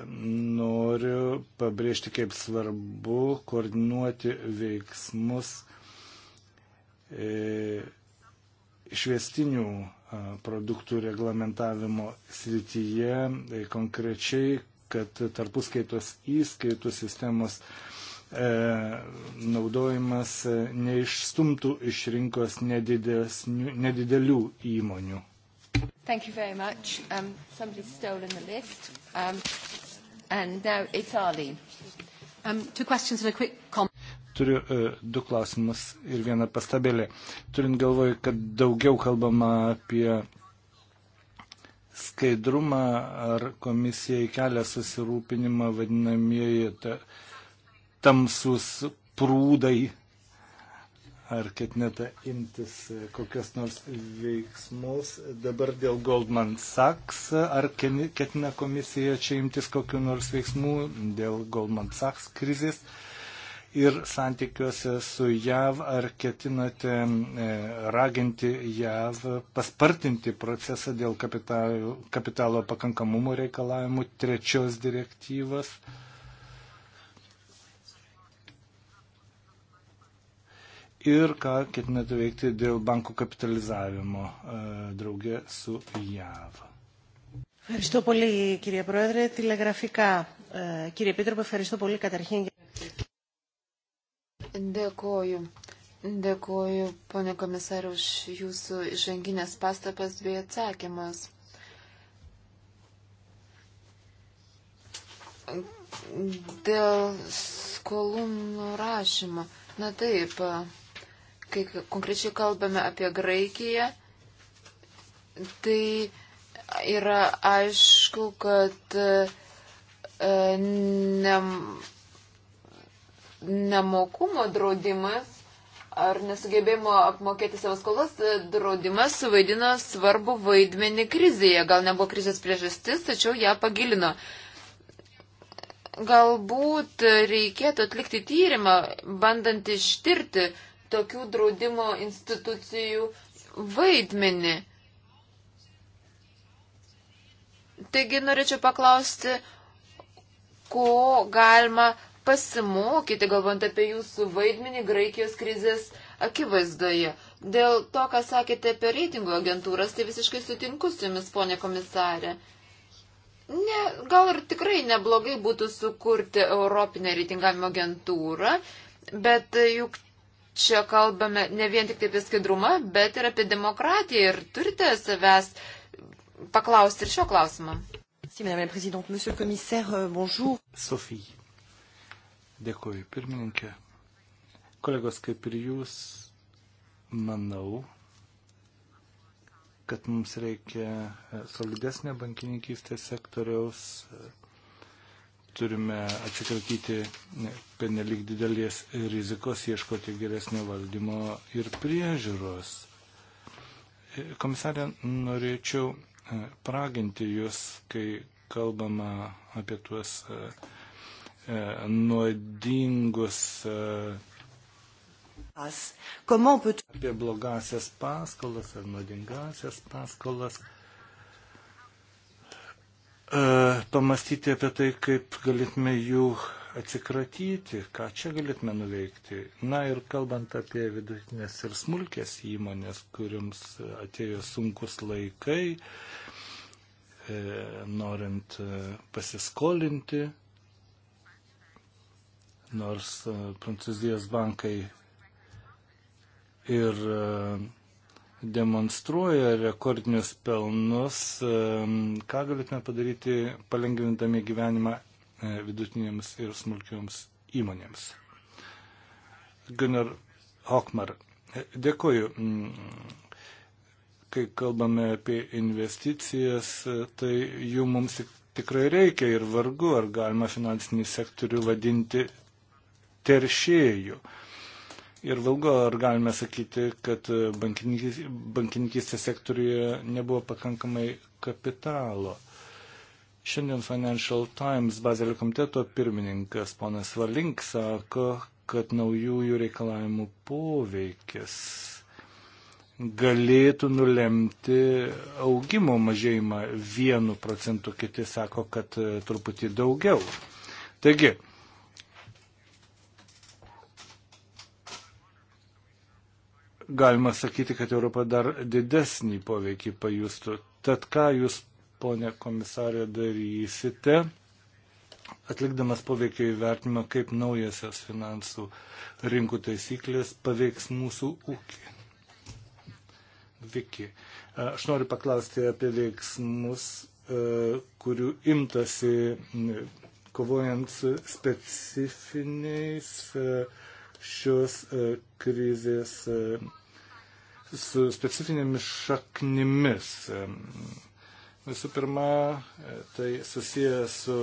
noriu pabrėžti, kaip svarbu koordinuoti veiksmus išvestinių e, e, produktų reglamentavimo srityje, konkrečiai, kad tarpuskaitos įskaitų sistemos naudojimas neišstumtų iš rinkos nedidelių įmonių.
Thank you very much. Um, somebody's stolen the list. Um, and now it's Arlene. Um, two questions and a quick
comment. Turiu uh, du klausimus ir vieną pastabėlį. Turint galvoj, kad daugiau kalbama apie skaidrumą, ar komisijai kelia susirūpinimą vadinamieji ta, tamsus prūdai ar ketinate imtis kokios nors veiksmus dabar dėl Goldman Sachs, ar ketina komisija čia imtis kokiu nors veiksmų dėl Goldman Sachs krizės ir santykiuose su JAV, ar ketinate e, raginti JAV paspartinti procesą dėl kapitalo, kapitalo pakankamumo reikalavimų trečios direktyvas. ir ką ketinate veikti dėl bankų kapitalizavimo e, draugė su JAV.
Ευχαριστώ πολύ κύριε Πρόεδρε. Τηλεγραφικά, ε, κύριε Επίτροπε, ευχαριστώ πολύ καταρχήν. Dėkoju. Dėkoju, ponė komisarė, už jūsų žanginės pastabas bei atsakymus. Dėl skolų nurašymo. Na taip, kai konkrečiai kalbame apie Graikiją, tai yra aišku, kad e, ne, nemokumo draudimas ar nesugebėjimo apmokėti savo skolas e, draudimas suvaidino svarbu vaidmenį krizėje. Gal nebuvo krizės priežastis, tačiau ją pagilino. Galbūt reikėtų atlikti tyrimą, bandant ištirti, tokių draudimo institucijų vaidmenį. Taigi norėčiau paklausti, ko galima pasimokyti, galvant apie jūsų vaidmenį Graikijos krizės akivaizdoje. Dėl to, ką sakėte apie reitingų agentūras, tai visiškai sutinku su jumis, ponė komisarė. Ne, gal ir tikrai neblogai būtų sukurti Europinę reitingavimo agentūrą, bet juk čia kalbame ne vien tik apie skaidrumą, bet ir apie demokratiją ir turite savęs paklausti ir šio klausimą.
Sofija. Dėkuoju, pirmininkė. Kolegos, kaip ir jūs, manau, kad mums reikia e, solidesnė bankininkystės sektoriaus e, turime atsikratyti penelik didelės rizikos, ieškoti geresnio valdymo ir priežiūros. Komisarė, norėčiau e, praginti jūs, kai kalbama apie tuos e, e, nuodingus apie blogasias paskolas ar nuodingasias paskolas. E, pamastyti apie tai, kaip galėtume jų atsikratyti, ką čia galėtume nuveikti. Na ir kalbant apie vidutinės ir smulkės įmonės, kuriams atėjo sunkus laikai, e, norint e, pasiskolinti, nors Prancūzijos bankai ir demonstruoja rekordinius pelnus. Ką galėtume padaryti, palengvindami gyvenimą e, vidutinėms ir smulkioms įmonėms? Gunnar Hockmar, e, dėkoju. Kai kalbame apie investicijas, e, tai jų mums tikrai reikia ir vargu, ar galima finansinį sektorių vadinti teršėjų. Uh, Ir vilgo, ar galime sakyti, kad bankininkystės sektoriuje nebuvo pakankamai kapitalo. Šiandien Financial Times Bazelio komiteto pirmininkas ponas Valink sako, kad naujųjų reikalavimų poveikis galėtų nulemti augimo mažėjimą vienu procentu, kiti sako, kad truputį daugiau. Taigi, galima sakyti, kad Europa dar didesnį poveikį pajustų. Tad ką jūs, ponė komisarė, darysite, atlikdamas poveikio įvertinimą, kaip naujasios finansų rinkų taisyklės paveiks mūsų ūkį? Viki. Aš noriu paklausti apie veiksmus, e, kurių imtasi kovojant su specifiniais e, šios e, krizės su specifinėmis šaknimis. Visų pirma, e, tai susiję su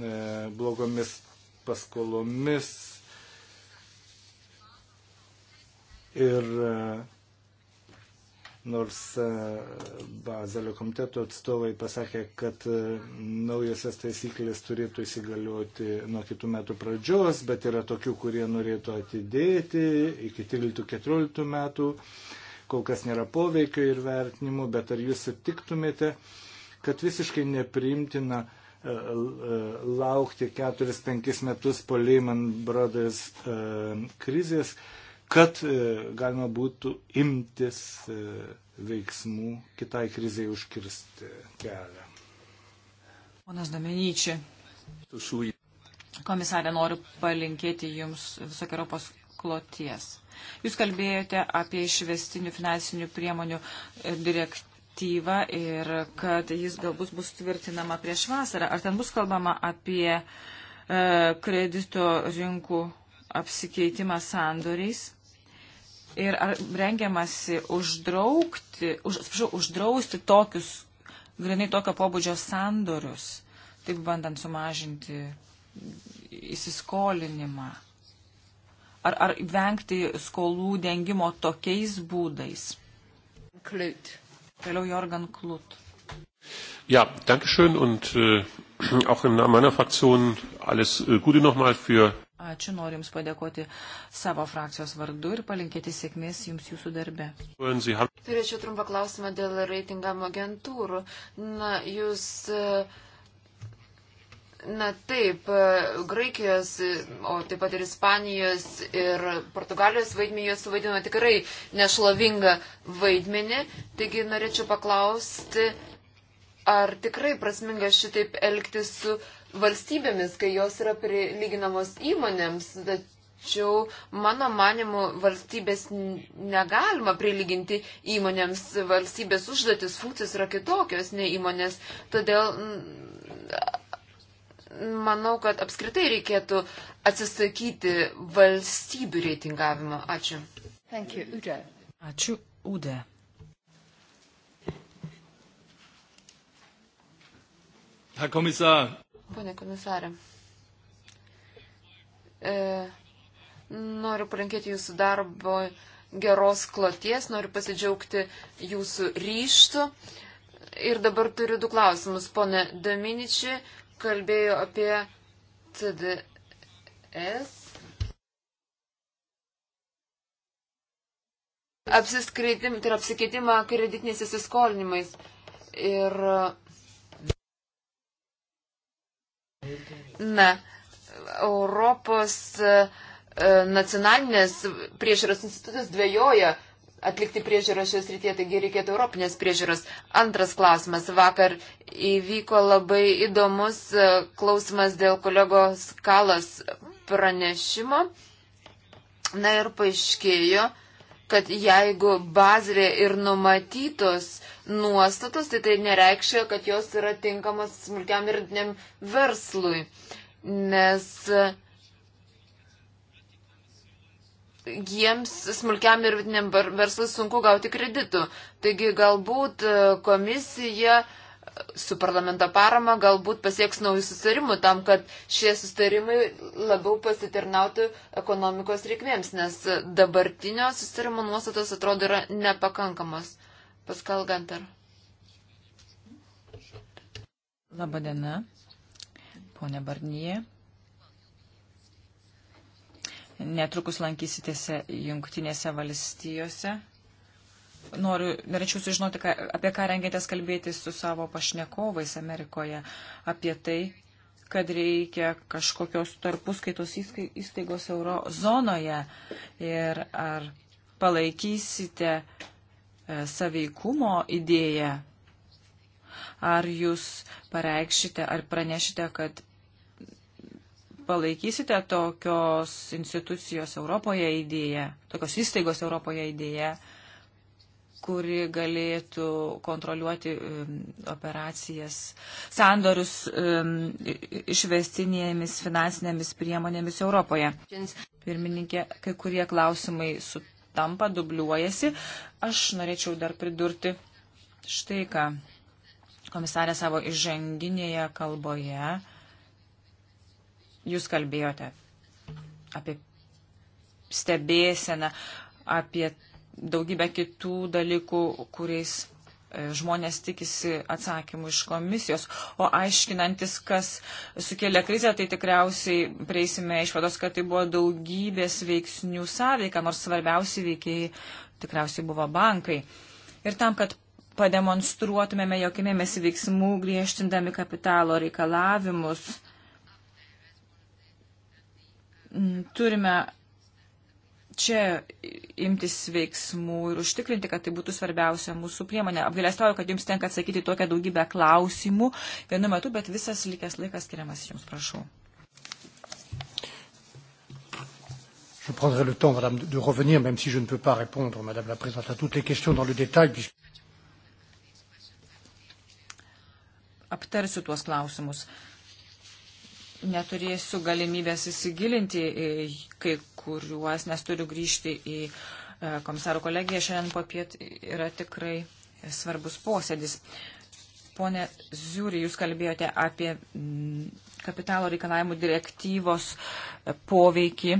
e, blogomis paskolomis ir e, nors Bazelio komiteto atstovai pasakė, kad naujasias taisyklės turėtų įsigalioti nuo kitų metų pradžios, bet yra tokių, kurie norėtų atidėti iki 13-14 metų. metų kol kas nėra poveikio ir vertinimų, bet ar jūs sutiktumėte, kad visiškai nepriimtina e, e, laukti 4-5 metus po Lehman Brothers e, krizės, kad galima būtų imtis veiksmų kitai kriziai užkirsti kelią.
Ponas Domenyčiai. Komisarė, noriu palinkėti Jums visokiojopos kloties. Jūs kalbėjote apie išvestinių finansinių priemonių direktyvą ir kad jis galbūt bus tvirtinama prieš vasarą. Ar ten bus kalbama apie e, kredito rinkų apsikeitimą sandoriais? Ir ar rengiamasi uždraukti, už, atsiprašau, uždrausti tokius, grinai tokio pobūdžio sandorius, taip bandant sumažinti įsiskolinimą? ar, ar vengti skolų dengimo tokiais būdais. Klut. Vėliau Jorgan Klut. Ja, danke schön und äh, auch in meiner Fraktion alles äh, Gute nochmal für. Ačiū, noriu Jums padėkoti savo frakcijos vardu ir palinkėti sėkmės Jums Jūsų darbe.
Turėčiau
trumpą klausimą dėl reitingam agentūrų. Na, Jūs. Äh, Na taip, Graikijos, o taip pat ir Ispanijos ir Portugalijos vaidmenį jos suvaidino tikrai nešlovingą vaidmenį. Taigi norėčiau paklausti, ar tikrai prasminga šitaip elgtis su valstybėmis, kai jos yra prilyginamos įmonėms. Tačiau mano manimu valstybės negalima prilyginti įmonėms. Valstybės užduotis funkcijos yra kitokios nei įmonės. Todėl manau, kad apskritai reikėtų atsisakyti valstybių reitingavimo. Ačiū. Thank you, Ude.
Ačiū, Ude.
Herr Kommissar.
Pone komisarė. E, noriu palinkėti jūsų darbo geros kloties, noriu pasidžiaugti jūsų ryštų. Ir dabar turiu du klausimus, pone Dominičiai kalbėjo apie CDS. Apsiskreitimą, tai yra apsikeitimą kreditiniais įsiskolinimais. Ir. Na, Europos e, nacionalinės priešaros institutas dvėjoja, atlikti priežiūrą šios rytie, taigi reikėtų Europinės priežiūros. Antras klausimas. Vakar įvyko labai įdomus e, klausimas dėl kolegos Kalas pranešimo. Na ir paaiškėjo, kad jeigu bazė ir numatytos nuostatos, tai tai nereikšia, kad jos yra tinkamos smulkiam ir diniam verslui. Nes uh, jiems smulkiam ir vidiniam verslui sunku gauti kreditų. Taigi galbūt e, komisija e, su parlamento parama galbūt pasieks naujų sustarimų tam, kad šie sustarimai labiau pasitarnautų ekonomikos reikmėms, nes dabartinio sustarimo nuostatos atrodo yra nepakankamos. Paskal Gantar.
Labadiena, ponė Barnyje netrukus lankysitėse jungtinėse valstijose. Noriu, norėčiau sužinoti, ką, apie ką rengėtės kalbėti su savo pašnekovais Amerikoje, apie tai, kad reikia kažkokios tarpuskaitos įstaigos eurozonoje ir ar palaikysite e, saveikumo idėją, ar jūs pareikšite, ar pranešite, kad palaikysite tokios institucijos Europoje idėją, tokios įstaigos Europoje idėją, kuri galėtų kontroliuoti um, operacijas, sandorius um, išvestinėmis finansinėmis priemonėmis Europoje. Pirmininkė, kai kurie klausimai sutampa, dubliuojasi. Aš norėčiau dar pridurti štai ką. Komisarė savo įžanginėje kalboje Jūs kalbėjote apie stebėseną, apie daugybę kitų dalykų, kuriais e, žmonės tikisi atsakymų iš komisijos. O aiškinantis, kas sukėlė krizę, tai tikriausiai prieisime išvados, kad tai buvo daugybės veiksnių sąveika, nors svarbiausi veikiai tikriausiai buvo bankai. Ir tam, kad pademonstruotumėme, jog imėmės veiksmų griežtindami kapitalo reikalavimus, Mm, turime čia imtis veiksmų ir užtikrinti, kad tai būtų svarbiausia mūsų priemonė. Apgailestauju, kad jums tenka atsakyti tokią daugybę klausimų vienu metu, bet visas likęs laikas skiriamas jums, prašau.
Je prendrai le temps, Madame, de revenir, même si je ne peux pas répondre, Madame la Présidente, à toutes les questions dans le détail. Puisque...
Aptarsiu tuos klausimus. Uh, neturėsiu galimybės įsigilinti į kai kuriuos, nes turiu grįžti į e, komisarų kolegiją. Šiandien popiet yra tikrai svarbus posėdis. Pone Ziūri, jūs kalbėjote apie mm, kapitalo reikalavimų direktyvos e, poveikį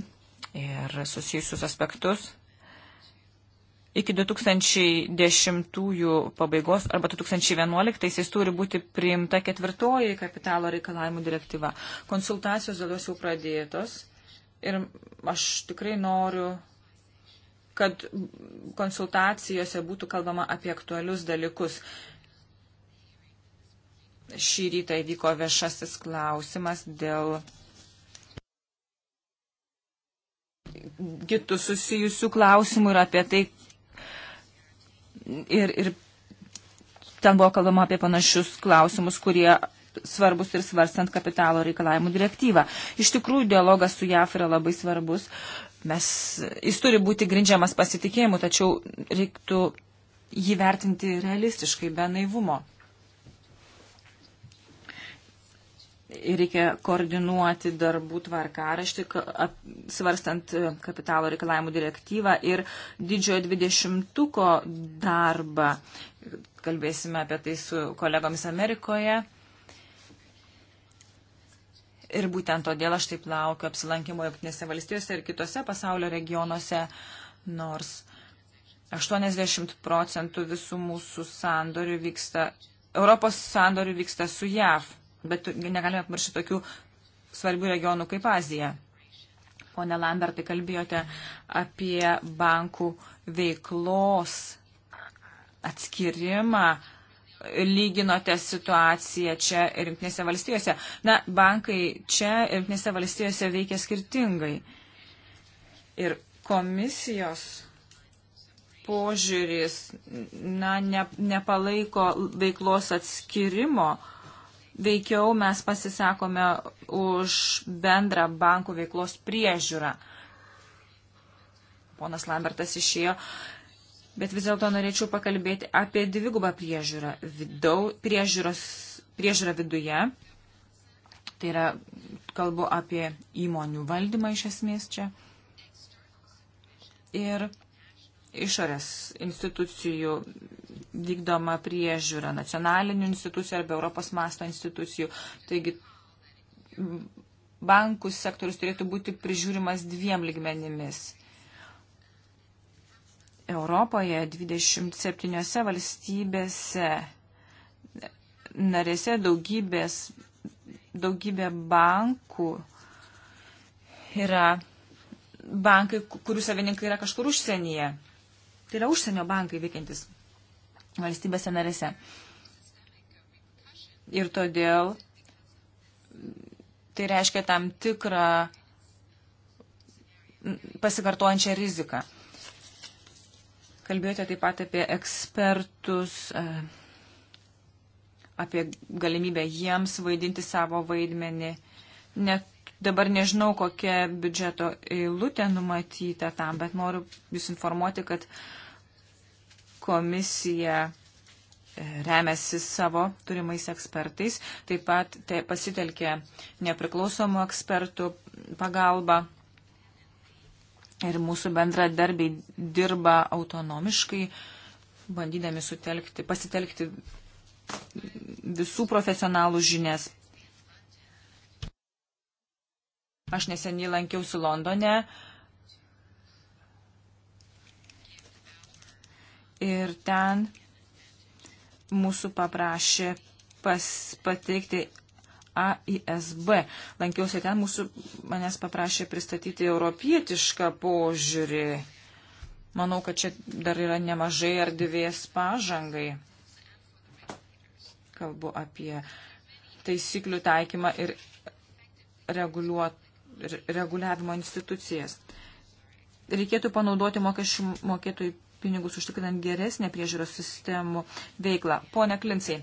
ir susijusius aspektus iki 2010 pabaigos arba 2011 turi būti priimta ketvirtoji kapitalo reikalavimų direktyva. Konsultacijos dėl jos jau pradėtos ir aš tikrai noriu kad konsultacijose būtų kalbama apie aktualius dalykus. Šį rytą įvyko viešasis klausimas dėl kitų susijusių klausimų ir apie tai, ir, ir ten buvo kalbama apie panašius klausimus, kurie svarbus ir svarstant kapitalo reikalavimų direktyvą. Iš tikrųjų, dialogas su JAF yra labai svarbus. Mes, jis turi būti grindžiamas pasitikėjimu, tačiau reiktų jį vertinti realistiškai, be naivumo. reikia koordinuoti darbų tvarkaraštį, svarstant e, kapitalo reikalavimų direktyvą ir didžiojo dvidešimtuko darbą. Kalbėsime apie tai su kolegomis Amerikoje. Ir būtent todėl aš taip laukiu apsilankimo Junktinėse valstijose ir kitose pasaulio regionuose, nors 80 procentų visų mūsų sandorių vyksta, Europos sandorių vyksta su JAV bet negalime pamiršti tokių svarbių regionų kaip Azija. Pone Lambertai, kalbėjote apie bankų veiklos atskirimą, lyginote situaciją čia ir Junktinėse valstijose. Na, bankai čia ir Junktinėse valstijose veikia skirtingai. Ir komisijos požiūris na, ne, nepalaiko veiklos atskirimo uh, Veikiau mes pasisakome už bendrą bankų veiklos priežiūrą. Ponas Lambertas išėjo, bet vis dėlto norėčiau pakalbėti apie dvigubą priežiūrą, vidau, priežiūros, priežiūrą viduje. Tai yra, kalbu apie įmonių valdymą iš esmės čia. Ir išorės institucijų vykdoma priežiūra nacionalinių institucijų arba Europos masto institucijų. Taigi bankų sektorius turėtų būti prižiūrimas dviem ligmenimis. Europoje 27 valstybėse narėse daugybės, daugybė bankų yra bankai, kurių savininkai yra kažkur užsienyje. Tai yra užsienio bankai veikiantis valstybėse narėse. Ir todėl tai reiškia tam tikrą pasikartojančią riziką. Kalbėjote taip pat apie ekspertus, apie galimybę jiems vaidinti savo vaidmenį. Net Dabar nežinau, kokia biudžeto eilutė numatyta tam, bet noriu Jūs informuoti, kad komisija e, remiasi savo turimais ekspertais, taip pat tai pasitelkė nepriklausomų ekspertų pagalbą ir mūsų bendradarbiai dirba autonomiškai, bandydami sutelkti, pasitelkti visų profesionalų žinias. Aš neseniai lankiausi Londone ir ten mūsų paprašė pas, pateikti AISB. Lankiausi ten, mūsų manęs paprašė pristatyti europietišką požiūrį. Manau, kad čia dar yra nemažai erdvės pažangai. Kalbu apie taisyklių taikymą ir reguliuot, reguliavimo institucijas. Reikėtų panaudoti mokesčių mokėtojų pinigus užtikrinant geresnę priežiūros sistemų veiklą. Pone Klinsai,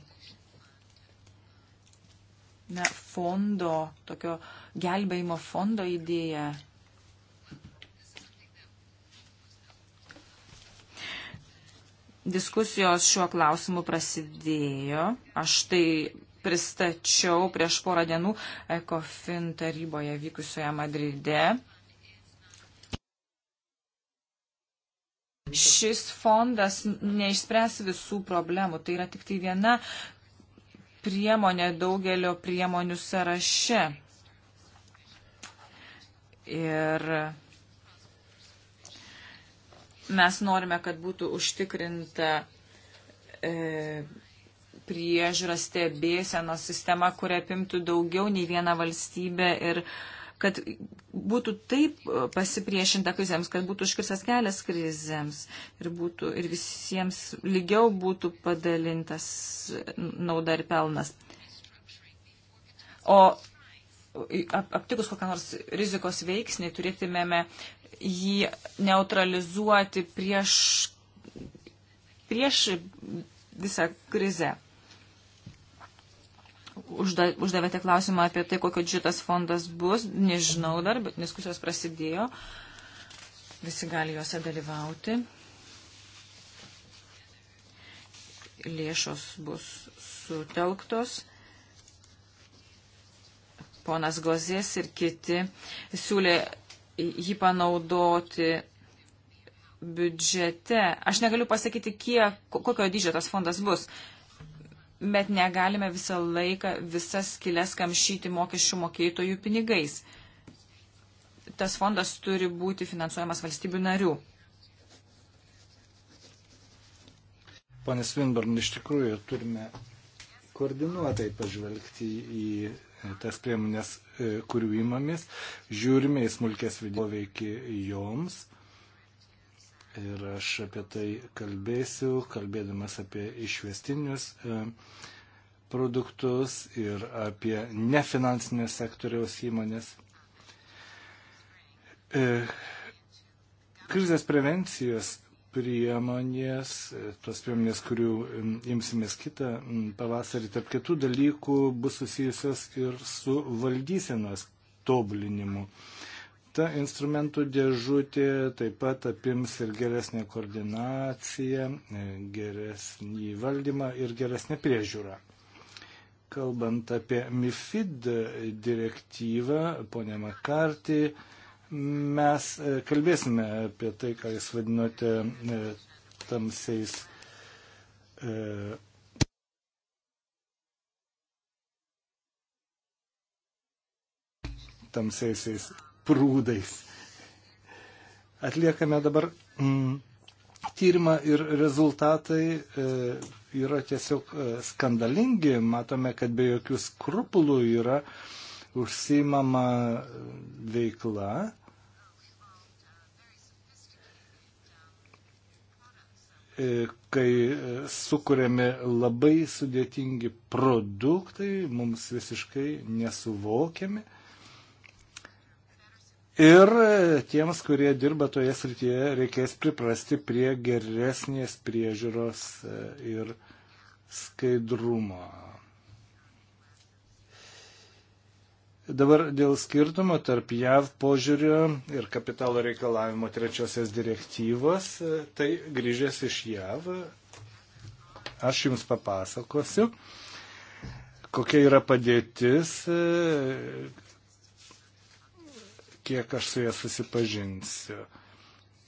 na, fondo, tokio gelbėjimo fondo idėja. Diskusijos šiuo klausimu prasidėjo. Aš tai pristačiau prieš porą dienų ECOFIN taryboje vykusioje Madride. Šis fondas neišspręs visų problemų, tai yra tik tai viena priemonė daugelio priemonių sąraše. Ir mes norime, kad būtų užtikrinta e, priežiūra stebėsenos sistema, kuria apimtų daugiau nei vieną valstybę ir kad būtų taip pasipriešinta krizėms, kad būtų užkirstas kelias krizėms ir, būtų, ir visiems lygiau būtų padalintas nauda ir pelnas. O aptikus kokią nors rizikos veiksnį, turėtumėme jį neutralizuoti prieš, prieš visą krizę užda, uždavėte klausimą apie tai, kokio šitas fondas bus. Nežinau dar, bet diskusijos prasidėjo. Visi gali juose dalyvauti. Lėšos bus sutelktos. Ponas Gozės ir kiti siūlė jį panaudoti biudžete. Aš negaliu pasakyti, kiek, kokio dydžio tas fondas bus bet negalime visą laiką visas skilės kamšyti mokesčių mokėtojų pinigais. Tas fondas turi būti finansuojamas valstybių narių.
Pane Svinbarn, iš tikrųjų turime koordinuotai pažvelgti į e, tas priemonės, e, kurių įmamis, žiūrime į smulkės video veikį joms ir aš apie tai kalbėsiu, kalbėdamas apie išvestinius e, produktus ir apie nefinansinės sektoriaus įmonės. E, krizės prevencijos priemonės, e, tos priemonės, kurių imsimės kitą pavasarį, tarp kitų dalykų bus susijusios ir su valdysenos tobulinimu. E, Ta instrumentų dėžutė taip pat apims ir geresnį koordinaciją, geresnį valdymą ir geresnę priežiūrą. Kalbant apie MIFID direktyvą, ponė Makartį, mes e, kalbėsime apie tai, ką jūs vadinote e, tamsiais e, tamsiaisiais prūdais. Atliekame dabar mm, tyrimą ir rezultatai e, yra tiesiog e, skandalingi. Matome, kad be jokių skrupulų yra užsimama veikla. E, kai e, sukūrėme labai sudėtingi produktai, mums visiškai nesuvokiami. Ir e, tiems, kurie dirba toje srityje, reikės priprasti prie geresnės priežiūros e, ir skaidrumo. Dabar dėl skirtumo tarp JAV požiūrio ir kapitalo reikalavimo trečiosios direktyvos, e, tai grįžęs iš JAV, aš jums papasakosiu kokia yra padėtis kiek aš su ja susipažinsiu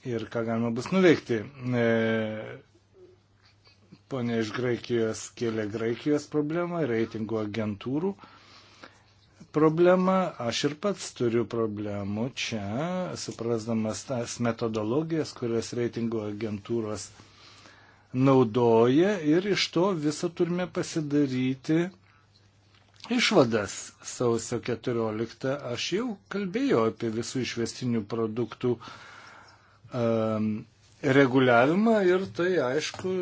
ir ką galima bus nuveikti. E, Pone iš Graikijos kėlė Graikijos problemą, reitingų agentūrų problemą. Aš ir pats turiu problemų čia, suprasdamas tas metodologijas, kurias reitingų agentūros naudoja ir iš to visą turime pasidaryti išvadas sausio 14 aš jau kalbėjau apie visų išvestinių produktų um, reguliavimą ir tai aišku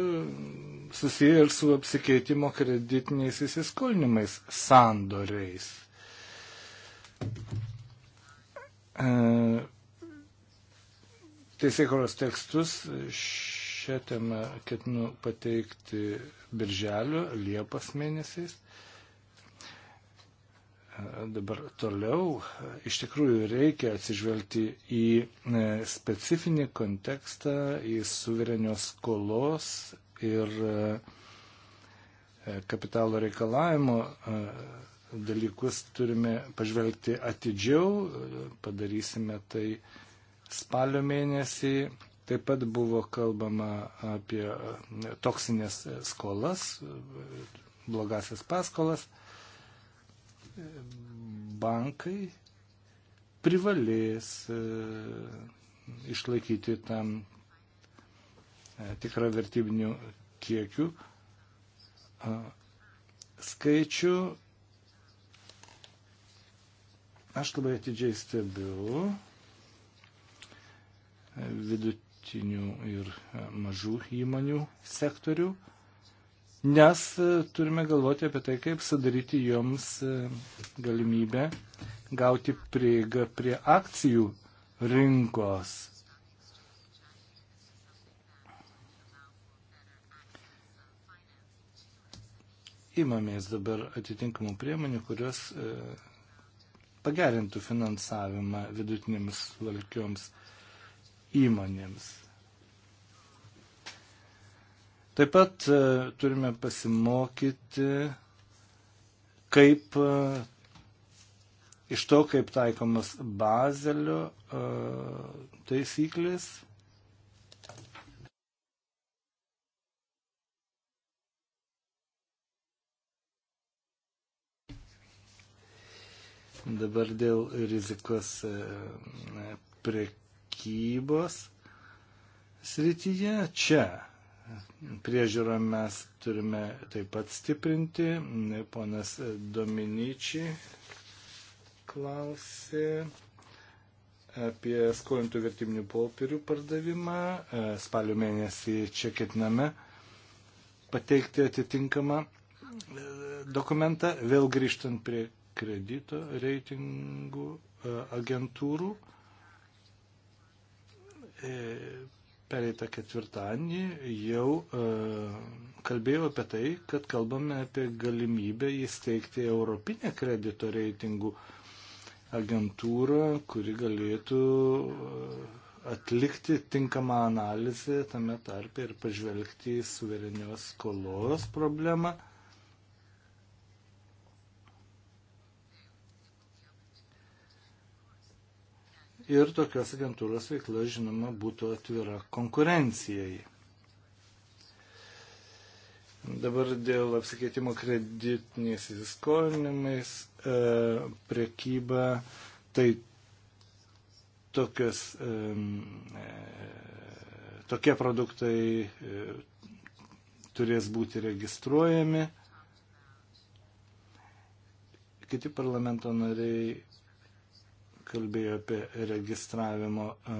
susiję ir su apsikeitimo kreditiniais įsiskolinimais sandoriais. Ehm, Teisėkoros tekstus šią temą ketinu pateikti birželio, liepos mėnesiais. E, Dabar toliau iš tikrųjų reikia atsižvelgti į e, specifinį kontekstą, į suverenios skolos ir e, kapitalo reikalavimo e, dalykus turime pažvelgti atidžiau, padarysime tai spalio mėnesį. Taip pat buvo kalbama apie toksinės skolas, blogasias paskolas bankai privalės e, išlaikyti tam e, tikrą vertybinių kiekių skaičių. Aš labai atidžiai stebiu e, vidutinių ir mažų įmonių sektorių nes e, turime galvoti apie tai, kaip sudaryti joms e, galimybę gauti prieigą prie akcijų rinkos. Įmamės dabar atitinkamų priemonių, kurios e, pagerintų finansavimą vidutinėms valkioms įmonėms. Taip pat e, turime pasimokyti, kaip e, iš to, kaip taikomas bazelio e, taisyklės. Dabar dėl rizikos prekybos srityje čia priežiūrą mes turime taip pat stiprinti. Ponas Dominičiai klausė apie skolintų vertiminių popierių pardavimą. Spalio mėnesį čia ketiname pateikti atitinkamą dokumentą. Vėl grįžtant prie kredito reitingų e, agentūrų e, pereitą ketvirtadienį jau e, kalbėjau apie tai, kad kalbame apie galimybę įsteigti Europinę kredito reitingų agentūrą, kuri galėtų e, atlikti tinkamą analizę tame tarpe ir pažvelgti į suverenios skolos problemą. ir tokios agentūros veikla, žinoma, būtų atvira konkurencijai. Dabar dėl apsikeitimo kreditiniais įsiskolinimais, e, priekyba, tai tokios, e, e, tokie produktai e, turės būti registruojami. Kiti parlamento nariai kalbėjo apie registravimo e,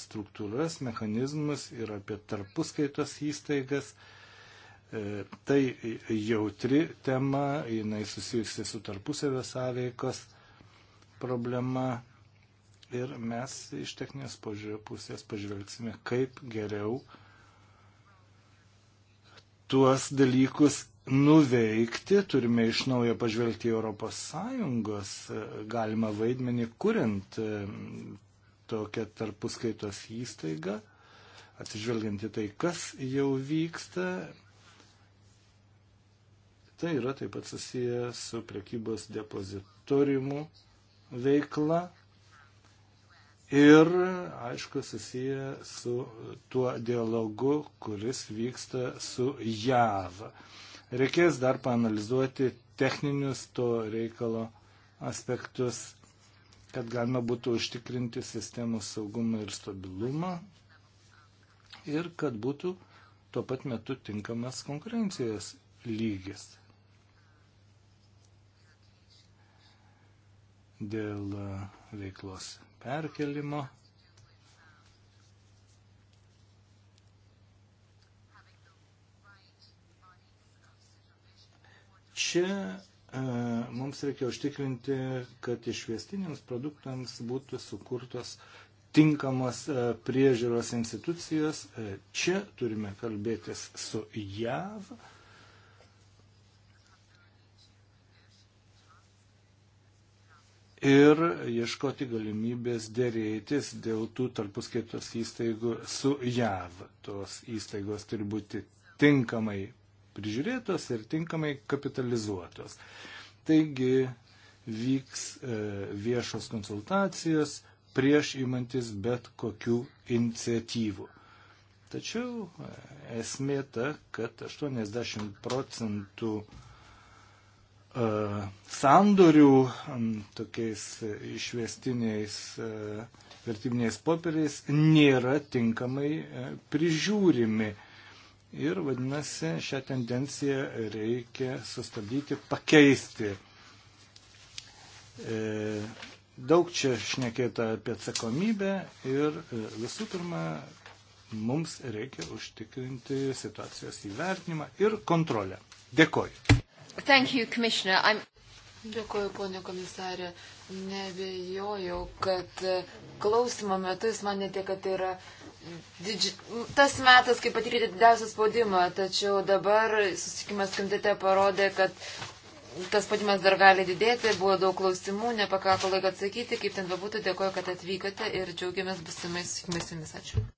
struktūras, mechanizmus ir apie tarpuskaitos įstaigas. E, tai jautri tema, jinai susijusi su tarpusavio sąveikos problema ir mes iš techninės požiūrio pusės pažvelgsime, kaip geriau tuos dalykus nuveikti, turime iš naujo pažvelgti ES e, galimą vaidmenį, kuriant e, tokią tarpuskaitos įstaigą, atsižvelgiant į tai, kas jau vyksta. Tai yra taip pat susiję su prekybos depozitoriumu veikla ir, aišku, susiję su tuo dialogu, kuris vyksta su JAV. Reikės dar panalizuoti techninius to reikalo aspektus, kad galima būtų užtikrinti sistemų saugumą ir stabilumą ir kad būtų tuo pat metu tinkamas konkurencijos lygis. Dėl e, veiklos perkelimo Čia e, mums reikia užtikrinti, kad išvestiniams produktams būtų sukurtos tinkamos e, priežiūros institucijos. E, čia turime kalbėtis su JAV. Ir ieškoti galimybės dėrėtis dėl tų tarpuskaitos įstaigų su JAV. Tos įstaigos turi būti tinkamai prižiūrėtos ir tinkamai kapitalizuotos. Taigi vyks e, viešos konsultacijos prieš įmantis bet kokių iniciatyvų. Tačiau e, esmė ta, kad 80 procentų e, sandorių tokiais išvestiniais vertybiniais popieriais nėra tinkamai prižiūrimi ir vadinasi šią tendenciją reikia sustabdyti, pakeisti. E, daug čia šnekėta apie atsakomybę ir e, visų pirma, mums reikia užtikrinti situacijos įvertinimą ir kontrolę. Dėkoju.
Thank you, Commissioner. I'm... Dėkoju, ponė komisarė. Nebejojau, kad e, klausimo metu jūs manėte, kad tai yra didži... tas metas, kai patyrėte didžiausią spaudimą, tačiau dabar susitikimas komitete parodė, kad tas spaudimas dar gali didėti, buvo daug klausimų, nepakako laiko atsakyti, kaip ten bebūtų, dėkoju, kad atvykote ir džiaugiamės busimais susitikimais jumis. Ačiū.